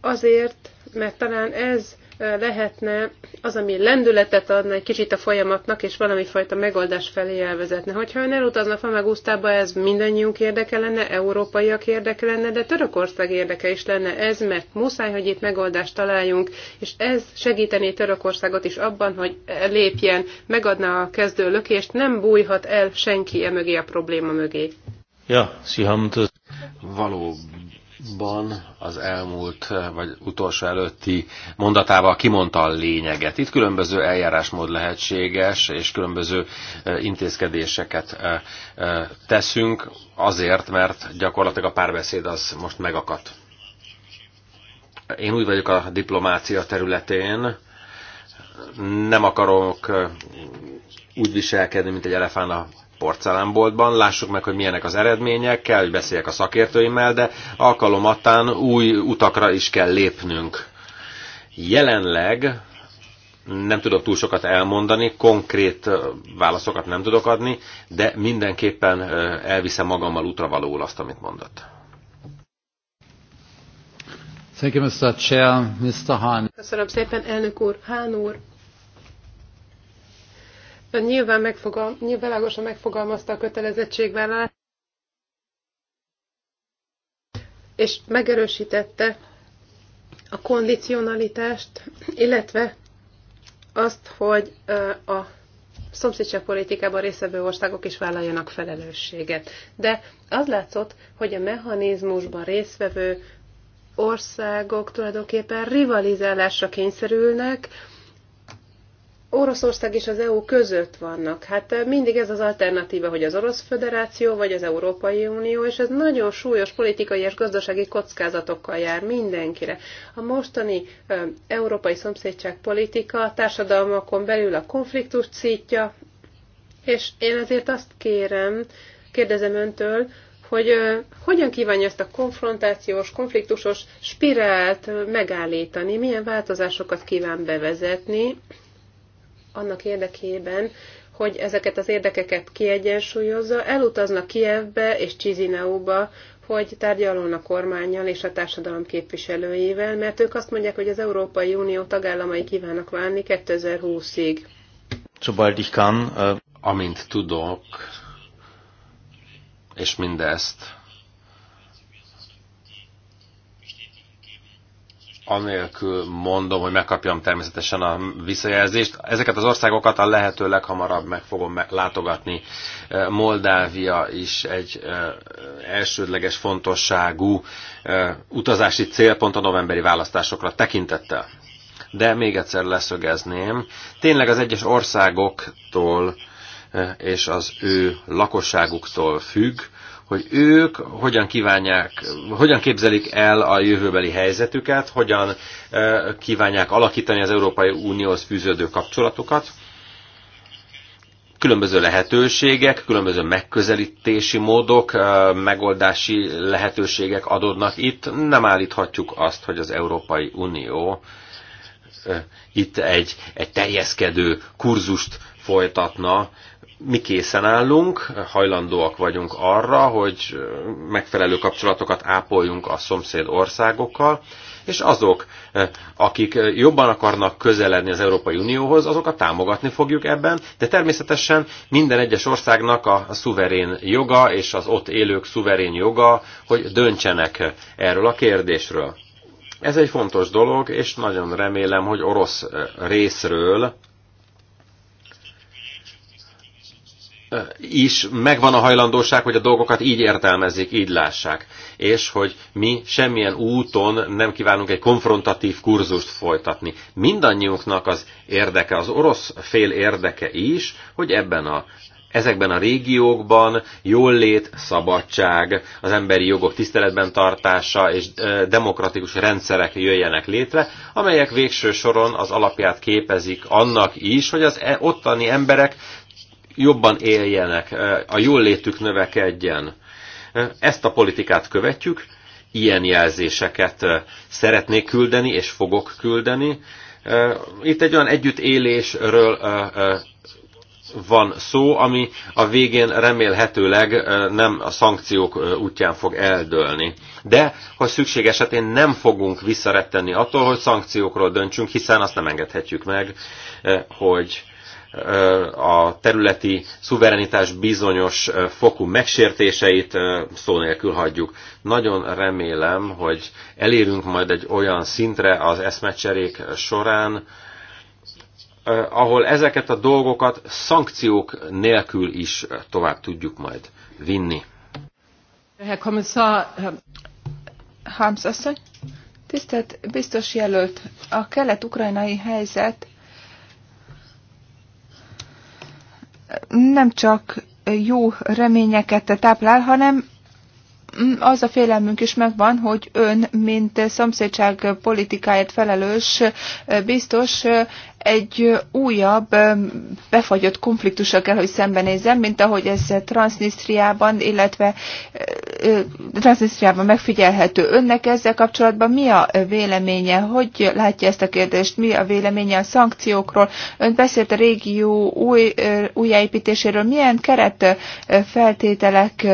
Azért, mert talán ez lehetne az, ami lendületet adna egy kicsit a folyamatnak, és valami fajta megoldás felé elvezetne. Hogyha ön elutazna Famagusztába, ez mindannyiunk érdeke lenne, európaiak érdeke lenne, de Törökország érdeke is lenne ez, mert muszáj, hogy itt megoldást találjunk, és ez segítené Törökországot is abban, hogy lépjen, megadna a kezdő lökést, nem bújhat el senki e mögé a probléma mögé. Ja, Sie Való, Ban az elmúlt, vagy utolsó előtti mondatával kimondta a lényeget. Itt különböző eljárásmód lehetséges, és különböző e, intézkedéseket e, e, teszünk azért, mert gyakorlatilag a párbeszéd az most megakadt. Én úgy vagyok a diplomácia területén, nem akarok úgy viselkedni, mint egy elefánt a porcelánboltban, lássuk meg, hogy milyenek az eredmények, kell, hogy beszéljek a szakértőimmel, de alkalomattán új utakra is kell lépnünk. Jelenleg nem tudok túl sokat elmondani, konkrét válaszokat nem tudok adni, de mindenképpen elviszem magammal útra valóul azt, amit mondott. Thank you, Mr. Chair, Mr. Hahn. Köszönöm szépen, elnök úr, Hán úr nyilván, megfogal, nyilvánlagosan megfogalmazta a kötelezettségvállalást, és megerősítette a kondicionalitást, illetve azt, hogy a szomszédságpolitikában részvevő országok is vállaljanak felelősséget. De az látszott, hogy a mechanizmusban részvevő országok tulajdonképpen rivalizálásra kényszerülnek, Oroszország és az EU között vannak. Hát eh, mindig ez az alternatíva, hogy az Orosz Föderáció vagy az Európai Unió, és ez nagyon súlyos politikai és gazdasági kockázatokkal jár mindenkire. A mostani ö, eh, európai szomszédság politika társadalmakon belül a konfliktus szítja, és én azért azt kérem, kérdezem öntől, hogy ö, eh, hogyan kívánja ezt a konfrontációs, konfliktusos spirált megállítani, milyen változásokat kíván bevezetni, annak érdekében, hogy ezeket az érdekeket kiegyensúlyozza, elutaznak Kievbe és Csizinauba, hogy tárgyalon a kormányjal és a társadalom képviselőivel, mert ők azt mondják, hogy az Európai Unió tagállamai kívánnak válni 2020-ig. Sobald ich kann, äh, amint tudok, és mindezt anélkül mondom, hogy megkapjam természetesen a visszajelzést. Ezeket az országokat a lehető leghamarabb meg fogom látogatni. Moldávia is egy elsődleges fontosságú utazási célpont a novemberi választásokra tekintettel. De még egyszer leszögezném, tényleg az egyes országoktól és az ő lakosságuktól függ, hogy ők hogyan kívánják, hogyan képzelik el a jövőbeli helyzetüket, hogyan eh, kívánják alakítani az Európai Unióhoz fűződő kapcsolatokat. Különböző lehetőségek, különböző megközelítési módok, eh, megoldási lehetőségek adódnak itt. Nem állíthatjuk azt, hogy az Európai Unió eh, itt egy, egy terjeszkedő kurzust folytatna, mi készen állunk, hajlandóak vagyunk arra, hogy megfelelő kapcsolatokat ápoljunk a szomszéd országokkal, és azok, akik jobban akarnak közeledni az Európai Unióhoz, azokat támogatni fogjuk ebben, de természetesen minden egyes országnak a szuverén joga és az ott élők szuverén joga, hogy döntsenek erről a kérdésről. Ez egy fontos dolog, és nagyon remélem, hogy orosz részről is megvan a hajlandóság, hogy a dolgokat így értelmezzék, így lássák. És hogy mi semmilyen úton nem kívánunk egy konfrontatív kurzust folytatni. Mindannyiunknak az érdeke, az orosz fél érdeke is, hogy ebben a ezekben a régiókban lét, szabadság, az emberi jogok tiszteletben tartása és demokratikus rendszerek jöjjenek létre, amelyek végső soron az alapját képezik annak is, hogy az e-, ottani emberek jobban éljenek, a jól létük növekedjen. Ezt a politikát követjük, ilyen jelzéseket szeretnék küldeni, és fogok küldeni. Itt egy olyan együttélésről van szó, ami a végén remélhetőleg nem a szankciók útján fog eldőlni. De, ha szükség esetén nem fogunk visszaretteni attól, hogy szankciókról döntsünk, hiszen azt nem engedhetjük meg, hogy a területi szuverenitás bizonyos fokú megsértéseit szó nélkül hagyjuk. Nagyon remélem, hogy elérünk majd egy olyan szintre az eszmecserék során, ahol ezeket a dolgokat szankciók nélkül is tovább tudjuk majd vinni. Herr Kommissar, Harms asszony, tisztelt biztos jelölt, a kelet-ukrajnai helyzet nem csak jó reményeket táplál, hanem Mm, az a félelmünk is megvan, hogy ön, mint szomszédság politikáért felelős biztos, egy újabb befagyott konfliktusra kell, hogy szembenézzen, mint ahogy ez Transnistriában, illetve Transnistriában megfigyelhető. Önnek ezzel kapcsolatban mi a véleménye? Hogy látja ezt a kérdést? Mi a véleménye a szankciókról? Ön beszélt a régió új, újjáépítéséről. Milyen keret feltételek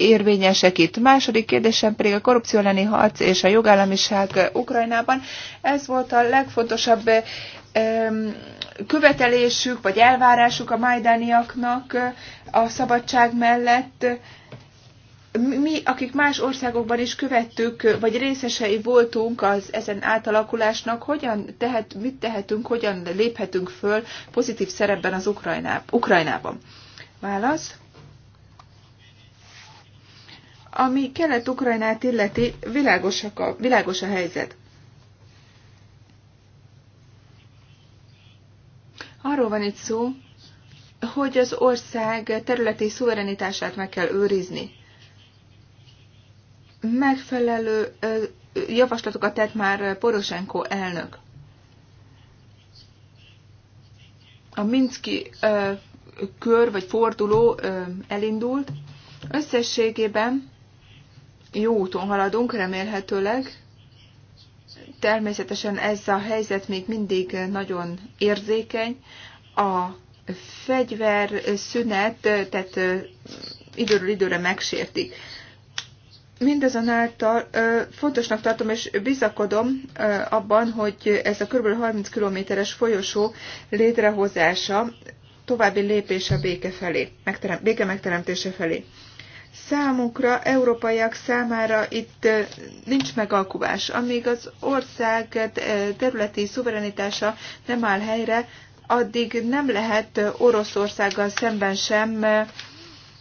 érvényesek itt. Második kérdésem pedig a korrupció elleni harc és a jogállamiság Ukrajnában. Ez volt a legfontosabb követelésük vagy elvárásuk a majdániaknak a szabadság mellett. Mi, akik más országokban is követtük, vagy részesei voltunk az ezen átalakulásnak, hogyan tehet, mit tehetünk, hogyan léphetünk föl pozitív szerepben az Ukrajná, Ukrajnában? Válasz. Ami Kelet-Ukrajnát illeti, világos a, világos a helyzet. Arról van itt szó, hogy az ország területi szuverenitását meg kell őrizni. Megfelelő javaslatokat tett már Poroshenko elnök. A Minszki kör vagy forduló elindult. Összességében jó úton haladunk, remélhetőleg. Természetesen ez a helyzet még mindig nagyon érzékeny. A szünet, tehát időről időre megsértik. Mindazonáltal fontosnak tartom és bizakodom abban, hogy ez a kb. 30 kilométeres folyosó létrehozása további lépés a béke felé, megterem, béke megteremtése felé számukra, európaiak számára itt nincs megalkuvás. Amíg az ország területi szuverenitása nem áll helyre, addig nem lehet Oroszországgal szemben sem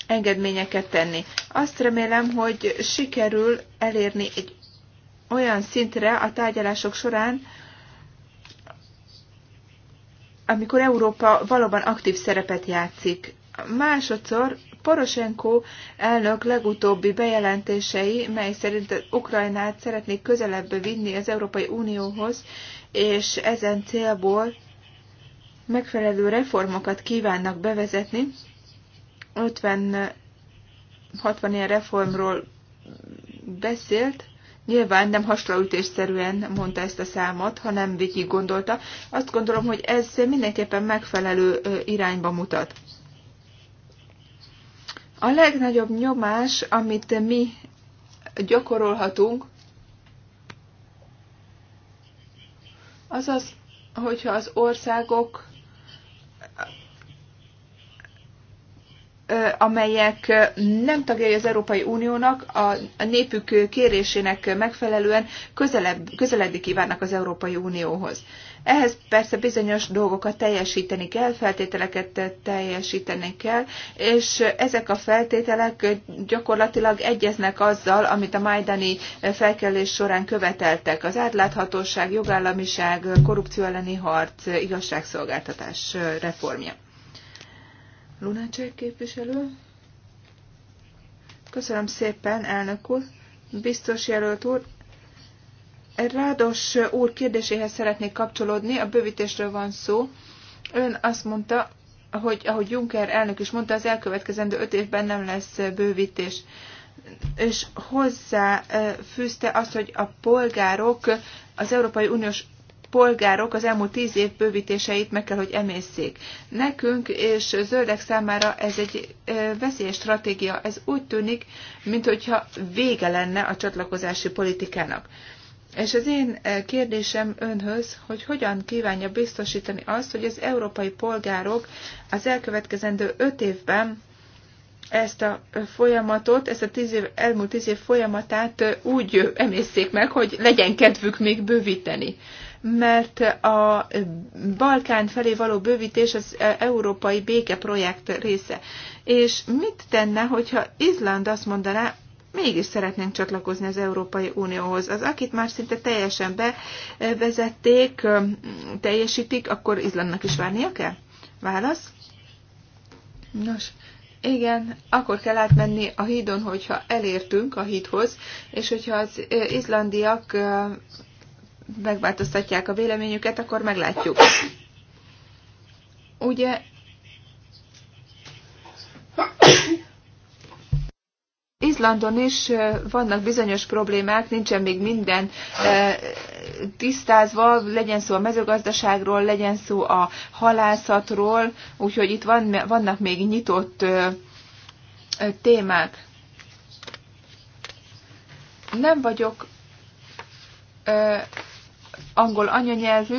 engedményeket tenni. Azt remélem, hogy sikerül elérni egy olyan szintre a tárgyalások során, amikor Európa valóban aktív szerepet játszik. Másodszor Poroshenko elnök legutóbbi bejelentései, mely szerint Ukrajnát szeretnék közelebb vinni az Európai Unióhoz, és ezen célból megfelelő reformokat kívánnak bevezetni. 50-60 ilyen reformról beszélt, Nyilván nem hasraütésszerűen mondta ezt a számot, hanem végig gondolta. Azt gondolom, hogy ez mindenképpen megfelelő irányba mutat. A legnagyobb nyomás, amit mi gyakorolhatunk, az az, hogyha az országok amelyek nem tagjai az Európai Uniónak, a népük kérésének megfelelően közelebb, közeledni kívánnak az Európai Unióhoz. Ehhez persze bizonyos dolgokat teljesíteni kell, feltételeket teljesíteni kell, és ezek a feltételek gyakorlatilag egyeznek azzal, amit a majdani felkelés során követeltek. Az átláthatóság, jogállamiság, korrupció elleni harc, igazságszolgáltatás reformja. Lunácsai képviselő. Köszönöm szépen, elnök úr. Biztos jelölt úr, Rádos úr kérdéséhez szeretnék kapcsolódni, a bővítésről van szó. Ön azt mondta, hogy ahogy Juncker elnök is mondta, az elkövetkezendő öt évben nem lesz bővítés. És hozzá fűzte azt, hogy a polgárok az Európai Uniós polgárok az elmúlt tíz év bővítéseit meg kell, hogy emészszék. Nekünk és zöldek számára ez egy veszélyes stratégia. Ez úgy tűnik, mintha vége lenne a csatlakozási politikának. És az én kérdésem önhöz, hogy hogyan kívánja biztosítani azt, hogy az európai polgárok az elkövetkezendő öt évben ezt a folyamatot, ezt a tíz év, elmúlt tíz év folyamatát úgy emészszék meg, hogy legyen kedvük még bővíteni mert a Balkán felé való bővítés az e- európai békeprojekt része. És mit tenne, hogyha Izland azt mondaná, mégis szeretnénk csatlakozni az Európai Unióhoz. Az, akit már szinte teljesen bevezették, teljesítik, akkor Izlandnak is várnia kell? Válasz? Nos, igen, akkor kell átmenni a hídon, hogyha elértünk a hídhoz, és hogyha az izlandiak megváltoztatják a véleményüket, akkor meglátjuk. Ugye Izlandon is vannak bizonyos problémák, nincsen még minden tisztázva, legyen szó a mezőgazdaságról, legyen szó a halászatról, úgyhogy itt van, vannak még nyitott témák. Nem vagyok angol anyanyelvű,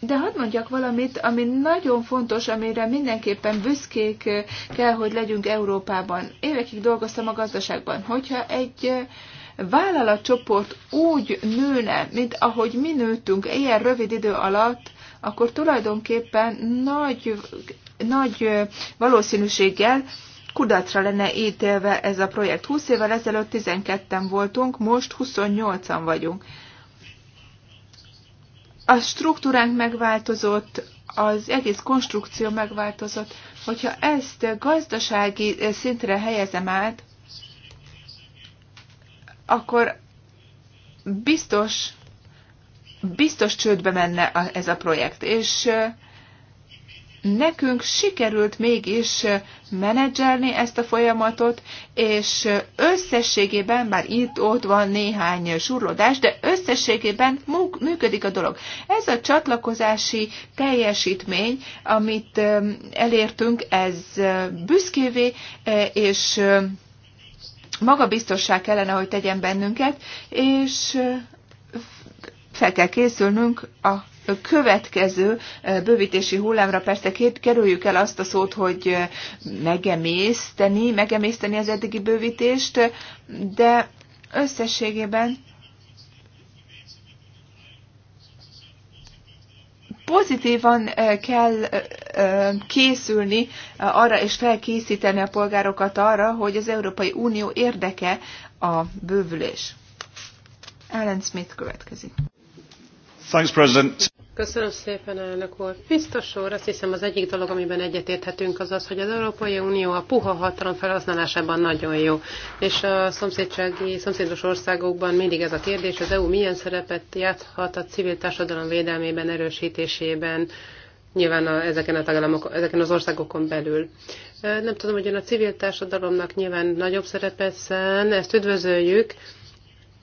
de hadd mondjak valamit, ami nagyon fontos, amire mindenképpen büszkék eh, kell, hogy legyünk Európában. Évekig dolgoztam a gazdaságban. Hogyha egy eh, vállalatcsoport úgy nőne, mint ahogy mi nőttünk ilyen rövid idő alatt, akkor tulajdonképpen nagy, nagy eh, valószínűséggel kudarcra lenne ítélve ez a projekt. 20 évvel ezelőtt 12-en voltunk, most 28-an vagyunk. A struktúránk megváltozott, az egész konstrukció megváltozott. Hogyha ezt gazdasági szintre helyezem át, akkor biztos, biztos csődbe menne ez a projekt. És nekünk sikerült mégis menedzselni ezt a folyamatot, és összességében, bár itt-ott van néhány surlódás, de összességében működik a dolog. Ez a csatlakozási teljesítmény, amit elértünk, ez büszkévé, e, és magabiztossá kellene, hogy tegyen bennünket, és fel kell készülnünk a következő eh, bővítési hullámra persze kerüljük el azt a szót, hogy eh, megemészteni, megemészteni az eddigi bővítést, de összességében pozitívan eh, kell készülni arra, és felkészíteni a polgárokat arra, hogy az Európai Unió érdeke a bővülés. Ellen Smith következik. Thanks, President. Köszönöm szépen, elnök úr. Biztos úr, azt hiszem az egyik dolog, amiben egyetérthetünk, az az, hogy az Európai Unió a puha hatalom felhasználásában nagyon jó. És a szomszédsági, szomszédos országokban mindig ez a kérdés, az EU milyen szerepet játszhat a civil társadalom védelmében, erősítésében, nyilván a, ezeken a tagállamok, ezeken az országokon belül. Nem tudom, hogy a civil társadalomnak nyilván nagyobb szerepet szán, ezt üdvözöljük,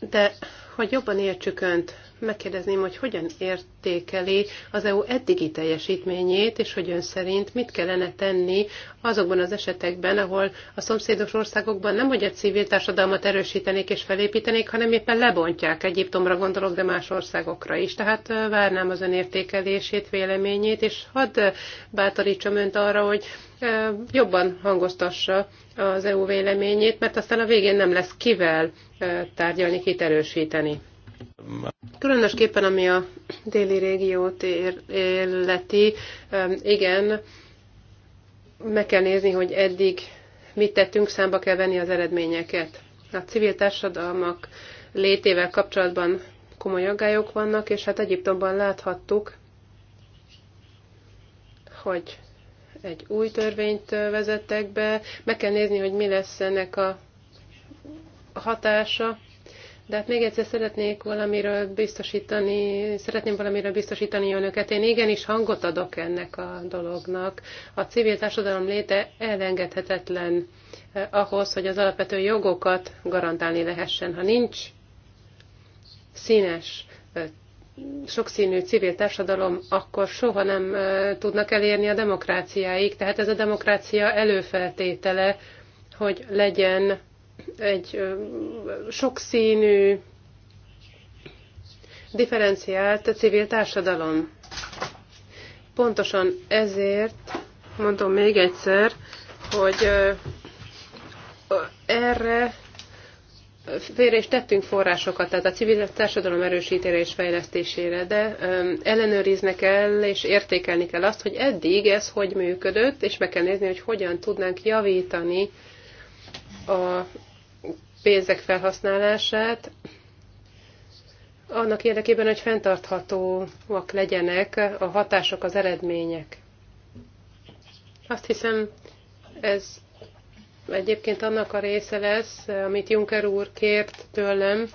de hogy jobban értsük Önt, megkérdezném, hogy hogyan értékeli az EU eddigi teljesítményét, és hogy ön szerint mit kellene tenni azokban az esetekben, ahol a szomszédos országokban nem hogy a civil társadalmat erősítenék és felépítenék, hanem éppen lebontják Egyiptomra gondolok, de más országokra is. Tehát várnám az ön értékelését, véleményét, és hadd bátorítsam önt arra, hogy jobban hangoztassa az EU véleményét, mert aztán a végén nem lesz kivel tárgyalni, kit erősíteni. Különösképpen ami a déli régiót illeti, igen, meg kell nézni, hogy eddig mit tettünk, számba kell venni az eredményeket. A civil társadalmak létével kapcsolatban komoly aggályok vannak, és hát Egyiptomban láthattuk, hogy egy új törvényt vezettek be, meg kell nézni, hogy mi lesz ennek a hatása. De hát még egyszer szeretnék valamiről biztosítani, szeretném valamiről biztosítani önöket. Én igenis hangot adok ennek a dolognak. A civil társadalom léte elengedhetetlen eh, ahhoz, hogy az alapvető jogokat garantálni lehessen. Ha nincs színes, eh, sokszínű civil társadalom, akkor soha nem eh, tudnak elérni a demokráciáig. Tehát ez a demokrácia előfeltétele, hogy legyen egy sokszínű, differenciált civil társadalom. Pontosan ezért mondom még egyszer, hogy erre félre is tettünk forrásokat, tehát a civil társadalom erősítére és fejlesztésére, de ellenőrizni kell és értékelni kell azt, hogy eddig ez hogy működött, és meg kell nézni, hogy hogyan tudnánk javítani a pénzek felhasználását, annak érdekében, hogy fenntarthatóak legyenek a hatások, az eredmények. Azt hiszem, ez egyébként annak a része lesz, amit Juncker úr kért tőlem,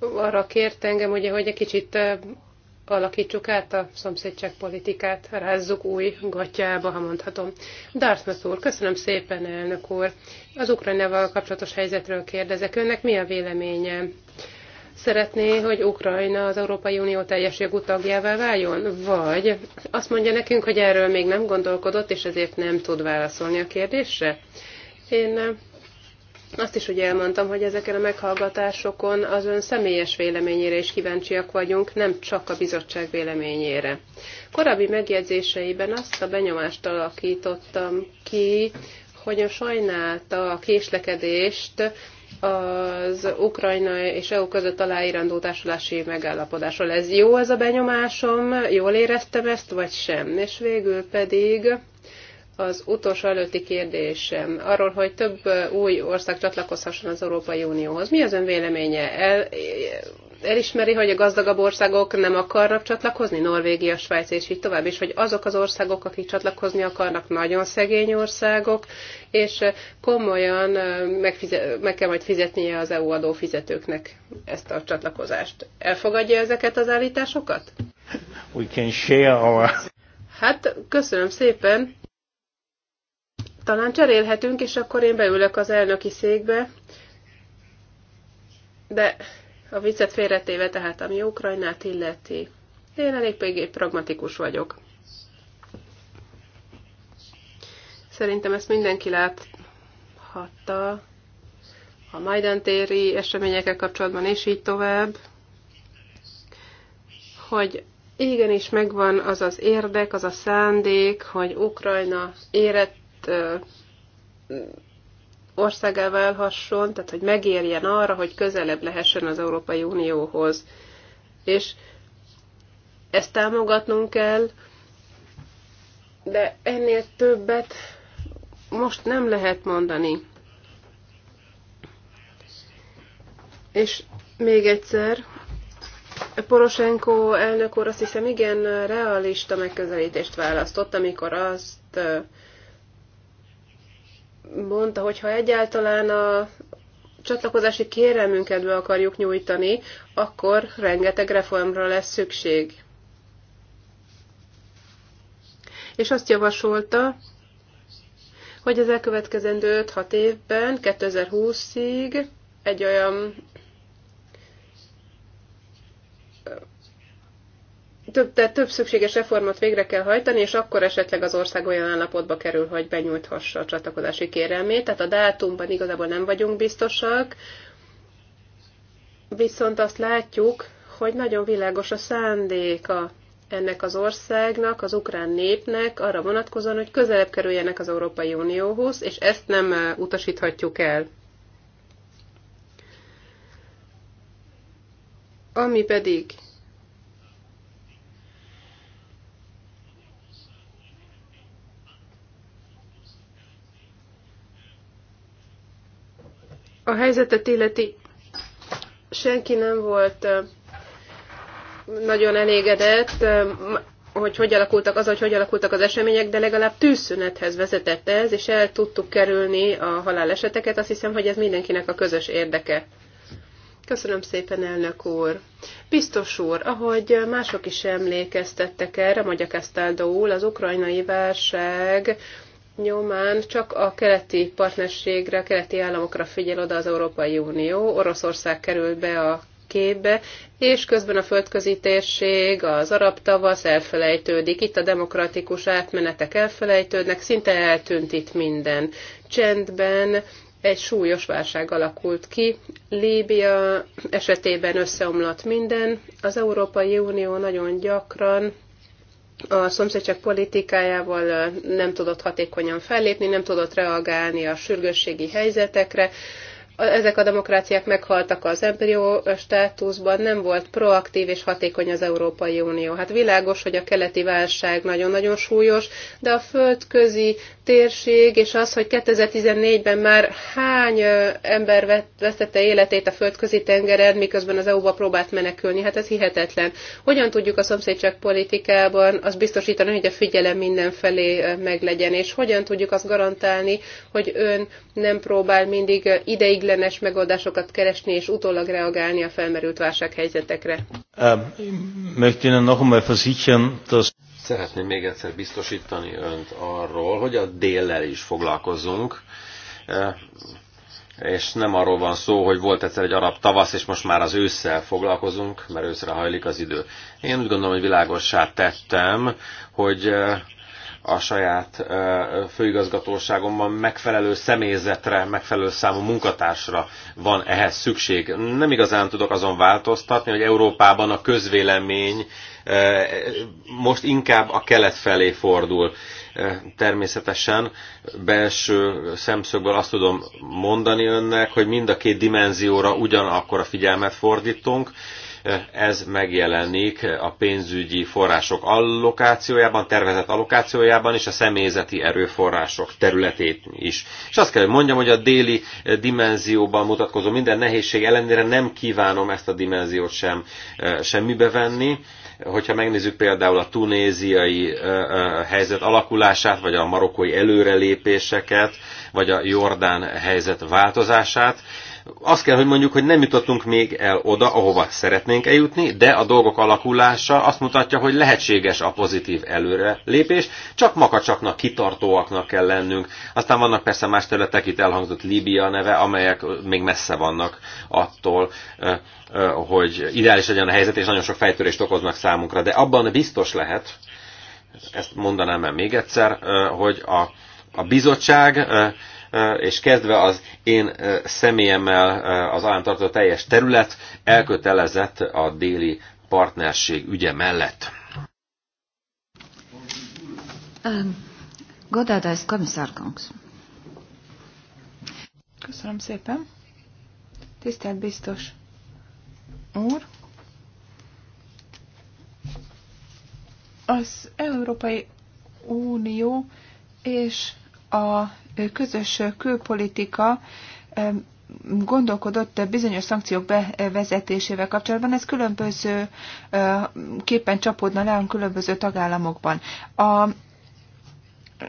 arra kért engem, ugye, hogy egy kicsit alakítsuk át a politikát, rázzuk új gatyába, ha mondhatom. Dartmouth úr, köszönöm szépen, elnök úr. Az Ukrajnával kapcsolatos helyzetről kérdezek önnek, mi a véleménye? Szeretné, hogy Ukrajna az Európai Unió teljes jogú tagjává váljon? Vagy azt mondja nekünk, hogy erről még nem gondolkodott, és ezért nem tud válaszolni a kérdésre? Én azt is ugye elmondtam, hogy ezeken a meghallgatásokon az ön személyes véleményére is kíváncsiak vagyunk, nem csak a bizottság véleményére. Korábbi megjegyzéseiben azt a benyomást alakítottam ki, hogy a sajnálta a késlekedést az Ukrajna és EU között aláírandó társulási megállapodásról. Ez jó ez a benyomásom? Jól éreztem ezt, vagy sem? És végül pedig az utolsó előtti kérdésem arról, hogy több új ország csatlakozhasson az Európai Unióhoz. Mi az ön véleménye? El, elismeri, hogy a gazdagabb országok nem akarnak csatlakozni, Norvégia, Svájc és így tovább, és hogy azok az országok, akik csatlakozni akarnak, nagyon szegény országok, és komolyan megfize- meg kell majd fizetnie az EU adófizetőknek ezt a csatlakozást. Elfogadja ezeket az állításokat? We can share our... Hát, köszönöm szépen talán cserélhetünk, és akkor én beülök az elnöki székbe. De a viccet félretéve, tehát ami Ukrajnát illeti, én elég pragmatikus vagyok. Szerintem ezt mindenki láthatta a Majdan téri eseményekkel kapcsolatban, és így tovább, hogy igenis megvan az az érdek, az a szándék, hogy Ukrajna érett országá válhasson, tehát hogy megérjen arra, hogy közelebb lehessen az Európai Unióhoz. És ezt támogatnunk kell, de ennél többet most nem lehet mondani. És még egyszer, Poroshenko elnök úr azt hiszem igen realista megközelítést választott, amikor azt mondta, hogy ha egyáltalán a csatlakozási kérelmünket be akarjuk nyújtani, akkor rengeteg reformra lesz szükség. És azt javasolta, hogy az elkövetkezendő 5-6 évben, 2020-ig egy olyan több, tehát több szükséges reformot végre kell hajtani, és akkor esetleg az ország olyan állapotba kerül, hogy benyújthassa a csatlakozási kérelmét. Tehát a dátumban igazából nem vagyunk biztosak, viszont azt látjuk, hogy nagyon világos a szándéka ennek az országnak, az ukrán népnek arra vonatkozóan, hogy közelebb kerüljenek az Európai Unióhoz, és ezt nem eh, utasíthatjuk el. Ami pedig a helyzetet illeti, senki nem volt nagyon elégedett, hogy hogy alakultak az, hogy hogy alakultak az események, de legalább tűzszünethez vezetett ez, és el tudtuk kerülni a haláleseteket. Azt hiszem, hogy ez mindenkinek a közös érdeke. Köszönöm szépen, elnök úr. Biztos úr, ahogy mások is emlékeztettek erre, mondja Kestáldó úr, az ukrajnai válság nyomán csak a keleti partnerségre, a keleti államokra figyel oda az Európai Unió, Oroszország kerül be a képbe, és közben a földközi térség, az arab tavasz elfelejtődik, itt a demokratikus átmenetek elfelejtődnek, szinte eltűnt itt minden. Csendben egy súlyos válság alakult ki. Líbia esetében összeomlott minden. Az Európai Unió nagyon gyakran a szomszédság politikájával nem tudott hatékonyan fellépni, nem tudott reagálni a sürgősségi helyzetekre, ezek a demokráciák meghaltak az embrió státuszban, nem volt proaktív és hatékony az Európai Unió. Hát világos, hogy a keleti válság nagyon-nagyon súlyos, de a földközi térség és az, hogy 2014-ben már hány ember vesztette életét a földközi tengeren, miközben az EU-ba próbált menekülni, hát ez hihetetlen. Hogyan tudjuk a szomszédság politikában azt biztosítani, hogy a figyelem mindenfelé meglegyen, és hogyan tudjuk azt garantálni, hogy ön nem próbál mindig ideig ideiglenes megoldásokat keresni és utólag reagálni a felmerült válsághelyzetekre. Ähm, Szeretném még egyszer biztosítani önt arról, hogy a déllel is foglalkozunk és nem arról van szó, hogy volt egyszer egy arab tavasz, és most már az ősszel foglalkozunk, mert őszre hajlik az idő. Én úgy gondolom, hogy világossá tettem, hogy a saját főigazgatóságomban megfelelő személyzetre, megfelelő számú munkatársra van ehhez szükség. Nem igazán tudok azon változtatni, hogy Európában a közvélemény most inkább a kelet felé fordul. Természetesen belső szemszögből azt tudom mondani önnek, hogy mind a két dimenzióra ugyanakkor a figyelmet fordítunk, ez megjelenik a pénzügyi források allokációjában, tervezett allokációjában és a személyzeti erőforrások területét is. És azt kell, hogy mondjam, hogy a déli dimenzióban mutatkozó minden nehézség ellenére nem kívánom ezt a dimenziót sem semmibe venni. Hogyha megnézzük például a tunéziai helyzet alakulását, vagy a marokkói előrelépéseket, vagy a jordán helyzet változását, azt kell, hogy mondjuk, hogy nem jutottunk még el oda, ahova szeretnénk eljutni, de a dolgok alakulása azt mutatja, hogy lehetséges a pozitív előrelépés, csak makacsaknak, kitartóaknak kell lennünk. Aztán vannak persze más területek, itt elhangzott Líbia neve, amelyek még messze vannak attól, hogy ideális legyen a helyzet, és nagyon sok fejtörést okoznak számunkra. De abban biztos lehet, ezt mondanám el még egyszer, hogy a, a bizottság és kezdve az én személyemmel az államtartó teljes terület elkötelezett a déli partnerség ügye mellett. Um, Godádás komisszárkanks. Köszönöm szépen. Tisztelt biztos úr. Az Európai Unió és a közös külpolitika gondolkodott bizonyos szankciók bevezetésével kapcsolatban, ez különböző képen csapódna le a különböző tagállamokban. A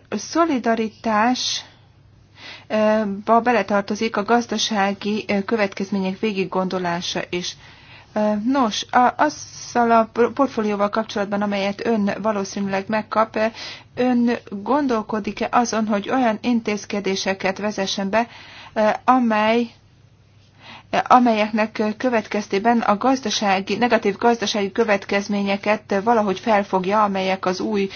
szolidaritás beletartozik a gazdasági következmények végiggondolása is. Nos, a, azzal a portfólióval kapcsolatban, amelyet ön valószínűleg megkap, ön gondolkodik-e azon, hogy olyan intézkedéseket vezessen be, amely amelyeknek következtében a gazdasági, negatív gazdasági következményeket valahogy felfogja, amelyek az új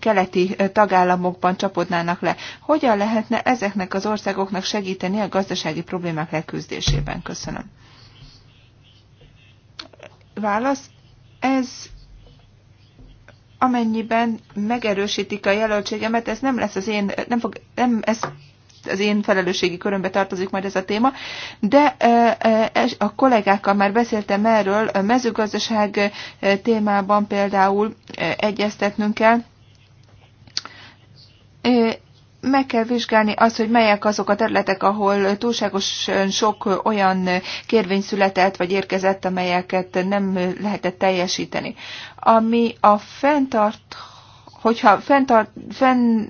keleti tagállamokban csapodnának le. Hogyan lehetne ezeknek az országoknak segíteni a gazdasági problémák leküzdésében? Köszönöm. Válasz, ez amennyiben megerősítik a jelöltségemet, ez nem lesz az én, nem fog, nem, ez az én felelősségi körömbe tartozik majd ez a téma, de a kollégákkal már beszéltem erről, a mezőgazdaság témában például egyeztetnünk kell, meg kell vizsgálni azt, hogy melyek azok a területek, ahol túlságosan sok olyan kérvény született vagy érkezett, amelyeket nem lehetett teljesíteni. Ami a fenntart, hogyha fenntart, fenn,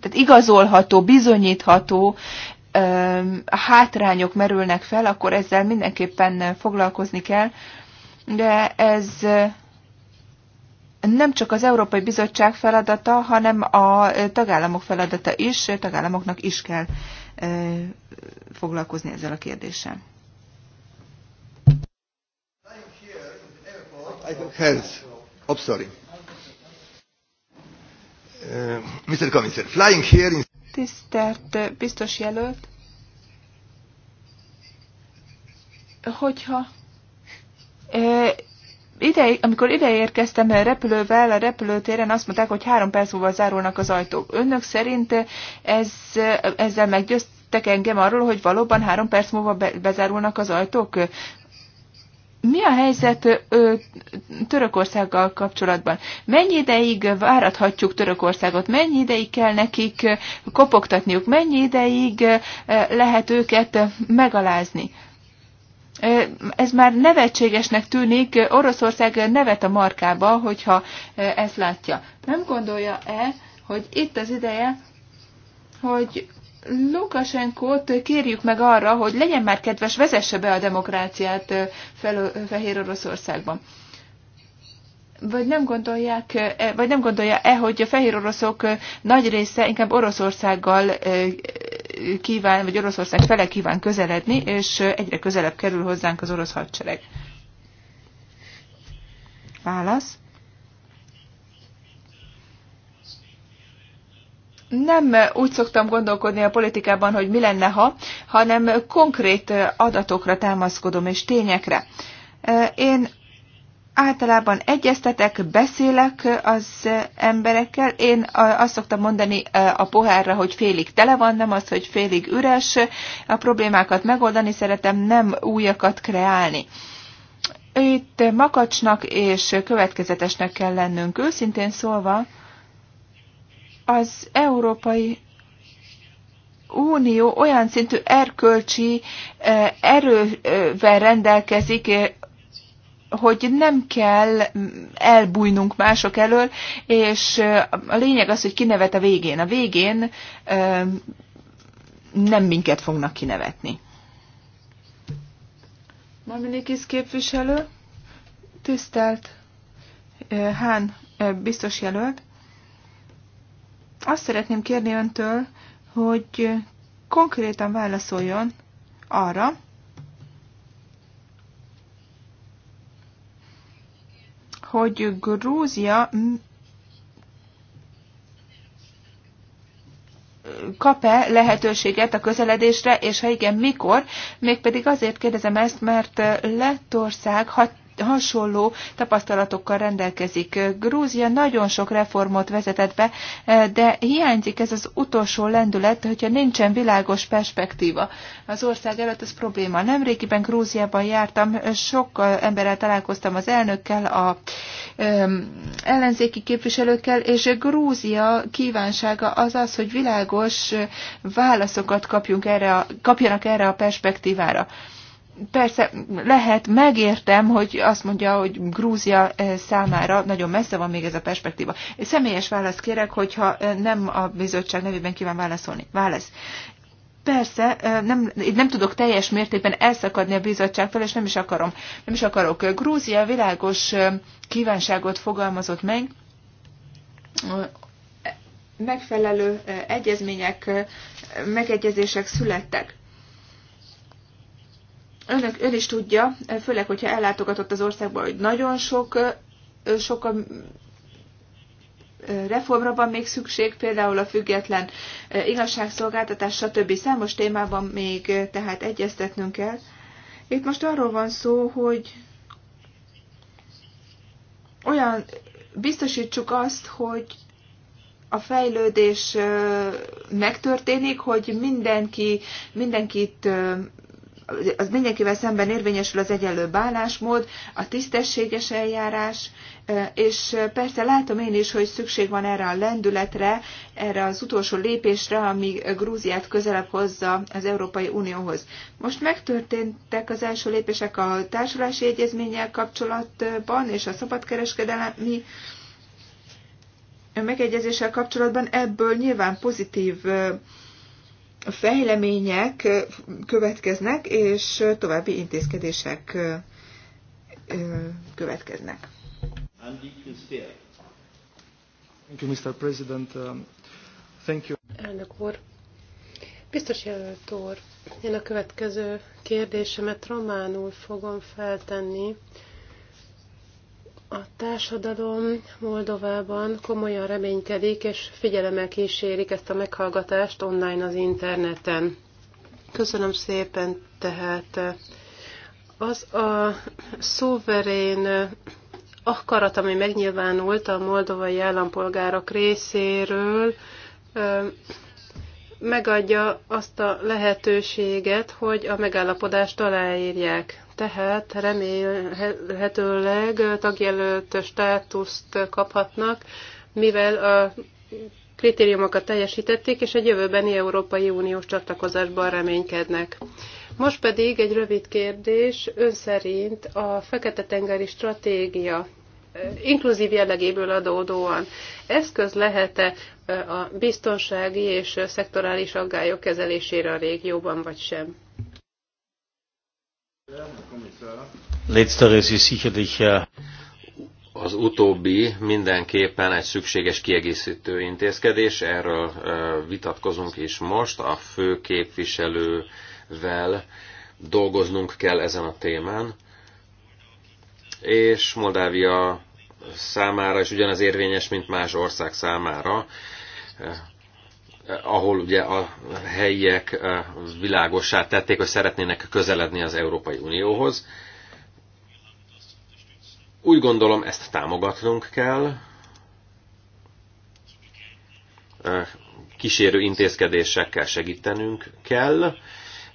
tehát igazolható, bizonyítható hátrányok merülnek fel, akkor ezzel mindenképpen foglalkozni kell, de ez nem csak az Európai Bizottság feladata, hanem a e, tagállamok feladata is, a e, tagállamoknak is kell e, foglalkozni ezzel a kérdéssel. Oh, sorry. Uh, Mr. flying here in... Tisztelt biztos jelölt, hogyha ide, amikor ide érkeztem a repülővel a repülőtéren, azt mondták, hogy három perc múlva zárulnak az ajtók. Önök szerint ez, ezzel meggyőztek engem arról, hogy valóban három perc múlva be, bezárulnak az ajtók? Mi a helyzet ö, Törökországgal kapcsolatban? Mennyi ideig várathatjuk Törökországot? Mennyi ideig kell nekik kopogtatniuk? Mennyi ideig lehet őket megalázni? ez már nevetségesnek tűnik, Oroszország nevet a markába, hogyha ezt látja. Nem gondolja-e, hogy itt az ideje, hogy Lukasenkót kérjük meg arra, hogy legyen már kedves, vezesse be a demokráciát fel, Fehér Oroszországban. Vagy nem, gondolják, e, vagy nem gondolja-e, hogy a fehér oroszok nagy része inkább Oroszországgal kíván, vagy Oroszország fele kíván közeledni, és egyre közelebb kerül hozzánk az orosz hadsereg. Válasz. nem úgy szoktam gondolkodni a politikában, hogy mi lenne ha, hanem konkrét adatokra támaszkodom és tényekre. Én általában egyeztetek, beszélek az emberekkel. Én azt szoktam mondani a pohárra, hogy félig tele van, nem az, hogy félig üres. A problémákat megoldani szeretem, nem újakat kreálni. Itt makacsnak és következetesnek kell lennünk. Őszintén szólva, az Európai Unió olyan szintű erkölcsi erővel rendelkezik, hogy nem kell elbújnunk mások elől, és a lényeg az, hogy kinevet a végén. A végén nem minket fognak kinevetni. Maminikis képviselő, tisztelt Hán biztos jelölt, azt szeretném kérni öntől, hogy konkrétan válaszoljon arra, hogy Grúzia kap-e lehetőséget a közeledésre, és ha igen, mikor? Mégpedig azért kérdezem ezt, mert Lettország hat hasonló tapasztalatokkal rendelkezik. Grúzia nagyon sok reformot vezetett be, eh, de hiányzik ez az utolsó lendület, hogyha nincsen világos perspektíva. Az ország előtt ez probléma. Nemrégiben Grúziában jártam, sok emberrel találkoztam az elnökkel, a ellenzéki képviselőkkel, és Grúzia kívánsága az az, hogy világos eh, válaszokat kapjunk erre a, kapjanak erre a perspektívára persze lehet, megértem, hogy azt mondja, hogy Grúzia eh, számára nagyon messze van még ez a perspektíva. Egy személyes választ kérek, hogyha eh, nem a bizottság nevében kíván válaszolni. Válasz. Persze, eh, nem, nem tudok teljes mértékben elszakadni a bizottságtól, és nem is akarom. Nem is akarok. Grúzia világos kívánságot fogalmazott meg, megfelelő egyezmények, megegyezések születtek önök, ön is tudja, főleg, hogyha ellátogatott az országba, hogy nagyon sok, sok a reformra van még szükség, például a független igazságszolgáltatás, stb. Számos témában még tehát egyeztetnünk kell. Itt most arról van szó, hogy olyan biztosítsuk azt, hogy a fejlődés megtörténik, hogy mindenki, mindenkit az mindenkivel szemben érvényesül az egyenlő bánásmód, a tisztességes eljárás, és persze látom én is, hogy szükség van erre a lendületre, erre az utolsó lépésre, ami Grúziát közelebb hozza az Európai Unióhoz. Most megtörténtek az első lépések a társulási egyezménnyel kapcsolatban, és a szabadkereskedelmi megegyezéssel kapcsolatban ebből nyilván pozitív fejlemények következnek, és további intézkedések következnek. Thank you, Mr. President. Um, thank you. Elnök úr, biztos jelölt úr, én a következő kérdésemet románul fogom feltenni. A társadalom Moldovában komolyan reménykedik, és figyelemmel kísérik ezt a meghallgatást online az interneten. Köszönöm szépen tehát. Az a szuverén akarat, ami megnyilvánult a moldovai állampolgárok részéről, megadja azt a lehetőséget, hogy a megállapodást aláírják tehát remélhetőleg tagjelölt státuszt kaphatnak, mivel a kritériumokat teljesítették, és egy jövőbeni Európai Uniós csatlakozásban reménykednek. Most pedig egy rövid kérdés, ön szerint a Fekete-tengeri stratégia inkluzív jellegéből adódóan eszköz lehet-e a biztonsági és szektorális aggályok kezelésére a régióban, vagy sem? Letzteres ist sicherlich äh, az utóbbi mindenképpen egy szükséges kiegészítő intézkedés, erről vitatkozunk is most, a fő képviselővel dolgoznunk kell ezen a témán, és Moldávia számára is ugyanaz érvényes, mint más ország számára ahol ugye a helyiek eh, világossá tették, hogy szeretnének közeledni az Európai Unióhoz. Úgy gondolom, ezt támogatnunk kell. Eh, kísérő intézkedésekkel segítenünk kell,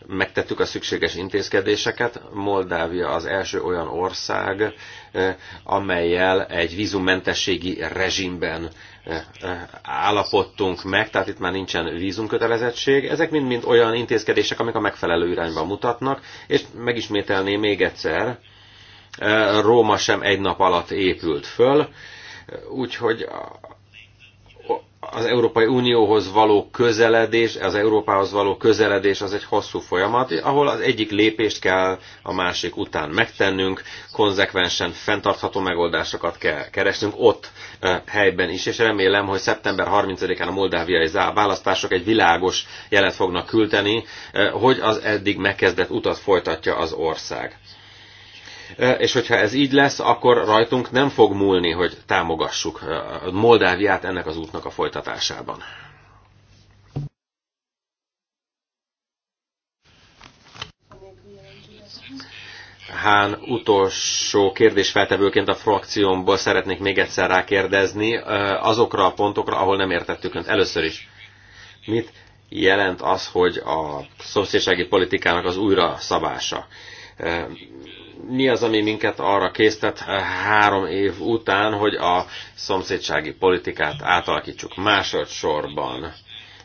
megtettük a szükséges intézkedéseket. Moldávia az első olyan ország, eh, amelyel egy vízummentességi rezsimben eh, eh, állapodtunk meg, tehát itt már nincsen vízumkötelezettség. Ezek mind-mind olyan intézkedések, amik a megfelelő irányba mutatnak, és megismételném még egyszer, Róma sem egy nap alatt épült föl, úgyhogy az Európai Unióhoz való közeledés, az Európához való közeledés az egy hosszú folyamat, ahol az egyik lépést kell a másik után megtennünk, konzekvensen fenntartható megoldásokat kell keresnünk ott e, helyben is, és remélem, hogy szeptember 30-án a moldáviai választások egy világos jelet fognak küldeni, e, hogy az eddig megkezdett utat folytatja az ország. E, és hogyha ez így lesz, akkor rajtunk nem fog múlni, hogy támogassuk e, Moldáviát ennek az útnak a folytatásában. Hán utolsó kérdésfeltevőként a frakciómból szeretnék még egyszer rákérdezni e, azokra a pontokra, ahol nem értettük önt először is. Mit jelent az, hogy a szomszédsági politikának az újra szabása? mi az, ami minket arra késztet eh, három év után, hogy a szomszédsági politikát átalakítsuk másodszorban.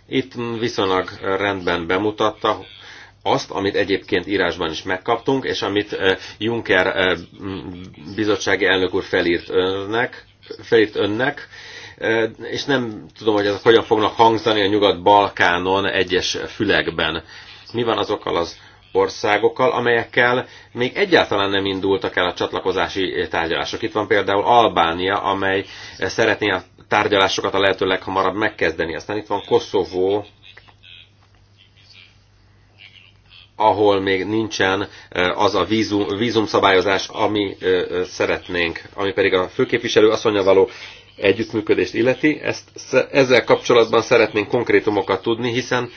Itt viszonylag rendben bemutatta azt, amit egyébként írásban is megkaptunk, és amit eh, Juncker eh, bizottsági elnök úr felírt önnek, felírt önnek és nem tudom, hogy ezek hogyan fognak hangzani a Nyugat-Balkánon egyes fülekben. Mi van azokkal az országokkal, amelyekkel még egyáltalán nem indultak el a csatlakozási tárgyalások. Itt van például Albánia, amely szeretné a tárgyalásokat a lehető leghamarabb megkezdeni. Aztán itt van Koszovó, ahol még nincsen eh, az a vízum, vízumszabályozás, ami eh, eh, szeretnénk, ami pedig a főképviselő asszonya való együttműködést illeti. Ezt, ezzel kapcsolatban szeretnénk konkrétumokat tudni, hiszen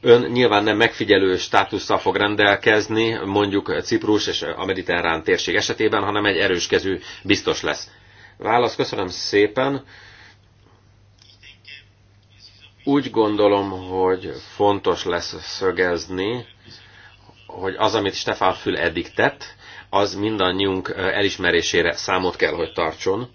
ön nyilván nem megfigyelő státusszal fog rendelkezni, mondjuk Ciprus és a mediterrán térség esetében, hanem egy erős kezű biztos lesz. Válasz, köszönöm szépen. Úgy gondolom, hogy fontos lesz szögezni, hogy az, amit Stefán Fül eddig tett, az mindannyiunk elismerésére számot kell, hogy tartson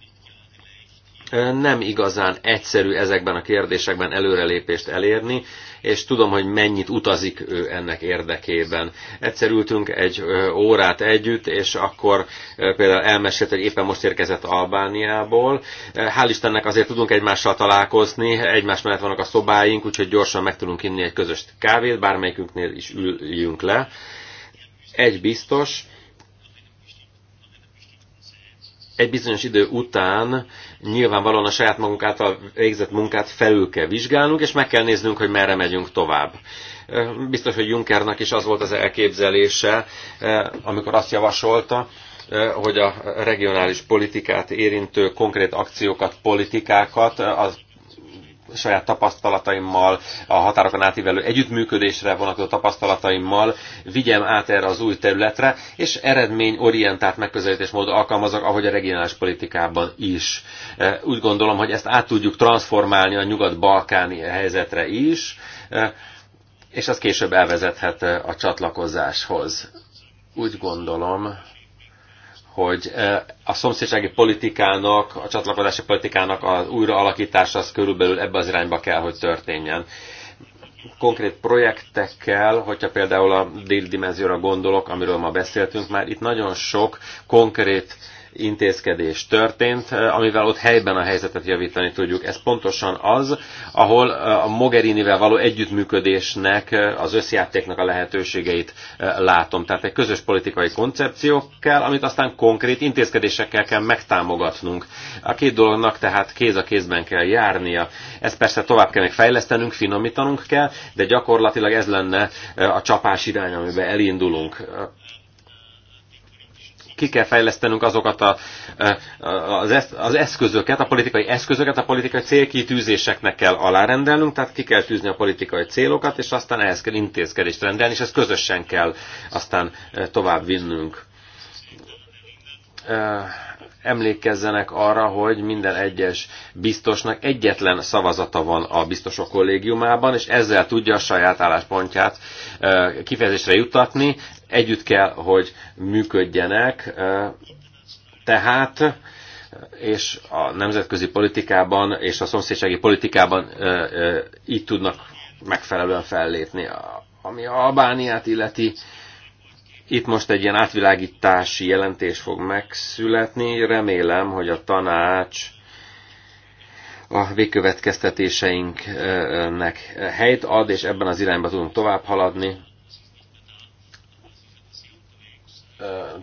nem igazán egyszerű ezekben a kérdésekben előrelépést elérni, és tudom, hogy mennyit utazik ő ennek érdekében. Egyszer ültünk egy órát együtt, és akkor például elmesélt, hogy éppen most érkezett Albániából. Hál' Istennek azért tudunk egymással találkozni, egymás mellett vannak a szobáink, úgyhogy gyorsan meg tudunk inni egy közös kávét, bármelyikünknél is üljünk le. Egy biztos, egy bizonyos idő után nyilvánvalóan a saját magunk által végzett munkát felül kell vizsgálnunk, és meg kell néznünk, hogy merre megyünk tovább. Biztos, hogy Junckernak is az volt az elképzelése, amikor azt javasolta, hogy a regionális politikát érintő konkrét akciókat, politikákat az saját tapasztalataimmal, a határokon átívelő együttműködésre vonatkozó tapasztalataimmal vigyem át erre az új területre, és eredményorientált megközelítés módon alkalmazok, ahogy a regionális politikában is. E, úgy gondolom, hogy ezt át tudjuk transformálni a nyugat-balkáni helyzetre is, e, és az később elvezethet e, a csatlakozáshoz. Úgy gondolom, hogy e, a szomszédsági politikának, a csatlakozási politikának az újraalakítása az körülbelül ebbe az irányba kell, hogy történjen. Konkrét projektekkel, hogyha például a déli dimenzióra gondolok, amiről ma beszéltünk, már itt nagyon sok konkrét intézkedés történt, eh, amivel ott helyben a helyzetet javítani tudjuk. Ez pontosan az, ahol eh, a Mogherinivel való együttműködésnek, eh, az összjátéknak a lehetőségeit látom. Tehát egy közös politikai koncepció kell, amit aztán konkrét intézkedésekkel kell megtámogatnunk. A két dolognak tehát kéz a kézben kell járnia. Ezt persze tovább kell még fejlesztenünk, finomítanunk kell, de gyakorlatilag ez lenne a csapás irány, amiben elindulunk ki kell fejlesztenünk azokat a, az, az eszközöket, a politikai eszközöket, a politikai célkitűzéseknek kell alárendelnünk, tehát ki kell tűzni a politikai célokat, és aztán ehhez kell intézkedést rendelni, és ezt közösen kell aztán tovább vinnünk emlékezzenek arra, hogy minden egyes biztosnak egyetlen szavazata van a biztosok kollégiumában, és ezzel tudja a saját álláspontját kifejezésre jutatni, együtt kell, hogy működjenek, tehát és a nemzetközi politikában és a szomszédsági politikában így tudnak megfelelően fellépni. Ami Albániát illeti, itt most egy ilyen átvilágítási jelentés fog megszületni. Remélem, hogy a tanács a végkövetkeztetéseinknek helyt ad, és ebben az irányba tudunk tovább haladni.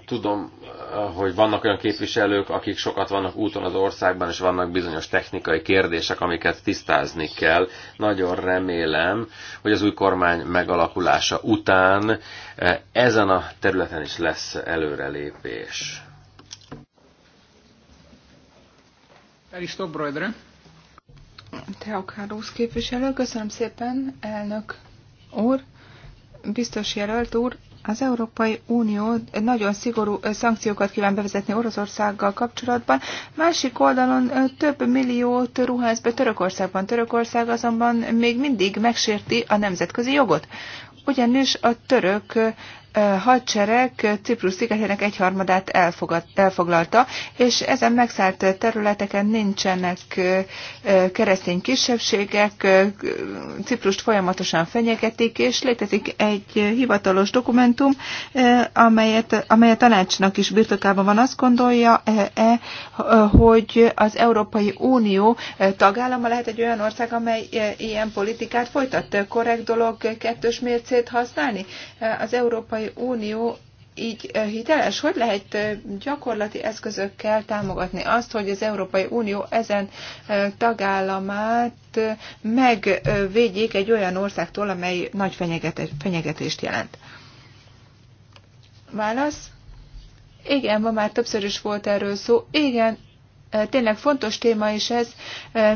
tudom, hogy vannak olyan képviselők, akik sokat vannak úton az országban, és vannak bizonyos technikai kérdések, amiket tisztázni kell. Nagyon remélem, hogy az új kormány megalakulása után ezen a területen is lesz előrelépés. Eristok Brojdre. képviselő, köszönöm szépen, elnök úr, biztos jelölt úr, az Európai Unió nagyon szigorú szankciókat kíván bevezetni Oroszországgal kapcsolatban. Másik oldalon több milliót ruház be Törökországban. Törökország azonban még mindig megsérti a nemzetközi jogot. Ugyanis a török hadsereg Ciprus szigetének egyharmadát elfoglalta, és ezen megszállt területeken nincsenek keresztény kisebbségek, Ciprust folyamatosan fenyegetik, és létezik egy hivatalos dokumentum, amelyet, amely a tanácsnak is birtokában van. Azt gondolja, -e, hogy az Európai Unió tagállama lehet egy olyan ország, amely ilyen politikát folytat. Korrekt dolog kettős mércét használni? Az Európai Európai Unió így hiteles? Hogy lehet gyakorlati eszközökkel támogatni azt, hogy az Európai Unió ezen tagállamát megvédjék egy olyan országtól, amely nagy fenyegetést jelent? Válasz? Igen, ma már többször is volt erről szó. Igen, tényleg fontos téma is ez.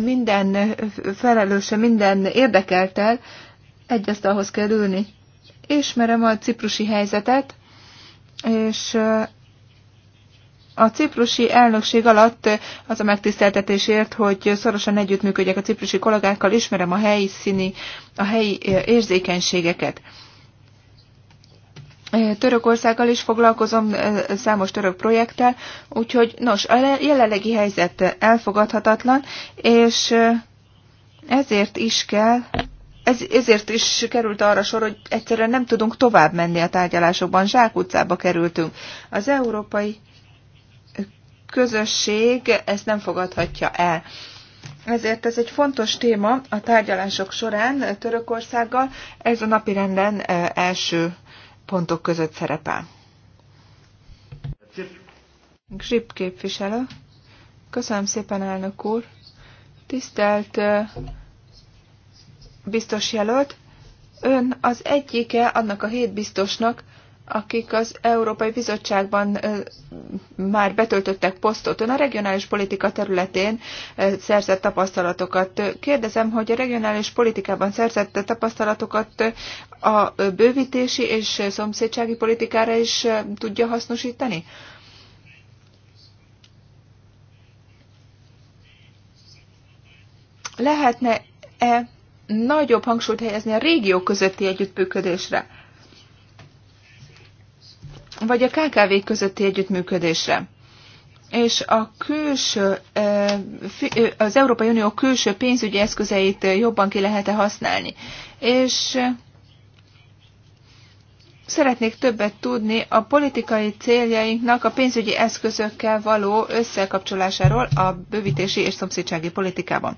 Minden felelőse, minden érdekeltel egy ahhoz kell ülni. Ismerem a ciprusi helyzetet, és a ciprusi elnökség alatt az a megtiszteltetésért, hogy szorosan együttműködjek a ciprusi kollégákkal, ismerem a helyi színi, a helyi érzékenységeket. Törökországgal is foglalkozom számos török projekttel, úgyhogy nos, a jelenlegi helyzet elfogadhatatlan, és ezért is kell ez, ezért is került arra sor, hogy egyszerűen nem tudunk tovább menni a tárgyalásokban, zsákutcába kerültünk. Az európai közösség ezt nem fogadhatja el. Ezért ez egy fontos téma a tárgyalások során Törökországgal, ez a napirenden e, első pontok között szerepel. Grip képviselő. Köszönöm szépen, elnök úr. Tisztelt e, biztos jelölt, ön az egyike annak a hét biztosnak, akik az Európai Bizottságban már betöltöttek posztot. Ön a regionális politika területén szerzett tapasztalatokat. Kérdezem, hogy a regionális politikában szerzett tapasztalatokat a bővítési és szomszédsági politikára is tudja hasznosítani? Lehetne-e nagyobb hangsúlyt helyezni a régiók közötti együttműködésre, vagy a KKV közötti együttműködésre. És a külső, e, e, az Európai Unió külső pénzügyi eszközeit jobban ki lehet -e használni. És e, Szeretnék többet tudni a politikai céljainknak a pénzügyi eszközökkel való összekapcsolásáról a bővítési és szomszédsági politikában.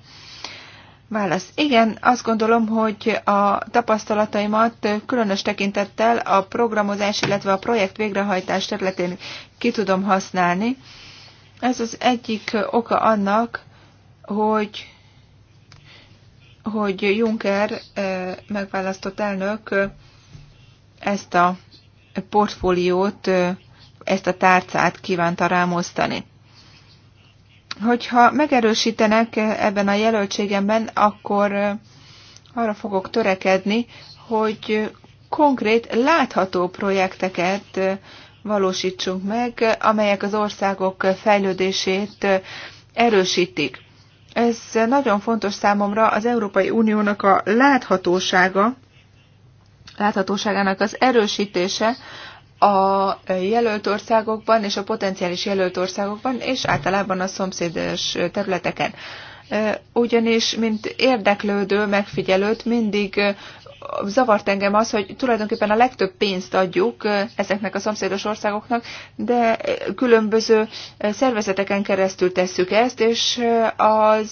Válasz. Igen, azt gondolom, hogy a tapasztalataimat különös tekintettel a programozás, illetve a projekt végrehajtás területén ki tudom használni. Ez az egyik oka annak, hogy, hogy Juncker megválasztott elnök ezt a portfóliót, ezt a tárcát kívánta rámosztani. Hogyha megerősítenek ebben a jelöltségemben, akkor arra fogok törekedni, hogy konkrét, látható projekteket valósítsunk meg, amelyek az országok fejlődését erősítik. Ez nagyon fontos számomra az Európai Uniónak a láthatósága, láthatóságának az erősítése a jelölt országokban és a potenciális jelölt országokban, és általában a szomszédos területeken ugyanis mint érdeklődő megfigyelőt mindig zavart engem az, hogy tulajdonképpen a legtöbb pénzt adjuk ezeknek a szomszédos országoknak, de különböző szervezeteken keresztül tesszük ezt, és az,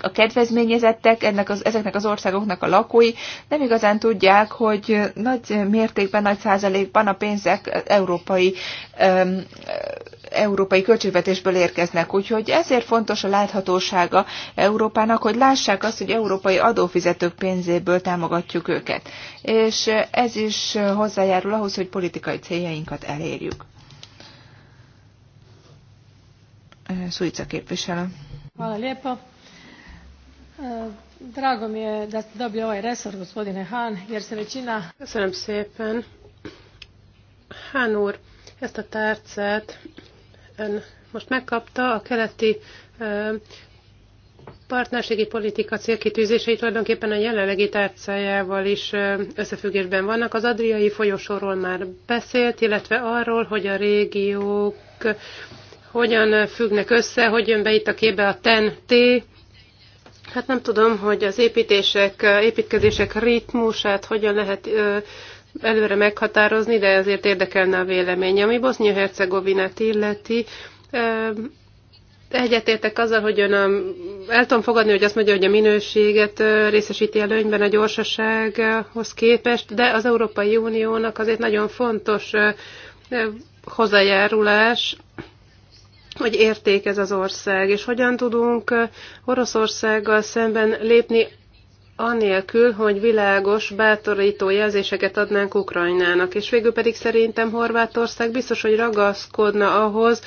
a kedvezményezettek, ennek az, ezeknek az országoknak a lakói nem igazán tudják, hogy nagy mértékben, nagy százalékban a pénzek európai um, európai költségvetésből érkeznek. Úgyhogy ezért fontos a láthatósága Európának, hogy lássák azt, hogy európai adófizetők pénzéből támogatjuk őket őket. És ez is hozzájárul ahhoz, hogy politikai céljainkat elérjük. Szújca képviselő. Hála lijepo. E, drago mi je da ste dobili ovaj resor, gospodine Han, jer se većina... Köszönöm szépen. Hán úr, ezt a tárcát ön most megkapta a keleti e, partnerségi politika célkitűzései tulajdonképpen a jelenlegi tárcájával is összefüggésben vannak. Az Adriai folyosóról már beszélt, illetve arról, hogy a régiók hogyan függnek össze, hogy jön be itt a képbe a TEN-T, Hát nem tudom, hogy az építések, építkezések ritmusát hogyan lehet előre meghatározni, de ezért érdekelne a véleménye. Ami Bosznia-Hercegovinát illeti, egyetértek azzal, hogy ön um, el tudom fogadni, hogy azt mondja, hogy a minőséget részesíti előnyben a gyorsasághoz képest, de az Európai Uniónak azért nagyon fontos hozzájárulás, hogy érték ez az ország, és hogyan tudunk Oroszországgal szemben lépni anélkül, hogy világos, bátorító jelzéseket adnánk Ukrajnának. És végül pedig szerintem Horvátország biztos, hogy ragaszkodna ahhoz,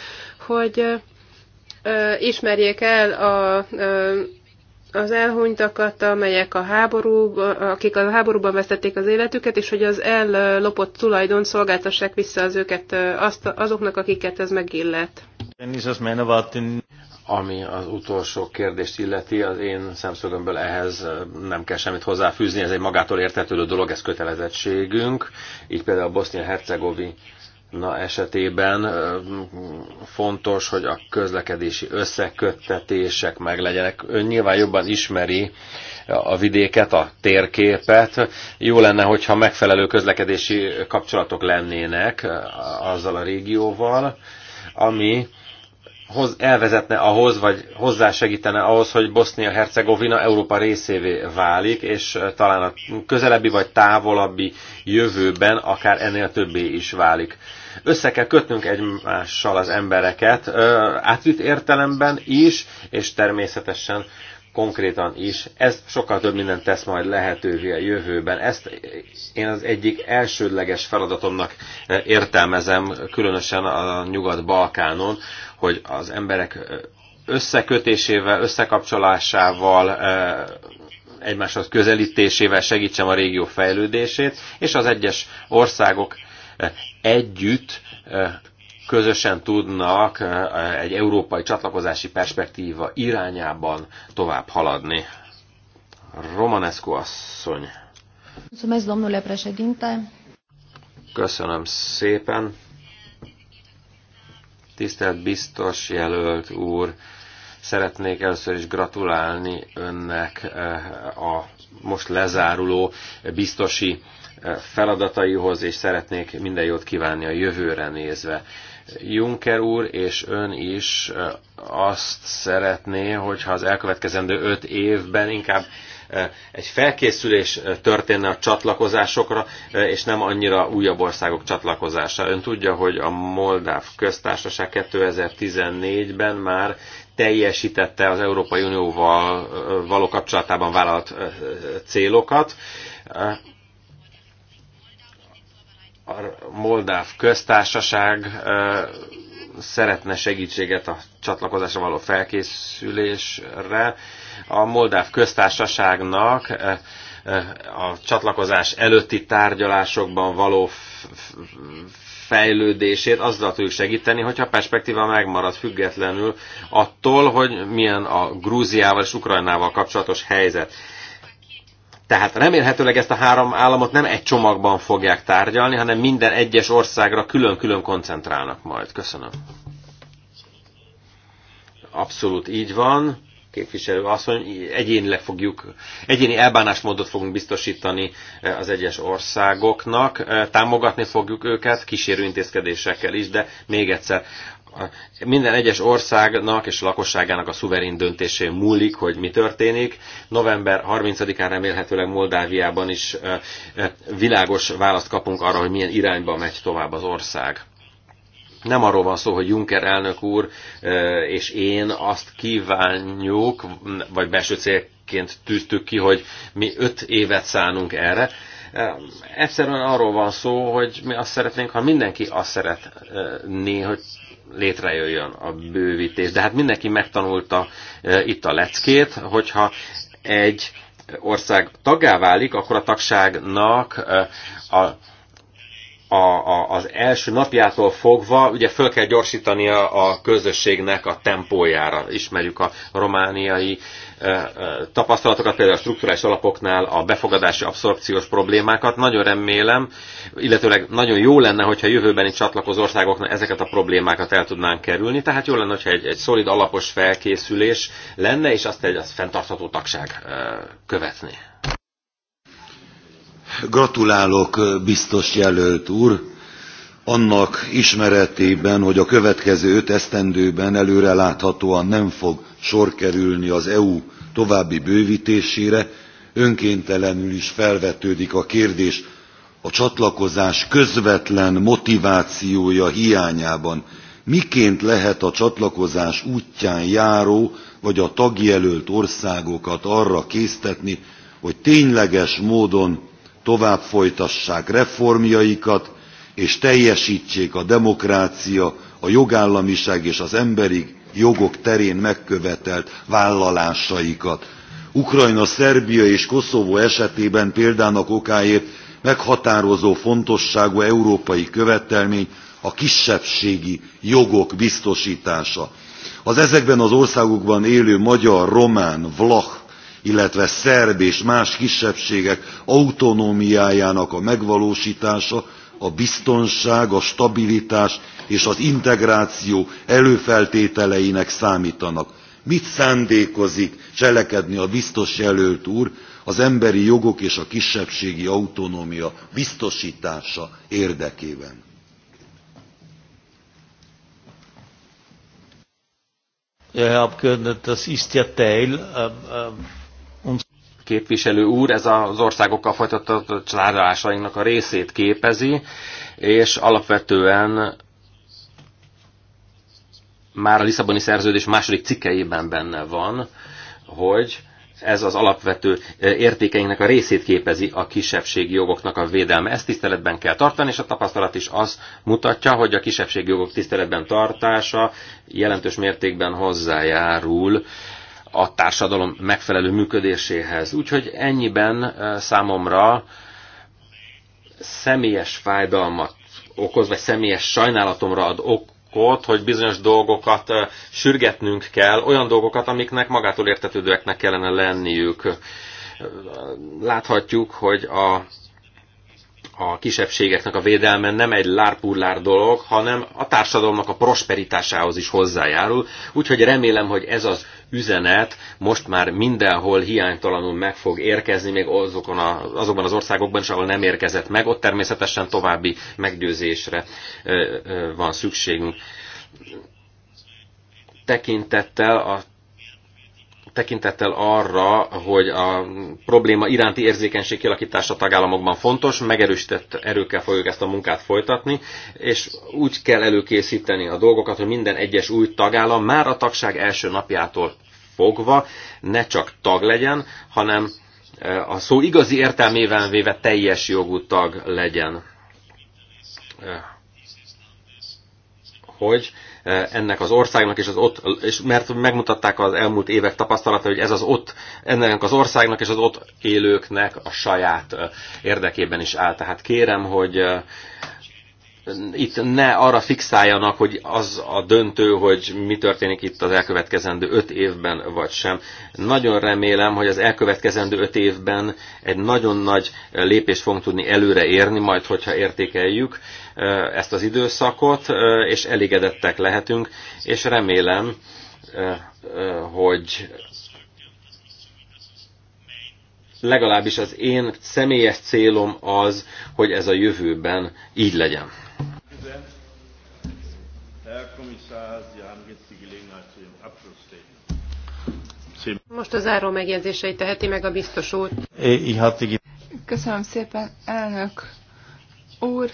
hogy ismerjék el a, az elhunytakat, amelyek a háború, akik a háborúban vesztették az életüket, és hogy az ellopott tulajdon szolgáltassák vissza az őket azt, azoknak, akiket ez megillet. Ami az utolsó kérdést illeti, az én szemszögömből ehhez nem kell semmit hozzáfűzni, ez egy magától értetődő dolog, ez kötelezettségünk. Így például a Bosznia-Hercegovi na esetében fontos, hogy a közlekedési összeköttetések meg legyenek. Ön nyilván jobban ismeri a vidéket, a térképet. Jó lenne, hogyha megfelelő közlekedési kapcsolatok lennének azzal a régióval, ami hoz, elvezetne ahhoz, vagy hozzásegítene ahhoz, hogy Bosznia-Hercegovina Európa részévé válik, és talán a közelebbi vagy távolabbi jövőben akár ennél többé is válik. Össze kell kötnünk egymással az embereket, átvitt értelemben is, és természetesen konkrétan is. Ez sokkal több mindent tesz majd lehetővé a jövőben. Ezt én az egyik elsődleges feladatomnak értelmezem, különösen a Nyugat-Balkánon, hogy az emberek összekötésével, összekapcsolásával, egymáshoz közelítésével segítsem a régió fejlődését, és az egyes országok együtt közösen tudnak egy európai csatlakozási perspektíva irányában tovább haladni. Romanescu asszony. Köszönöm szépen. Tisztelt biztos jelölt úr, szeretnék először is gratulálni önnek eh, a most lezáruló biztosi eh, feladataihoz, és szeretnék minden jót kívánni a jövőre nézve. Juncker úr és ön is eh, azt szeretné, hogyha az elkövetkezendő öt évben inkább egy felkészülés történne a csatlakozásokra, és nem annyira újabb országok csatlakozása. Ön tudja, hogy a Moldáv köztársaság 2014-ben már teljesítette az Európai Unióval való kapcsolatában vállalt célokat a Moldáv köztársaság szeretne segítséget a csatlakozásra való felkészülésre. A Moldáv köztársaságnak a csatlakozás előtti tárgyalásokban való fejlődését azzal tudjuk segíteni, hogyha a perspektíva megmarad függetlenül attól, hogy milyen a Grúziával és Ukrajnával kapcsolatos helyzet. Tehát remélhetőleg ezt a három államot nem egy csomagban fogják tárgyalni, hanem minden egyes országra külön-külön koncentrálnak majd. Köszönöm. Abszolút így van. Képviselő asszony, egyénileg fogjuk, egyéni elbánásmódot fogunk biztosítani eh, az egyes országoknak, eh, támogatni fogjuk őket kísérő intézkedésekkel is, de még egyszer, minden egyes országnak és lakosságának a szuverén döntésén múlik, hogy mi történik. November 30-án remélhetőleg Moldáviában is világos választ kapunk arra, hogy milyen irányba megy tovább az ország. Nem arról van szó, hogy Juncker elnök úr és én azt kívánjuk, vagy belső célként tűztük ki, hogy mi öt évet szánunk erre, egyszerűen arról van szó, hogy mi azt szeretnénk, ha mindenki azt szeretné, hogy létrejöjjön a bővítés. De hát mindenki megtanulta e, itt a leckét, hogyha egy ország tagá válik, akkor a tagságnak e, a, a, a, az első napjától fogva ugye föl kell gyorsítania a közösségnek a tempójára. Ismerjük a romániai tapasztalatokat, például a strukturális alapoknál a befogadási abszorpciós problémákat. Nagyon remélem, illetőleg nagyon jó lenne, hogyha jövőbeni csatlakozó országoknak ezeket a problémákat el tudnánk kerülni. Tehát jó lenne, hogyha egy, egy szolid alapos felkészülés lenne, és azt egy az fenntartható tagság követni. Gratulálok, biztos jelölt úr! annak ismeretében hogy a következő öt esztendőben előreláthatóan nem fog sor kerülni az eu további bővtésére önkéntelenül is felvetődik a kérdés a csatlakozás közvetlen motivációja hiányában miként lehet a csatlakozás útján járó vagy a tagjelölt országokat arra késztetni hogy tényleges módon tovább folytassák reformjaikat és teljestsék a demokrácia a jogállamiság és az emberi jogok terén megkövetelt vállalásaikat. ukrajna szerbia és koszovó esetében példának okáért meghatározó fontosságú európai követelmény a kisebbségi jogok biztostása. az ezekben az országokban élő magyar román vlach illetve szerb és más kisebbségek autonómiájának a megvalósítása a biztonság a stabilitás és az integráció előfeltételeinek számtanak. mit szándékozik cselekedni a biztos jelölt úr az emberi jogok és a kisebbségi autonómia biztostása érdekében? Ja, herr abgeordneter das ist ja teil ähm, ähm, képviselő úr, ez az országokkal folytatott tárgyalásainknak a részét képezi, és alapvetően már a Lisszaboni szerződés második cikkeiben benne van, hogy ez az alapvető eh, értékeinknek a részét képezi a kisebbségi jogoknak a védelme. Ezt tiszteletben kell tartani, és a tapasztalat is azt mutatja, hogy a kisebbségi jogok tiszteletben tartása jelentős mértékben hozzájárul a társadalom megfelelő működéséhez. Úgyhogy ennyiben számomra személyes fájdalmat okoz, vagy személyes sajnálatomra ad okot, hogy bizonyos dolgokat sürgetnünk kell, olyan dolgokat, amiknek magától értetődőeknek kellene lenniük. Láthatjuk, hogy a a kisebbségeknek a védelme nem egy lárpullár dolog, hanem a társadalomnak a prosperitásához is hozzájárul. Úgyhogy remélem, hogy ez az üzenet most már mindenhol hiánytalanul meg fog érkezni, még azokon a, azokban az országokban is, ahol nem érkezett meg, ott természetesen további meggyőzésre van szükségünk tekintettel a tekintettel arra, hogy a probléma iránti érzékenység kialakítása a tagállamokban fontos, megerősített erőkkel fogjuk ezt a munkát folytatni, és úgy kell előkészíteni a dolgokat, hogy minden egyes új tagállam már a tagság első napjától fogva ne csak tag legyen, hanem e, a szó igazi értelmében véve teljes jogú tag legyen. E, hogy E, ennek az országnak, és, az ott, és mert megmutatták az elmúlt évek tapasztalata, hogy ez az ott, ennek az országnak és az ott élőknek a saját e, érdekében is áll. Tehát kérem, hogy e, itt ne arra fixáljanak, hogy az a döntő, hogy mi történik itt az elkövetkezendő öt évben, vagy sem. Nagyon remélem, hogy az elkövetkezendő öt évben egy nagyon nagy lépést fogunk tudni előre érni, majd hogyha értékeljük eh, ezt az időszakot, eh, és elégedettek lehetünk, és remélem, eh, hogy legalábbis az én személyes célom az, hogy ez a jövőben így legyen. Präsident, Herr Kommissar, Sie haben jetzt die Gelegenheit zu Ihrem Abschlussstatement. Most a záró megjegyzéseit teheti meg a biztos úr. Hát Köszönöm szépen, elnök úr.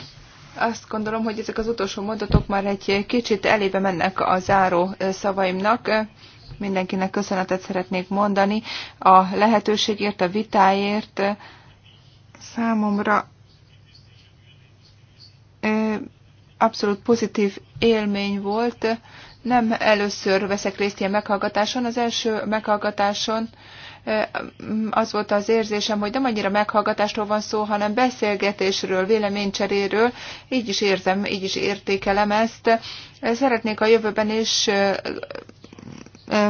Azt gondolom, hogy ezek az utolsó mondatok már egy kicsit elébe mennek a záró szavaimnak. Mindenkinek köszönetet szeretnék mondani a lehetőségért, a vitáért. Számomra abszolút pozitív élmény volt. Nem először veszek részt ilyen meghallgatáson. Az első meghallgatáson eh, az volt az érzésem, hogy nem annyira meghallgatásról van szó, hanem beszélgetésről, véleménycseréről. Így is érzem, így is értékelem ezt. Szeretnék a jövőben is eh, eh,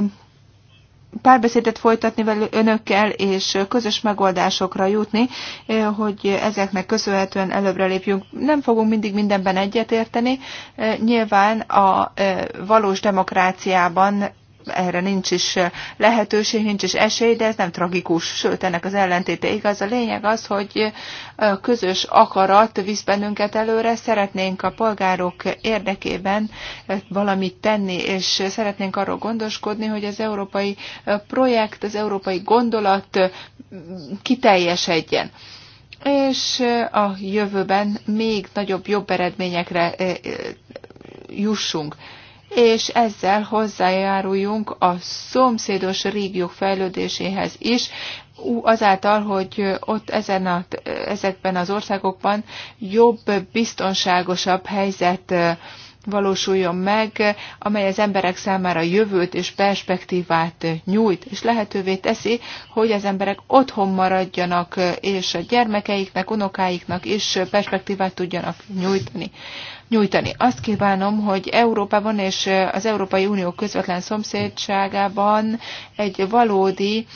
párbeszédet folytatni velük önökkel, és közös megoldásokra jutni, eh, hogy ezeknek köszönhetően előbbre lépjünk. Nem fogunk mindig mindenben egyetérteni. Eh, nyilván a eh, valós demokráciában erre nincs is eh, lehetőség, nincs is esély, de ez nem tragikus, sőt ennek az ellentéte igaz. A lényeg az, hogy eh, közös akarat visz bennünket előre, szeretnénk a polgárok érdekében eh, valamit tenni, és szeretnénk arról gondoskodni, hogy az európai projekt, az európai gondolat kiteljesedjen és a jövőben még nagyobb, jobb eredményekre jussunk és ezzel hozzájáruljunk a szomszédos régiók fejlődéséhez is, azáltal, hogy ott ezen a, ezekben az országokban jobb, biztonságosabb helyzet valósuljon meg, amely az emberek számára jövőt és perspektívát nyújt, és lehetővé teszi, hogy az emberek otthon maradjanak, és a gyermekeiknek, unokáiknak is perspektívát tudjanak nyújtani nyújtani. Azt kívánom, hogy Európában és az Európai Unió közvetlen szomszédságában egy valódi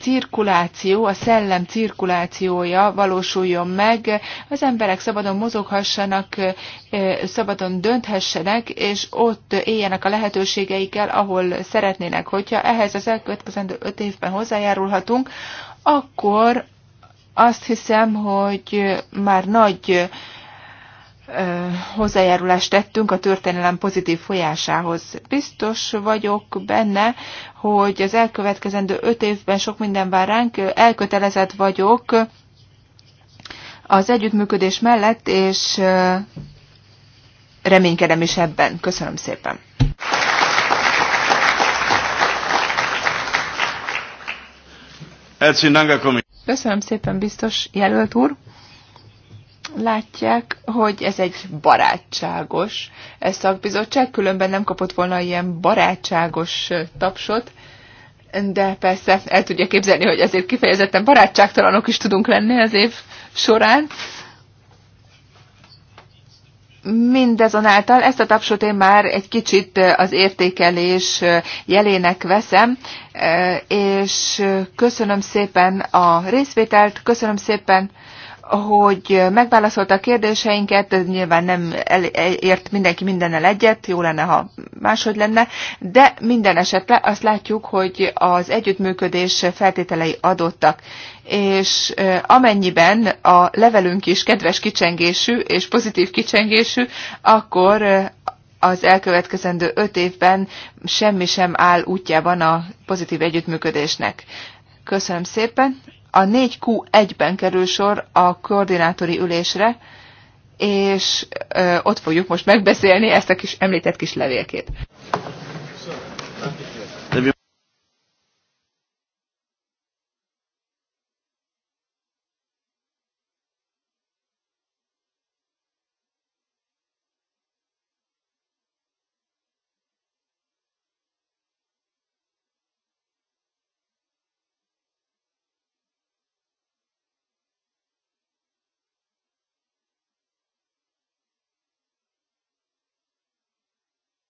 cirkuláció, a szellem cirkulációja valósuljon meg, az emberek szabadon mozoghassanak, szabadon dönthessenek, és ott éljenek a lehetőségeikkel, ahol szeretnének. Hogyha ehhez az elkövetkezendő öt évben hozzájárulhatunk, akkor azt hiszem, hogy már nagy hozzájárulást tettünk a történelem pozitív folyásához. Biztos vagyok benne, hogy az elkövetkezendő öt évben sok minden vár ránk, elkötelezett vagyok az együttműködés mellett, és reménykedem is ebben. Köszönöm szépen! Köszönöm szépen, biztos jelölt úr! látják, hogy ez egy barátságos szakbizottság, különben nem kapott volna ilyen barátságos tapsot, de persze el tudja képzelni, hogy ezért kifejezetten barátságtalanok is tudunk lenni az év során. Mindezonáltal ezt a tapsot én már egy kicsit az értékelés jelének veszem, és köszönöm szépen a részvételt, köszönöm szépen hogy megválaszolta a kérdéseinket, nyilván nem ért mindenki mindennel egyet, jó lenne, ha máshogy lenne, de minden esetre azt látjuk, hogy az együttműködés feltételei adottak, és amennyiben a levelünk is kedves kicsengésű és pozitív kicsengésű, akkor az elkövetkezendő öt évben semmi sem áll útjában a pozitív együttműködésnek. Köszönöm szépen! a 4Q1-ben kerül sor a koordinátori ülésre, és ö, ott fogjuk most megbeszélni ezt a kis említett kis levélkét.